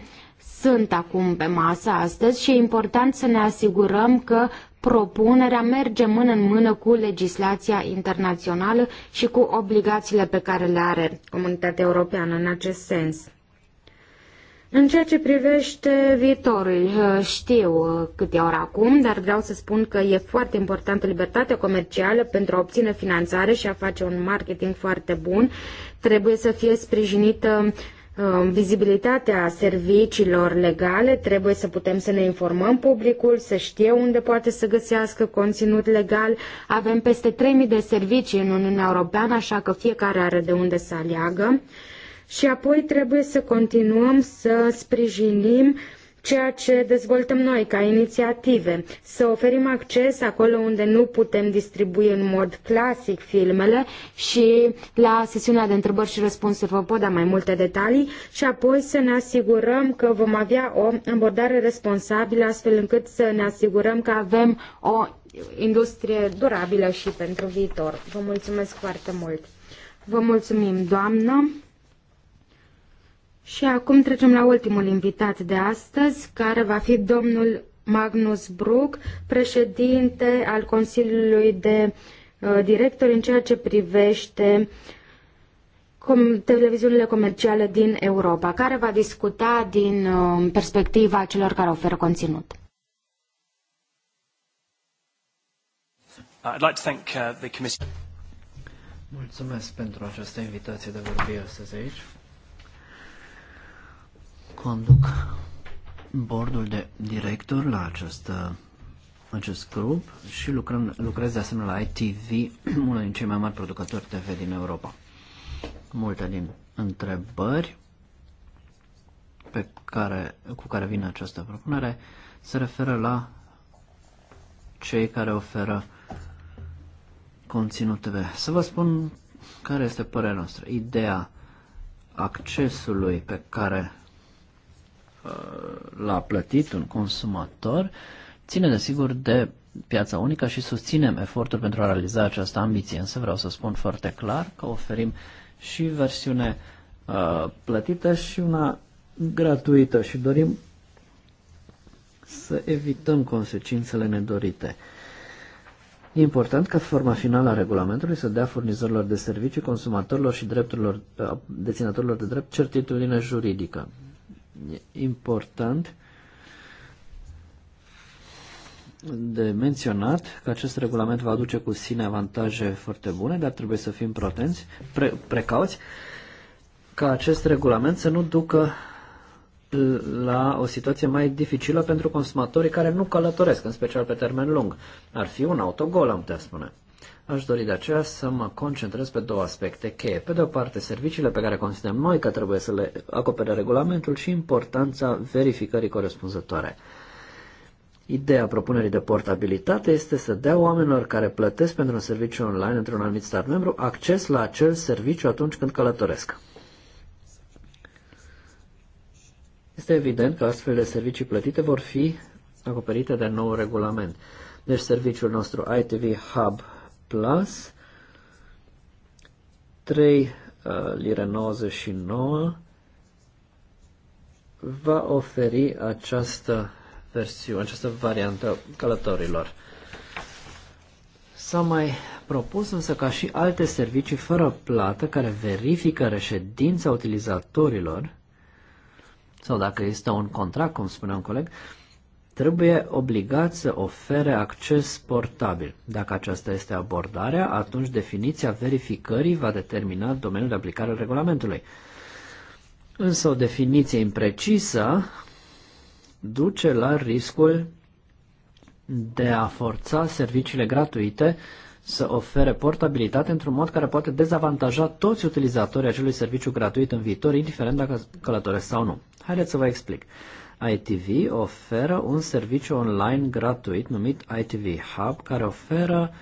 sunt acum pe masă astăzi și e important să ne asigurăm că propunerea merge mână în mână cu legislația internațională și cu obligațiile pe care le are comunitatea europeană în acest sens. În ceea ce privește viitorul, uh, știu uh, cât e ora acum, dar vreau să spun că e foarte importantă libertatea comercială pentru a obține finanțare și a face un marketing foarte bun. Trebuie să fie sprijinită uh, Um, vizibilitatea serviciilor legale, trebuie să putem să ne informăm publicul, să știe unde poate să găsească conținut legal. Avem peste 3000 de servicii în Uniunea Europeană, așa că fiecare are de unde să aleagă. Și apoi trebuie să continuăm să sprijinim uh, ceea ce dezvoltăm noi ca inițiative, să oferim acces acolo unde nu putem distribui în mod clasic filmele și la sesiunea de întrebări și răspunsuri vă pot da mai multe detalii și apoi să ne asigurăm că vom avea o abordare responsabilă astfel încât să ne asigurăm că avem o industrie durabilă și pentru viitor. Vă mulțumesc foarte mult! Vă mulțumim, doamnă! Și acum trecem la ultimul invitat de astăzi, care va fi domnul Magnus Bruck, președinte al Consiliului de uh, Directori în ceea ce privește televiziunile comerciale din Europa, care va discuta din uh, perspectiva celor care oferă conținut. I'd like to thank uh, the Mulțumesc pentru această invitație de a vorbi astăzi aici conduc bordul de director la acest acest grup și lucrăm, lucrez de asemenea la ITV, unul din cei mai mari producători TV din Europa. Multe din întrebări pe care, cu care vine această propunere se referă la cei care oferă conținut TV. Să vă spun care este părerea noastră. Ideea accesului pe care Uh, la plătit un consumator ține desigur de piața unică și susținem efortul pentru a realiza această ambiție. Însă vreau să spun foarte clar că oferim și versiune uh, plătită și una gratuită și dorim să evităm consecințele nedorite. E important ca forma finală a regulamentului să dea furnizorilor de servicii, consumatorilor și drepturilor, uh, deținătorilor de drept certitudine juridică important de menționat că acest regulament va aduce cu sine avantaje foarte bune, dar trebuie să fim protenți, pre, precauți ca acest regulament să nu ducă la o situație mai dificilă pentru consumatorii care nu călătoresc, în special pe termen lung. Ar fi un autogol, am putea spune. Aș dori de aceea să mă concentrez pe două aspecte cheie. Pe de o parte, serviciile pe care considerăm noi că trebuie să le acopere regulamentul și importanța verificării corespunzătoare. Ideea propunerii de portabilitate este să dea oamenilor care plătesc pentru un serviciu online într-un anumit stat membru acces la acel serviciu atunci când călătoresc. Este evident că astfel de servicii plătite vor fi acoperite de nou regulament. Deci serviciul nostru ITV Hub Plus, 3 uh, lire 99 va oferi această versiune, această variantă călătorilor. S-a mai propus însă ca și alte servicii fără plată care verifică reședința utilizatorilor sau dacă este un contract, cum spunea un coleg, uh, trebuie obligat să ofere acces portabil. Dacă aceasta este abordarea, atunci definiția verificării va determina domeniul de aplicare al regulamentului. Însă o definiție imprecisă duce la riscul de a forța serviciile gratuite să ofere portabilitate într-un mod care poate dezavantaja toți utilizatorii acelui serviciu gratuit în viitor, indiferent dacă călătoresc sau nu. Haideți să vă explic. ITV oferă un serviciu online gratuit numit ITV Hub, care oferă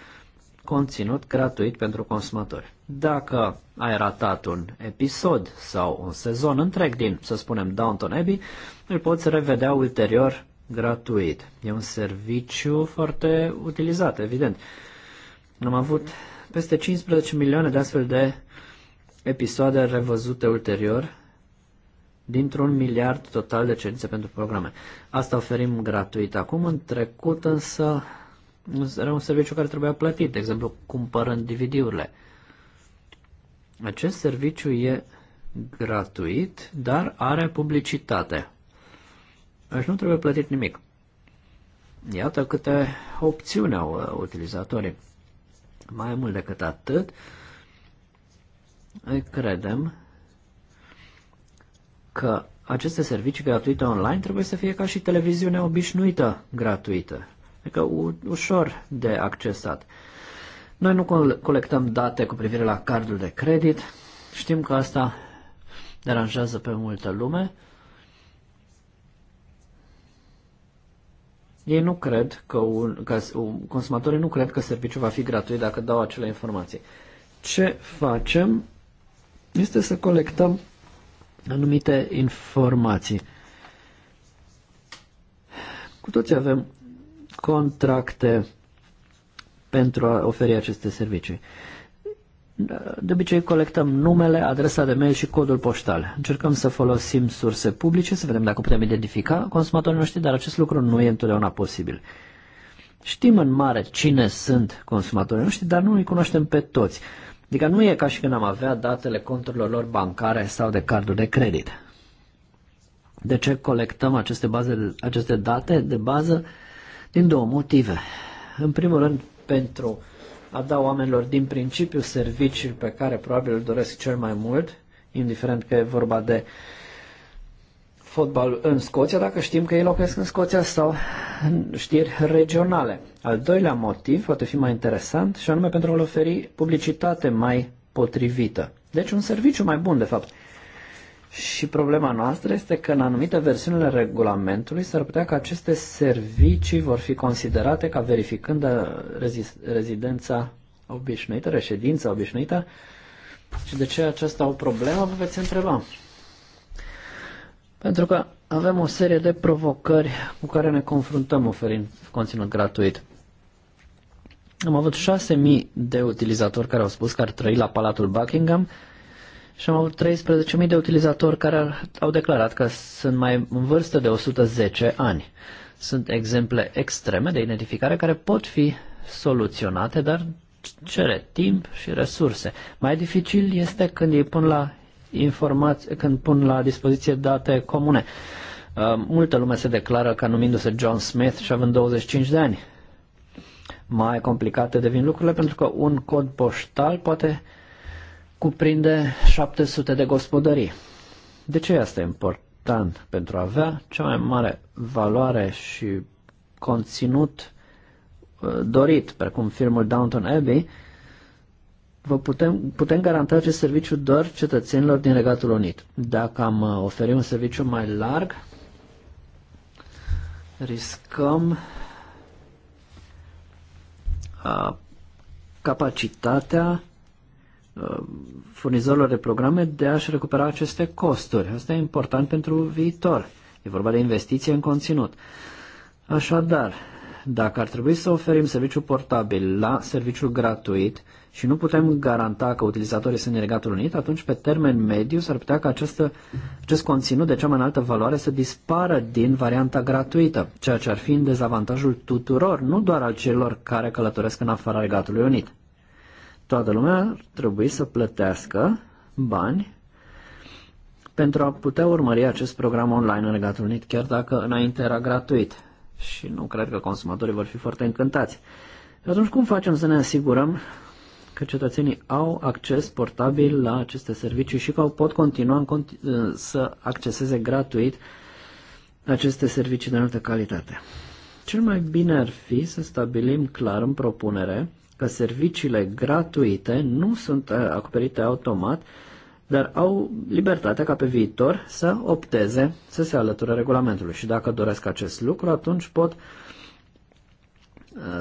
conținut gratuit pentru consumatori. Dacă ai ratat un episod sau un sezon întreg din, să spunem, Downton Abbey, îl poți revedea ulterior gratuit. E un serviciu foarte utilizat, evident. Am avut peste 15 milioane de astfel de episoade revăzute ulterior dintr-un miliard total de cerințe pentru programe. Asta oferim gratuit acum, în trecut însă era un serviciu care trebuia plătit, de exemplu cumpărând DVD-urile. Acest serviciu e gratuit, dar are publicitate. Deci nu trebuie plătit nimic. Iată câte opțiuni au uh, utilizatorii. Mai mult decât atât, credem că aceste servicii gratuite online trebuie să fie ca și televiziunea obișnuită gratuită, adică ușor de accesat. Noi nu colectăm date cu privire la cardul de credit, știm că asta deranjează pe multă lume. Ei nu cred că, un, că consumatorii nu cred că serviciul va fi gratuit dacă dau acele informații. Ce facem este să colectăm anumite informații. Cu toți avem contracte pentru a oferi aceste servicii. De obicei colectăm numele, adresa de mail și codul poștal. Încercăm să folosim surse publice, să vedem dacă putem identifica consumatorii noștri, dar acest lucru nu e întotdeauna posibil. Știm în mare cine sunt consumatorii noștri, dar nu îi cunoaștem pe toți. Adică nu e ca și când am avea datele conturilor lor bancare sau de carduri de credit. De ce colectăm aceste, baze, aceste date de bază? Din două motive. În primul rând, pentru a da oamenilor din principiu serviciul pe care probabil îl doresc cel mai mult, indiferent că e vorba de uh, fotbal în Scoția dacă știm că ei locuiesc în Scoția sau în știri regionale. Al doilea motiv poate fi mai interesant și anume pentru a-l oferi publicitate mai potrivită. Deci un serviciu mai bun, de fapt. Și problema noastră este că în anumite versiunile regulamentului s-ar putea că aceste servicii vor fi considerate ca verificând rezidența obișnuită, reședința obișnuită și de ce aceasta o problemă, vă veți întreba. Pentru că avem o serie de provocări cu care ne confruntăm oferind conținut gratuit. Am avut 6.000 de utilizatori care au spus că ar trăi la Palatul Buckingham și am avut 13.000 de utilizatori care au declarat că sunt mai în vârstă de 110 ani. Sunt exemple extreme de identificare care pot fi soluționate, dar cere timp și resurse. Mai dificil este când îi pun la informați, când pun la dispoziție date comune. Uh, multă lume se declară ca numindu-se John Smith și având 25 de ani. Mai complicate devin lucrurile pentru că un cod poștal poate cuprinde 700 de gospodării. De ce asta e important? Pentru a avea cea mai mare valoare și conținut uh, dorit, precum filmul Downton Abbey, vă putem, putem garanta acest serviciu doar cetățenilor din Regatul Unit. Dacă am uh, oferi un serviciu mai larg, riscăm a, uh, capacitatea a, uh, furnizorilor de programe de a-și recupera aceste costuri. Asta e important pentru viitor. E vorba de investiție în conținut. Așadar, dacă ar trebui să oferim serviciu portabil la serviciu gratuit, uh, și nu putem garanta că utilizatorii sunt în Regatul Unit, atunci pe termen mediu s-ar putea ca această, acest conținut de cea mai înaltă valoare să dispară din varianta gratuită, ceea ce ar fi în dezavantajul tuturor, nu doar al celor care călătoresc în afara Regatului Unit. Toată lumea ar trebui să plătească bani pentru a putea urmări acest program online în Regatul Unit, chiar dacă înainte era gratuit. Și nu cred că consumatorii vor fi foarte încântați. atunci cum facem să ne asigurăm că cetățenii au acces portabil la aceste servicii și că pot continua în continu- să acceseze gratuit aceste servicii de înaltă calitate. Cel mai bine ar fi să stabilim clar în propunere că serviciile gratuite nu sunt uh, acoperite automat, dar au libertatea ca pe viitor să opteze să se alăture regulamentului. Și dacă doresc acest lucru, atunci pot uh,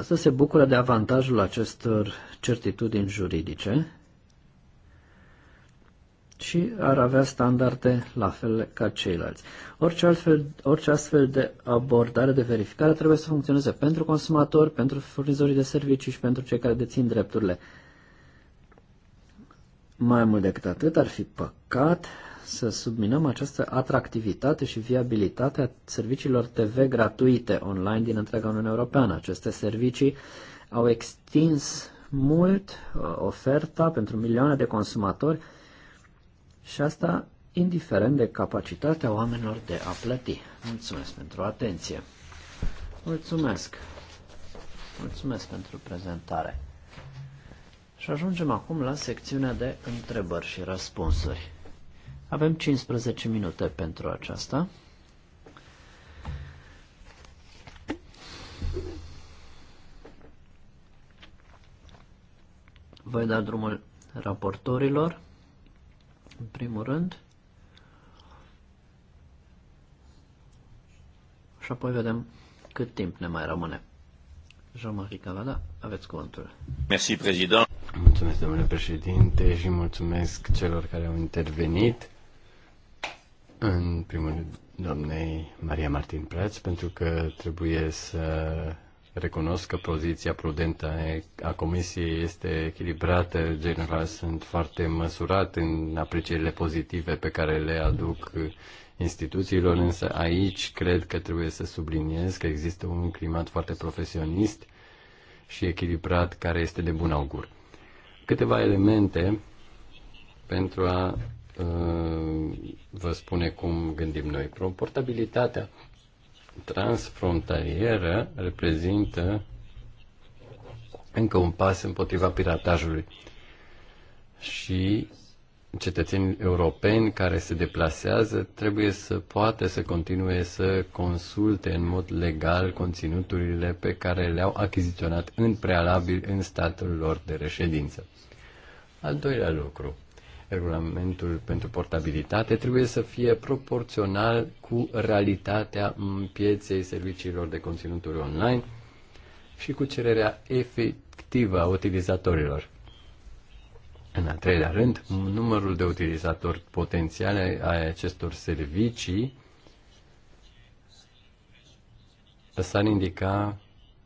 să se bucure de avantajul acestor certitudini juridice și ar avea standarde la fel ca ceilalți. Orice, altfel, orice astfel de abordare de verificare trebuie să funcționeze pentru consumatori, pentru furnizorii de servicii și pentru cei care dețin drepturile. Mai mult decât atât, ar fi păcat să subminăm această atractivitate și viabilitate a serviciilor TV gratuite online din întreaga Uniune Europeană. Aceste servicii au extins mult uh, oferta pentru milioane de consumatori și asta indiferent de capacitatea oamenilor de a plăti. Mulțumesc pentru atenție. Mulțumesc. Mulțumesc pentru prezentare. Și ajungem acum la secțiunea de întrebări și răspunsuri. Avem 15 minute pentru aceasta. Voi da drumul raportorilor, în primul rând. Și apoi vedem cât timp ne mai rămâne. Jean-Marie Cavada, aveți cuvântul. Merci, Mulțumesc, domnule președinte, și mulțumesc celor care au intervenit. În primul rând, doamnei Maria Martin Preț, pentru că trebuie să recunosc că poziția prudentă a Comisiei este echilibrată. General, sunt foarte măsurat în aprecierile pozitive pe care le aduc instituțiilor, însă aici cred că trebuie să subliniez că există un climat foarte profesionist și echilibrat care este de bun augur. Câteva elemente pentru a vă spune cum gândim noi. Proportabilitatea transfrontalieră reprezintă încă un pas împotriva piratajului și cetățenii europeni care se deplasează trebuie să poată să continue să consulte în mod legal conținuturile pe care le-au achiziționat în prealabil în statul lor de reședință. Al doilea lucru, regulamentul pentru portabilitate trebuie să fie proporțional cu realitatea pieței serviciilor de conținuturi online și cu cererea efectivă a utilizatorilor. În al treilea rând, numărul de utilizatori potențiale a acestor servicii s-ar indica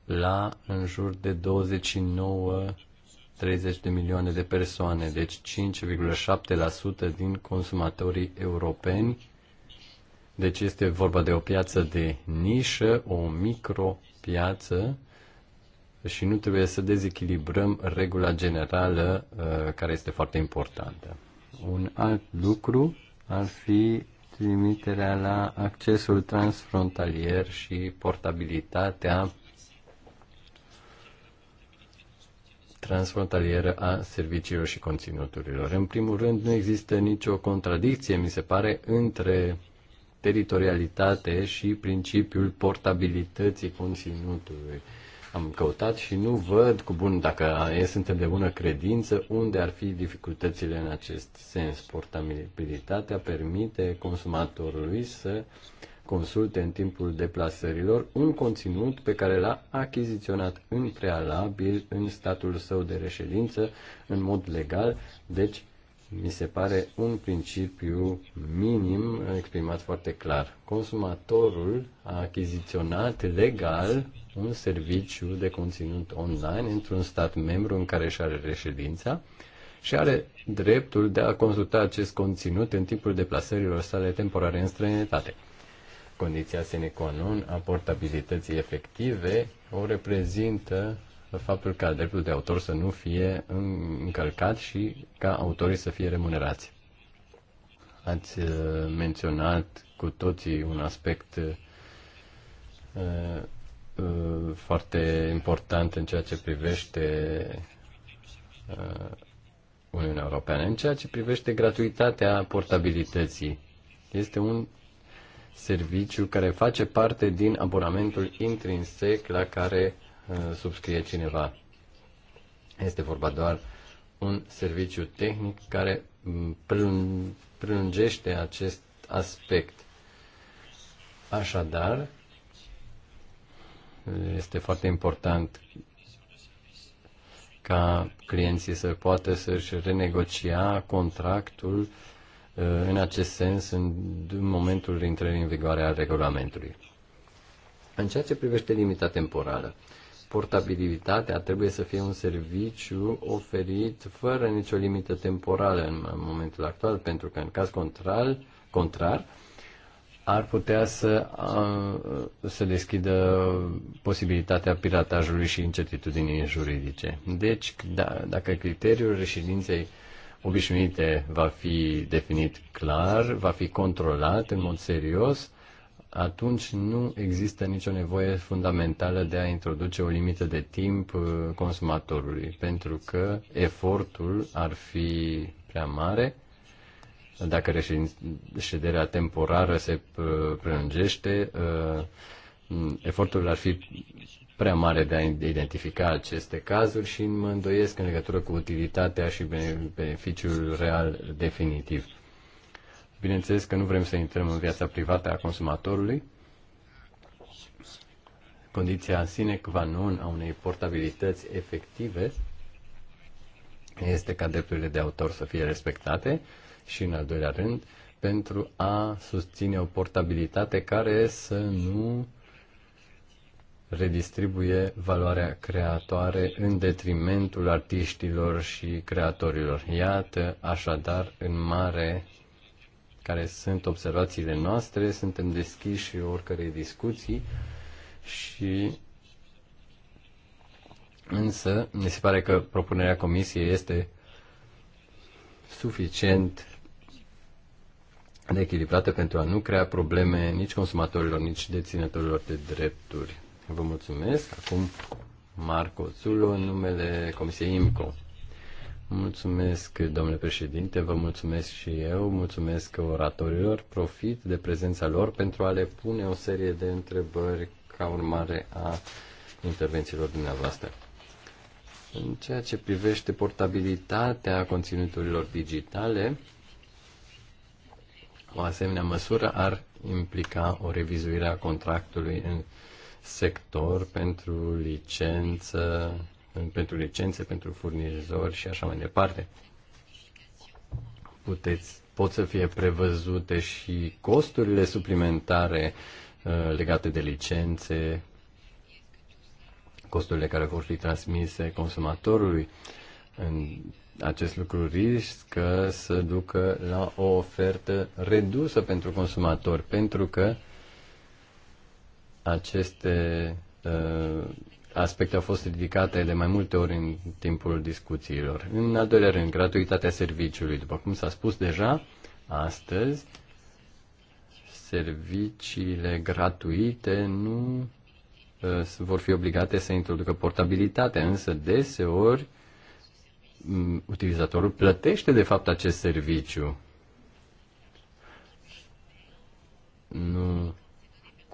la în jur de 29 30 de milioane de persoane, deci 5,7% din consumatorii europeni. Deci este vorba de o piață de nișă, o micropiață și nu trebuie să dezechilibrăm regula generală uh, care este foarte importantă. Un alt lucru ar fi trimiterea la accesul transfrontalier și portabilitatea transfrontalieră a serviciilor și conținuturilor. În primul rând, nu există nicio contradicție, mi se pare, între teritorialitate și principiul portabilității conținutului. Am căutat și nu văd cu bun, dacă e, suntem de bună credință, unde ar fi dificultățile în acest sens. Portabilitatea permite consumatorului să uh, consulte în timpul deplasărilor un conținut pe care l-a achiziționat în prealabil în statul său de reședință în mod legal, deci mi se pare un principiu minim uh, exprimat foarte clar. Consumatorul a achiziționat legal un serviciu de conținut online într-un stat membru în care își are reședința și are dreptul de a consulta acest conținut în timpul deplasărilor sale temporare în străinătate condiția sine qua non a portabilității efective o reprezintă faptul ca dreptul de autor să nu fie încălcat și ca autorii să fie remunerați. Ați uh, menționat cu toții un aspect uh, uh, foarte important în ceea ce privește Uniunea Europeană. În ceea ce privește gratuitatea portabilității, este un serviciu care face parte din abonamentul intrinsec la care uh, subscrie cineva. Este vorba doar un serviciu tehnic care mm, prângește acest aspect. Așadar, este foarte important ca clienții să poată să-și renegocia contractul Uh, în acest sens în momentul intrării în vigoare a regulamentului. În ceea ce privește limita temporală, portabilitatea trebuie să fie un serviciu oferit fără nicio limită temporală în momentul actual, pentru că în caz contrar, contrar ar putea să, uh, să deschidă posibilitatea piratajului și incertitudinii juridice. Deci, da, dacă criteriul reședinței obișnuite va fi definit clar, va fi controlat în mod serios, atunci nu există nicio nevoie fundamentală de a introduce o limită de timp uh, consumatorului, pentru că efortul ar fi prea mare. Dacă reșederea temporară se uh, prelungește, uh, efortul ar fi prea mare de a identifica aceste cazuri și mă îndoiesc în legătură cu utilitatea și beneficiul real definitiv. Bineînțeles că nu vrem să intrăm în viața privată a consumatorului. Condiția sine qua non a unei portabilități efective este ca drepturile de autor să fie respectate și, în al doilea rând, pentru a susține o portabilitate care să nu redistribuie valoarea creatoare în detrimentul artiștilor și creatorilor. Iată, așadar, în mare, care sunt observațiile noastre, suntem deschiși oricărei discuții și însă mi se pare că propunerea comisiei este suficient de echilibrată pentru a nu crea probleme nici consumatorilor, nici deținătorilor de drepturi. Vă mulțumesc. Acum Marco Zulu în numele Comisiei IMCO. Mulțumesc, domnule președinte, vă mulțumesc și eu, mulțumesc oratorilor, profit de prezența lor pentru a le pune o serie de întrebări ca urmare a intervențiilor dumneavoastră. În ceea ce privește portabilitatea conținuturilor digitale, o asemenea măsură ar implica o revizuire a contractului în sector pentru licență, pentru licențe, pentru furnizori și așa mai departe. Puteți, pot să fie prevăzute și costurile suplimentare uh, legate de licențe, costurile care vor fi transmise consumatorului. În acest lucru riscă să ducă la o ofertă redusă pentru consumator, pentru că uh, aceste uh, aspecte au fost ridicate de mai multe ori în timpul discuțiilor. În al doilea rând, gratuitatea serviciului. După cum s-a spus deja, astăzi serviciile gratuite nu uh, vor fi obligate să introducă portabilitate, însă deseori um, utilizatorul plătește de fapt acest serviciu. Nu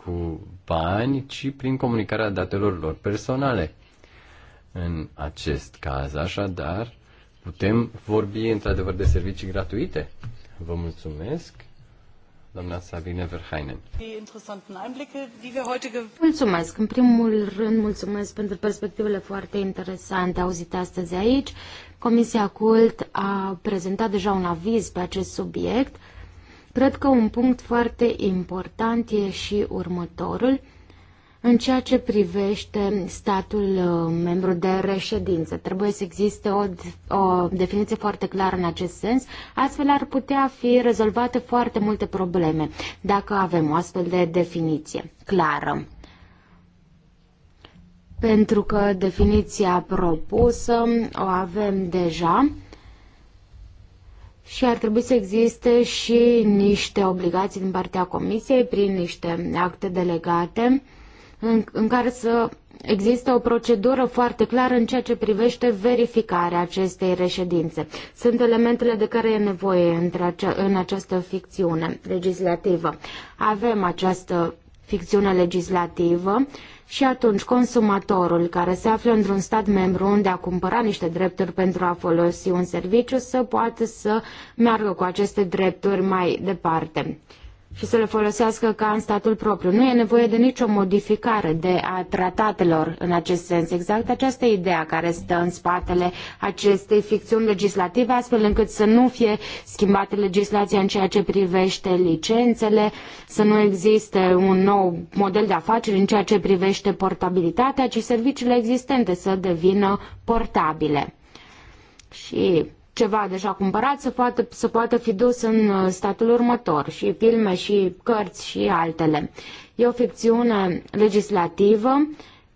cu bani, ci prin comunicarea datelor lor personale. În acest caz, așadar, putem vorbi într-adevăr de servicii gratuite. Vă mulțumesc doamna Sabine Verheinen. Mulțumesc. În primul rând, mulțumesc pentru perspectivele foarte interesante auzite astăzi aici. Comisia CULT a prezentat deja un aviz pe acest subiect. Cred că un punct foarte important e și următorul, în ceea ce privește statul uh, membru de reședință. Trebuie să existe o, o definiție foarte clară în acest sens, astfel ar putea fi rezolvate foarte multe probleme dacă avem o astfel de definiție clară. Pentru că definiția propusă o avem deja și ar trebui să existe și niște obligații din partea Comisiei prin niște acte delegate în, în care să există o procedură foarte clară în ceea ce privește verificarea acestei reședințe. Sunt elementele de care e nevoie între ace- în această ficțiune legislativă. Avem această ficțiune legislativă și atunci consumatorul care se află într-un stat membru unde a cumpărat niște drepturi pentru a folosi un serviciu să poată să meargă cu aceste drepturi mai departe și să le folosească ca în statul propriu. Nu e nevoie de nicio modificare de a tratatelor în acest sens. Exact această idee care stă în spatele acestei ficțiuni legislative, astfel încât să nu fie schimbată legislația în ceea ce privește licențele, să nu existe un nou model de afaceri în ceea ce privește portabilitatea, ci serviciile existente să devină portabile. Și ceva deja cumpărat să poată, să poată fi dus în uh, statul următor și filme și cărți și altele. E o ficțiune legislativă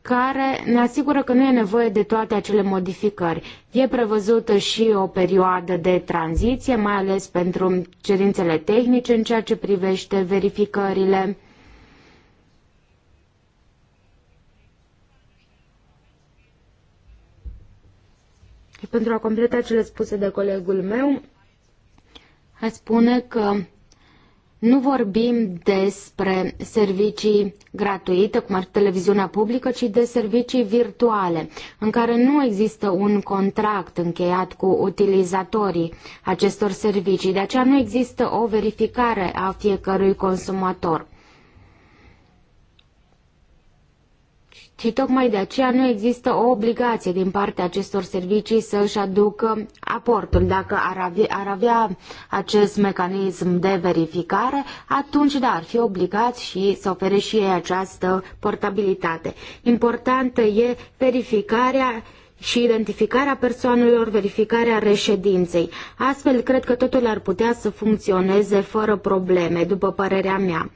care ne asigură că nu e nevoie de toate acele modificări. E prevăzută și o perioadă de tranziție, mai ales pentru cerințele tehnice în ceea ce privește verificările. pentru a completa cele spuse de colegul meu, a spune că nu vorbim despre servicii gratuite, cum ar fi televiziunea publică, ci de servicii virtuale, în care nu există un contract încheiat cu utilizatorii acestor servicii. De aceea nu există o verificare a fiecărui consumator. Și tocmai de aceea nu există o obligație din partea acestor servicii să își aducă aportul. Dacă ar avea, ar avea acest mecanism de verificare, atunci da, ar fi obligați și să ofere și ei această portabilitate. Importantă e verificarea și identificarea persoanelor, verificarea reședinței. Astfel, cred că totul ar putea să funcționeze fără probleme, după părerea mea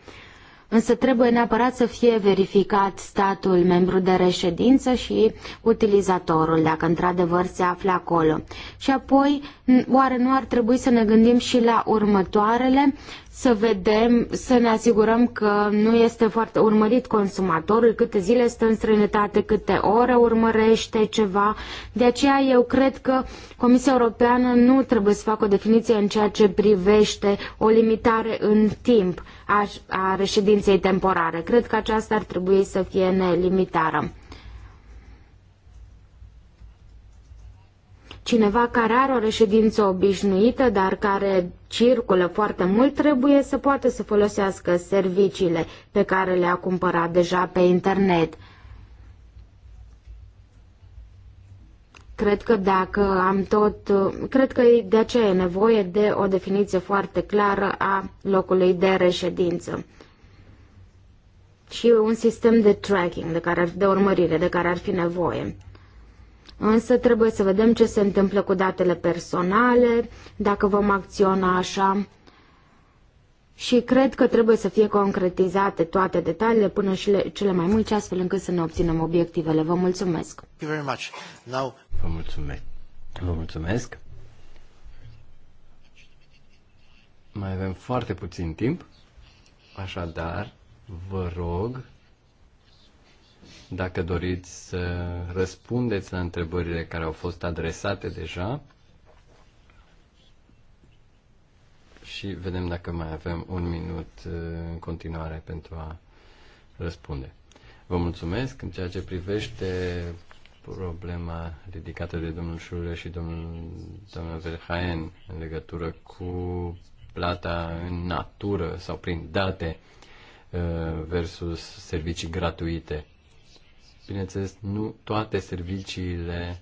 însă trebuie neapărat să fie verificat statul membru de reședință și utilizatorul, dacă într-adevăr se află acolo. Și apoi, oare nu ar trebui să ne gândim și la următoarele, să vedem, să ne asigurăm că nu este foarte urmărit consumatorul, câte zile stă în străinătate, câte ore urmărește ceva. De aceea eu cred că Comisia Europeană nu trebuie să facă o definiție în ceea ce privește o limitare în timp a, a reședinței temporare. Cred că aceasta ar trebui să fie nelimitară. Cineva care are o reședință obișnuită, dar care circulă foarte mult, trebuie să poată să folosească serviciile pe care le-a cumpărat deja pe internet. Cred că dacă am tot, cred că de aceea e nevoie de o definiție foarte clară a locului de reședință și un sistem de tracking de, care ar, de urmărire de care ar fi nevoie. Însă trebuie să vedem ce se întâmplă cu datele personale, dacă vom acționa așa. Și cred că trebuie să fie concretizate toate detaliile până și le, cele mai multe, astfel încât să ne obținem obiectivele. Vă mulțumesc! Vă mulțumesc! Vă mulțumesc! Mai avem foarte puțin timp, așadar vă rog dacă doriți să răspundeți la întrebările care au fost adresate deja și vedem dacă mai avem un minut uh, în continuare pentru a răspunde. Vă mulțumesc în ceea ce privește problema ridicată de domnul Șure și domnul, domnul Verhaen în legătură cu plata în natură sau prin date uh, versus servicii gratuite. Bineînțeles, nu toate serviciile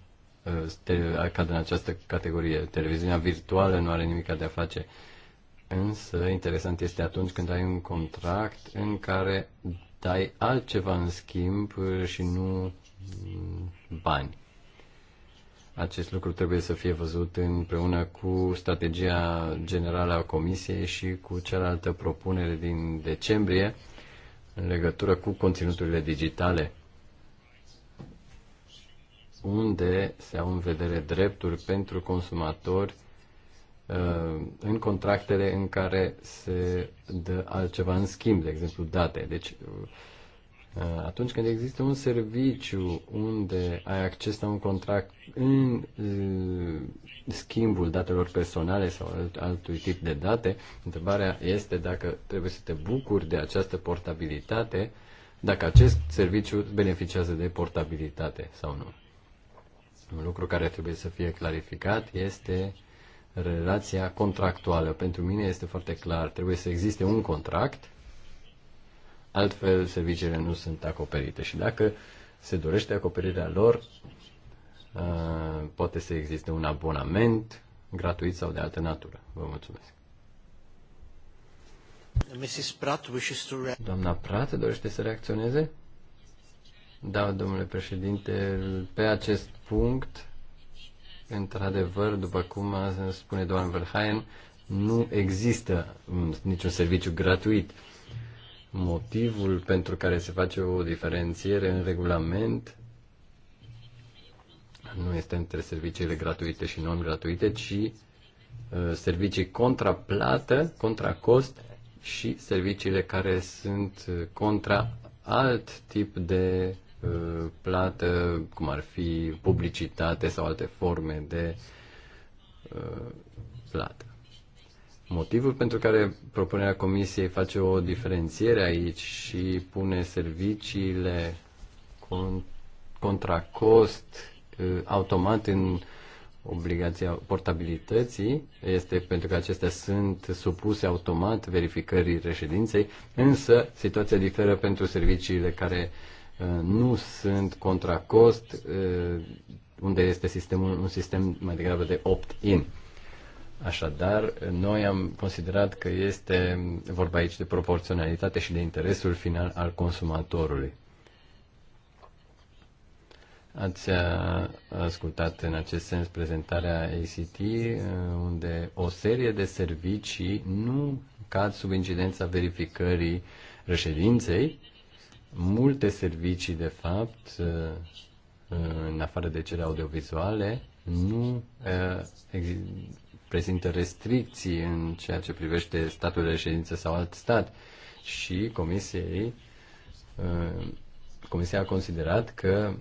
uh, cad în această categorie. Televiziunea virtuală nu are nimic de a face. Însă, interesant este atunci când ai un contract în care dai altceva în schimb și nu mm, bani. Acest lucru trebuie să fie văzut împreună cu strategia generală a Comisiei și cu cealaltă propunere din decembrie în legătură cu conținuturile digitale unde se au în vedere drepturi pentru consumatori uh, în contractele în care se dă altceva în schimb, de exemplu date. Deci, uh, atunci când există un serviciu unde ai acces la un contract în uh, schimbul datelor personale sau alt, altui tip de date, întrebarea este dacă trebuie să te bucuri de această portabilitate, dacă acest serviciu beneficiază de portabilitate sau nu. Un lucru care trebuie să fie clarificat este relația contractuală. Pentru mine este foarte clar, trebuie să existe un contract, altfel serviciile nu sunt acoperite și dacă se dorește acoperirea lor, uh, poate să existe un abonament gratuit sau de altă natură. Vă mulțumesc. Mrs. Pratt wishes to Doamna Pratt dorește să reacționeze? Da, domnule președinte, pe acest punct, într-adevăr, după cum spune doamna Verhaen, nu există niciun serviciu gratuit. Motivul pentru care se face o diferențiere în regulament nu este între serviciile gratuite și non-gratuite, ci uh, servicii contra plată, contra cost și serviciile care sunt uh, contra alt tip de Uh, plată, cum ar fi publicitate sau alte forme de uh, plată. Motivul pentru care propunerea Comisiei face o diferențiere aici și pune serviciile contra cost uh, automat în obligația portabilității este pentru că acestea sunt supuse automat verificării reședinței, însă situația diferă pentru serviciile care uh, Uh, nu sunt contra cost, uh, unde este sistemul, un sistem mai degrabă de opt-in. Așadar, noi am considerat că este vorba aici de proporționalitate și de interesul final al consumatorului. Ați uh, ascultat în acest sens prezentarea ACT, unde o serie de servicii nu cad sub incidența verificării reședinței, multe servicii, de fapt, uh, în afară de cele audiovizuale, nu uh, prezintă restricții în ceea ce privește statul de reședință sau alt stat și comisiei uh, Comisia a considerat că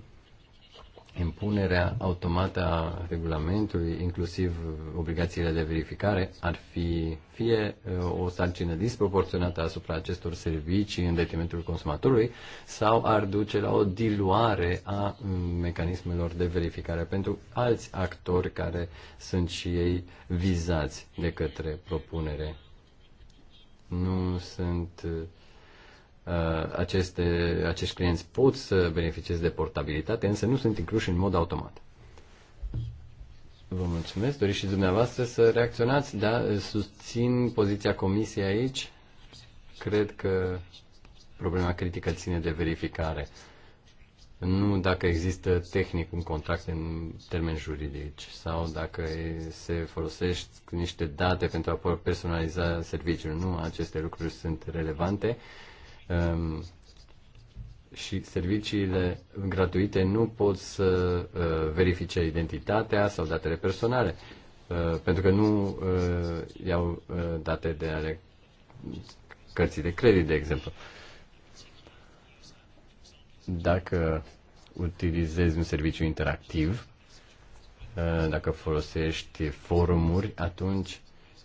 impunerea automată a regulamentului, inclusiv obligațiile de verificare, ar fi fie uh, o sarcină disproporționată asupra acestor servicii în detrimentul consumatorului sau ar duce la o diluare a mecanismelor de verificare pentru alți actori care sunt și ei vizați de către propunere. Nu sunt uh, Uh, aceste, acești clienți pot să beneficieze de portabilitate, însă nu sunt incluși în mod automat. Vă mulțumesc. Doriți și dumneavoastră să reacționați? Da, susțin poziția comisiei aici. Cred că problema critică ține de verificare. Nu dacă există tehnic un contract în termeni juridici sau dacă se folosește niște date pentru a personaliza serviciul. Nu, aceste lucruri sunt relevante um, și serviciile gratuite nu pot să uh, verifice identitatea sau datele personale, uh, pentru că nu uh, iau uh, date de ale cărții de credit, de exemplu. Dacă utilizezi un serviciu interactiv, dacă folosești forumuri, atunci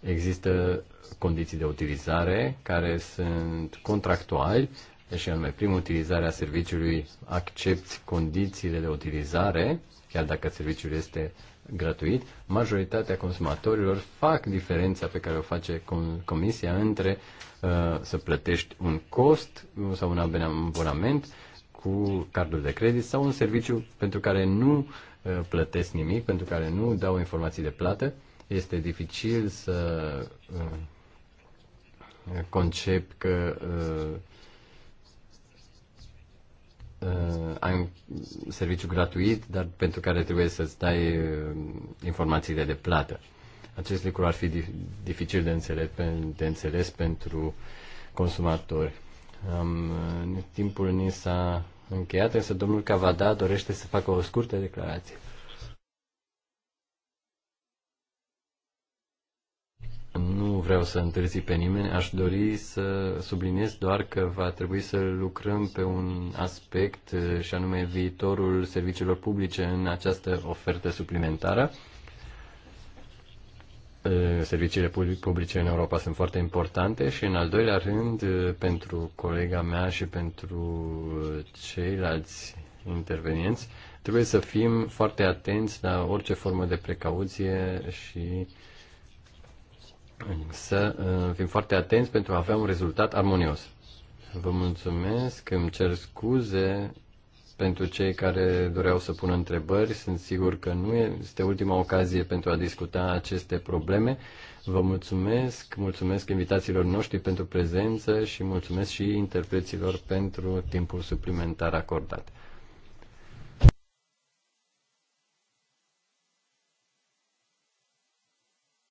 Există condiții de utilizare care sunt contractuali, și anume, utilizare utilizarea serviciului accepti condițiile de utilizare, chiar dacă serviciul este gratuit, majoritatea consumatorilor fac diferența pe care o face comisia între uh, să plătești un cost sau un abonament cu cardul de credit sau un serviciu pentru care nu uh, plătesc nimic, pentru care nu dau informații de plată este dificil să uh, concep că uh, uh, ai un serviciu gratuit, dar pentru care trebuie să-ți dai informațiile de plată. Acest lucru ar fi dificil de înțeles, de înțeles pentru consumatori. Am, timpul ni s-a încheiat, însă domnul Cavada dorește să facă o scurtă declarație. Nu vreau să întârzi pe nimeni, aș dori să subliniez doar că va trebui să lucrăm pe un aspect eh, și anume viitorul serviciilor publice în această ofertă suplimentară. Eh, Serviciile publice în Europa sunt foarte importante și în al doilea rând eh, pentru colega mea și pentru ceilalți intervenienți trebuie să fim foarte atenți la orice formă de precauție și uh, să uh, fim foarte atenți pentru a avea un rezultat armonios. Vă mulțumesc, îmi cer scuze pentru cei care doreau să pună întrebări. Sunt sigur că nu este ultima ocazie pentru a discuta aceste probleme. Vă mulțumesc, mulțumesc invitațiilor noștri pentru prezență și mulțumesc și interpreților pentru timpul suplimentar acordat.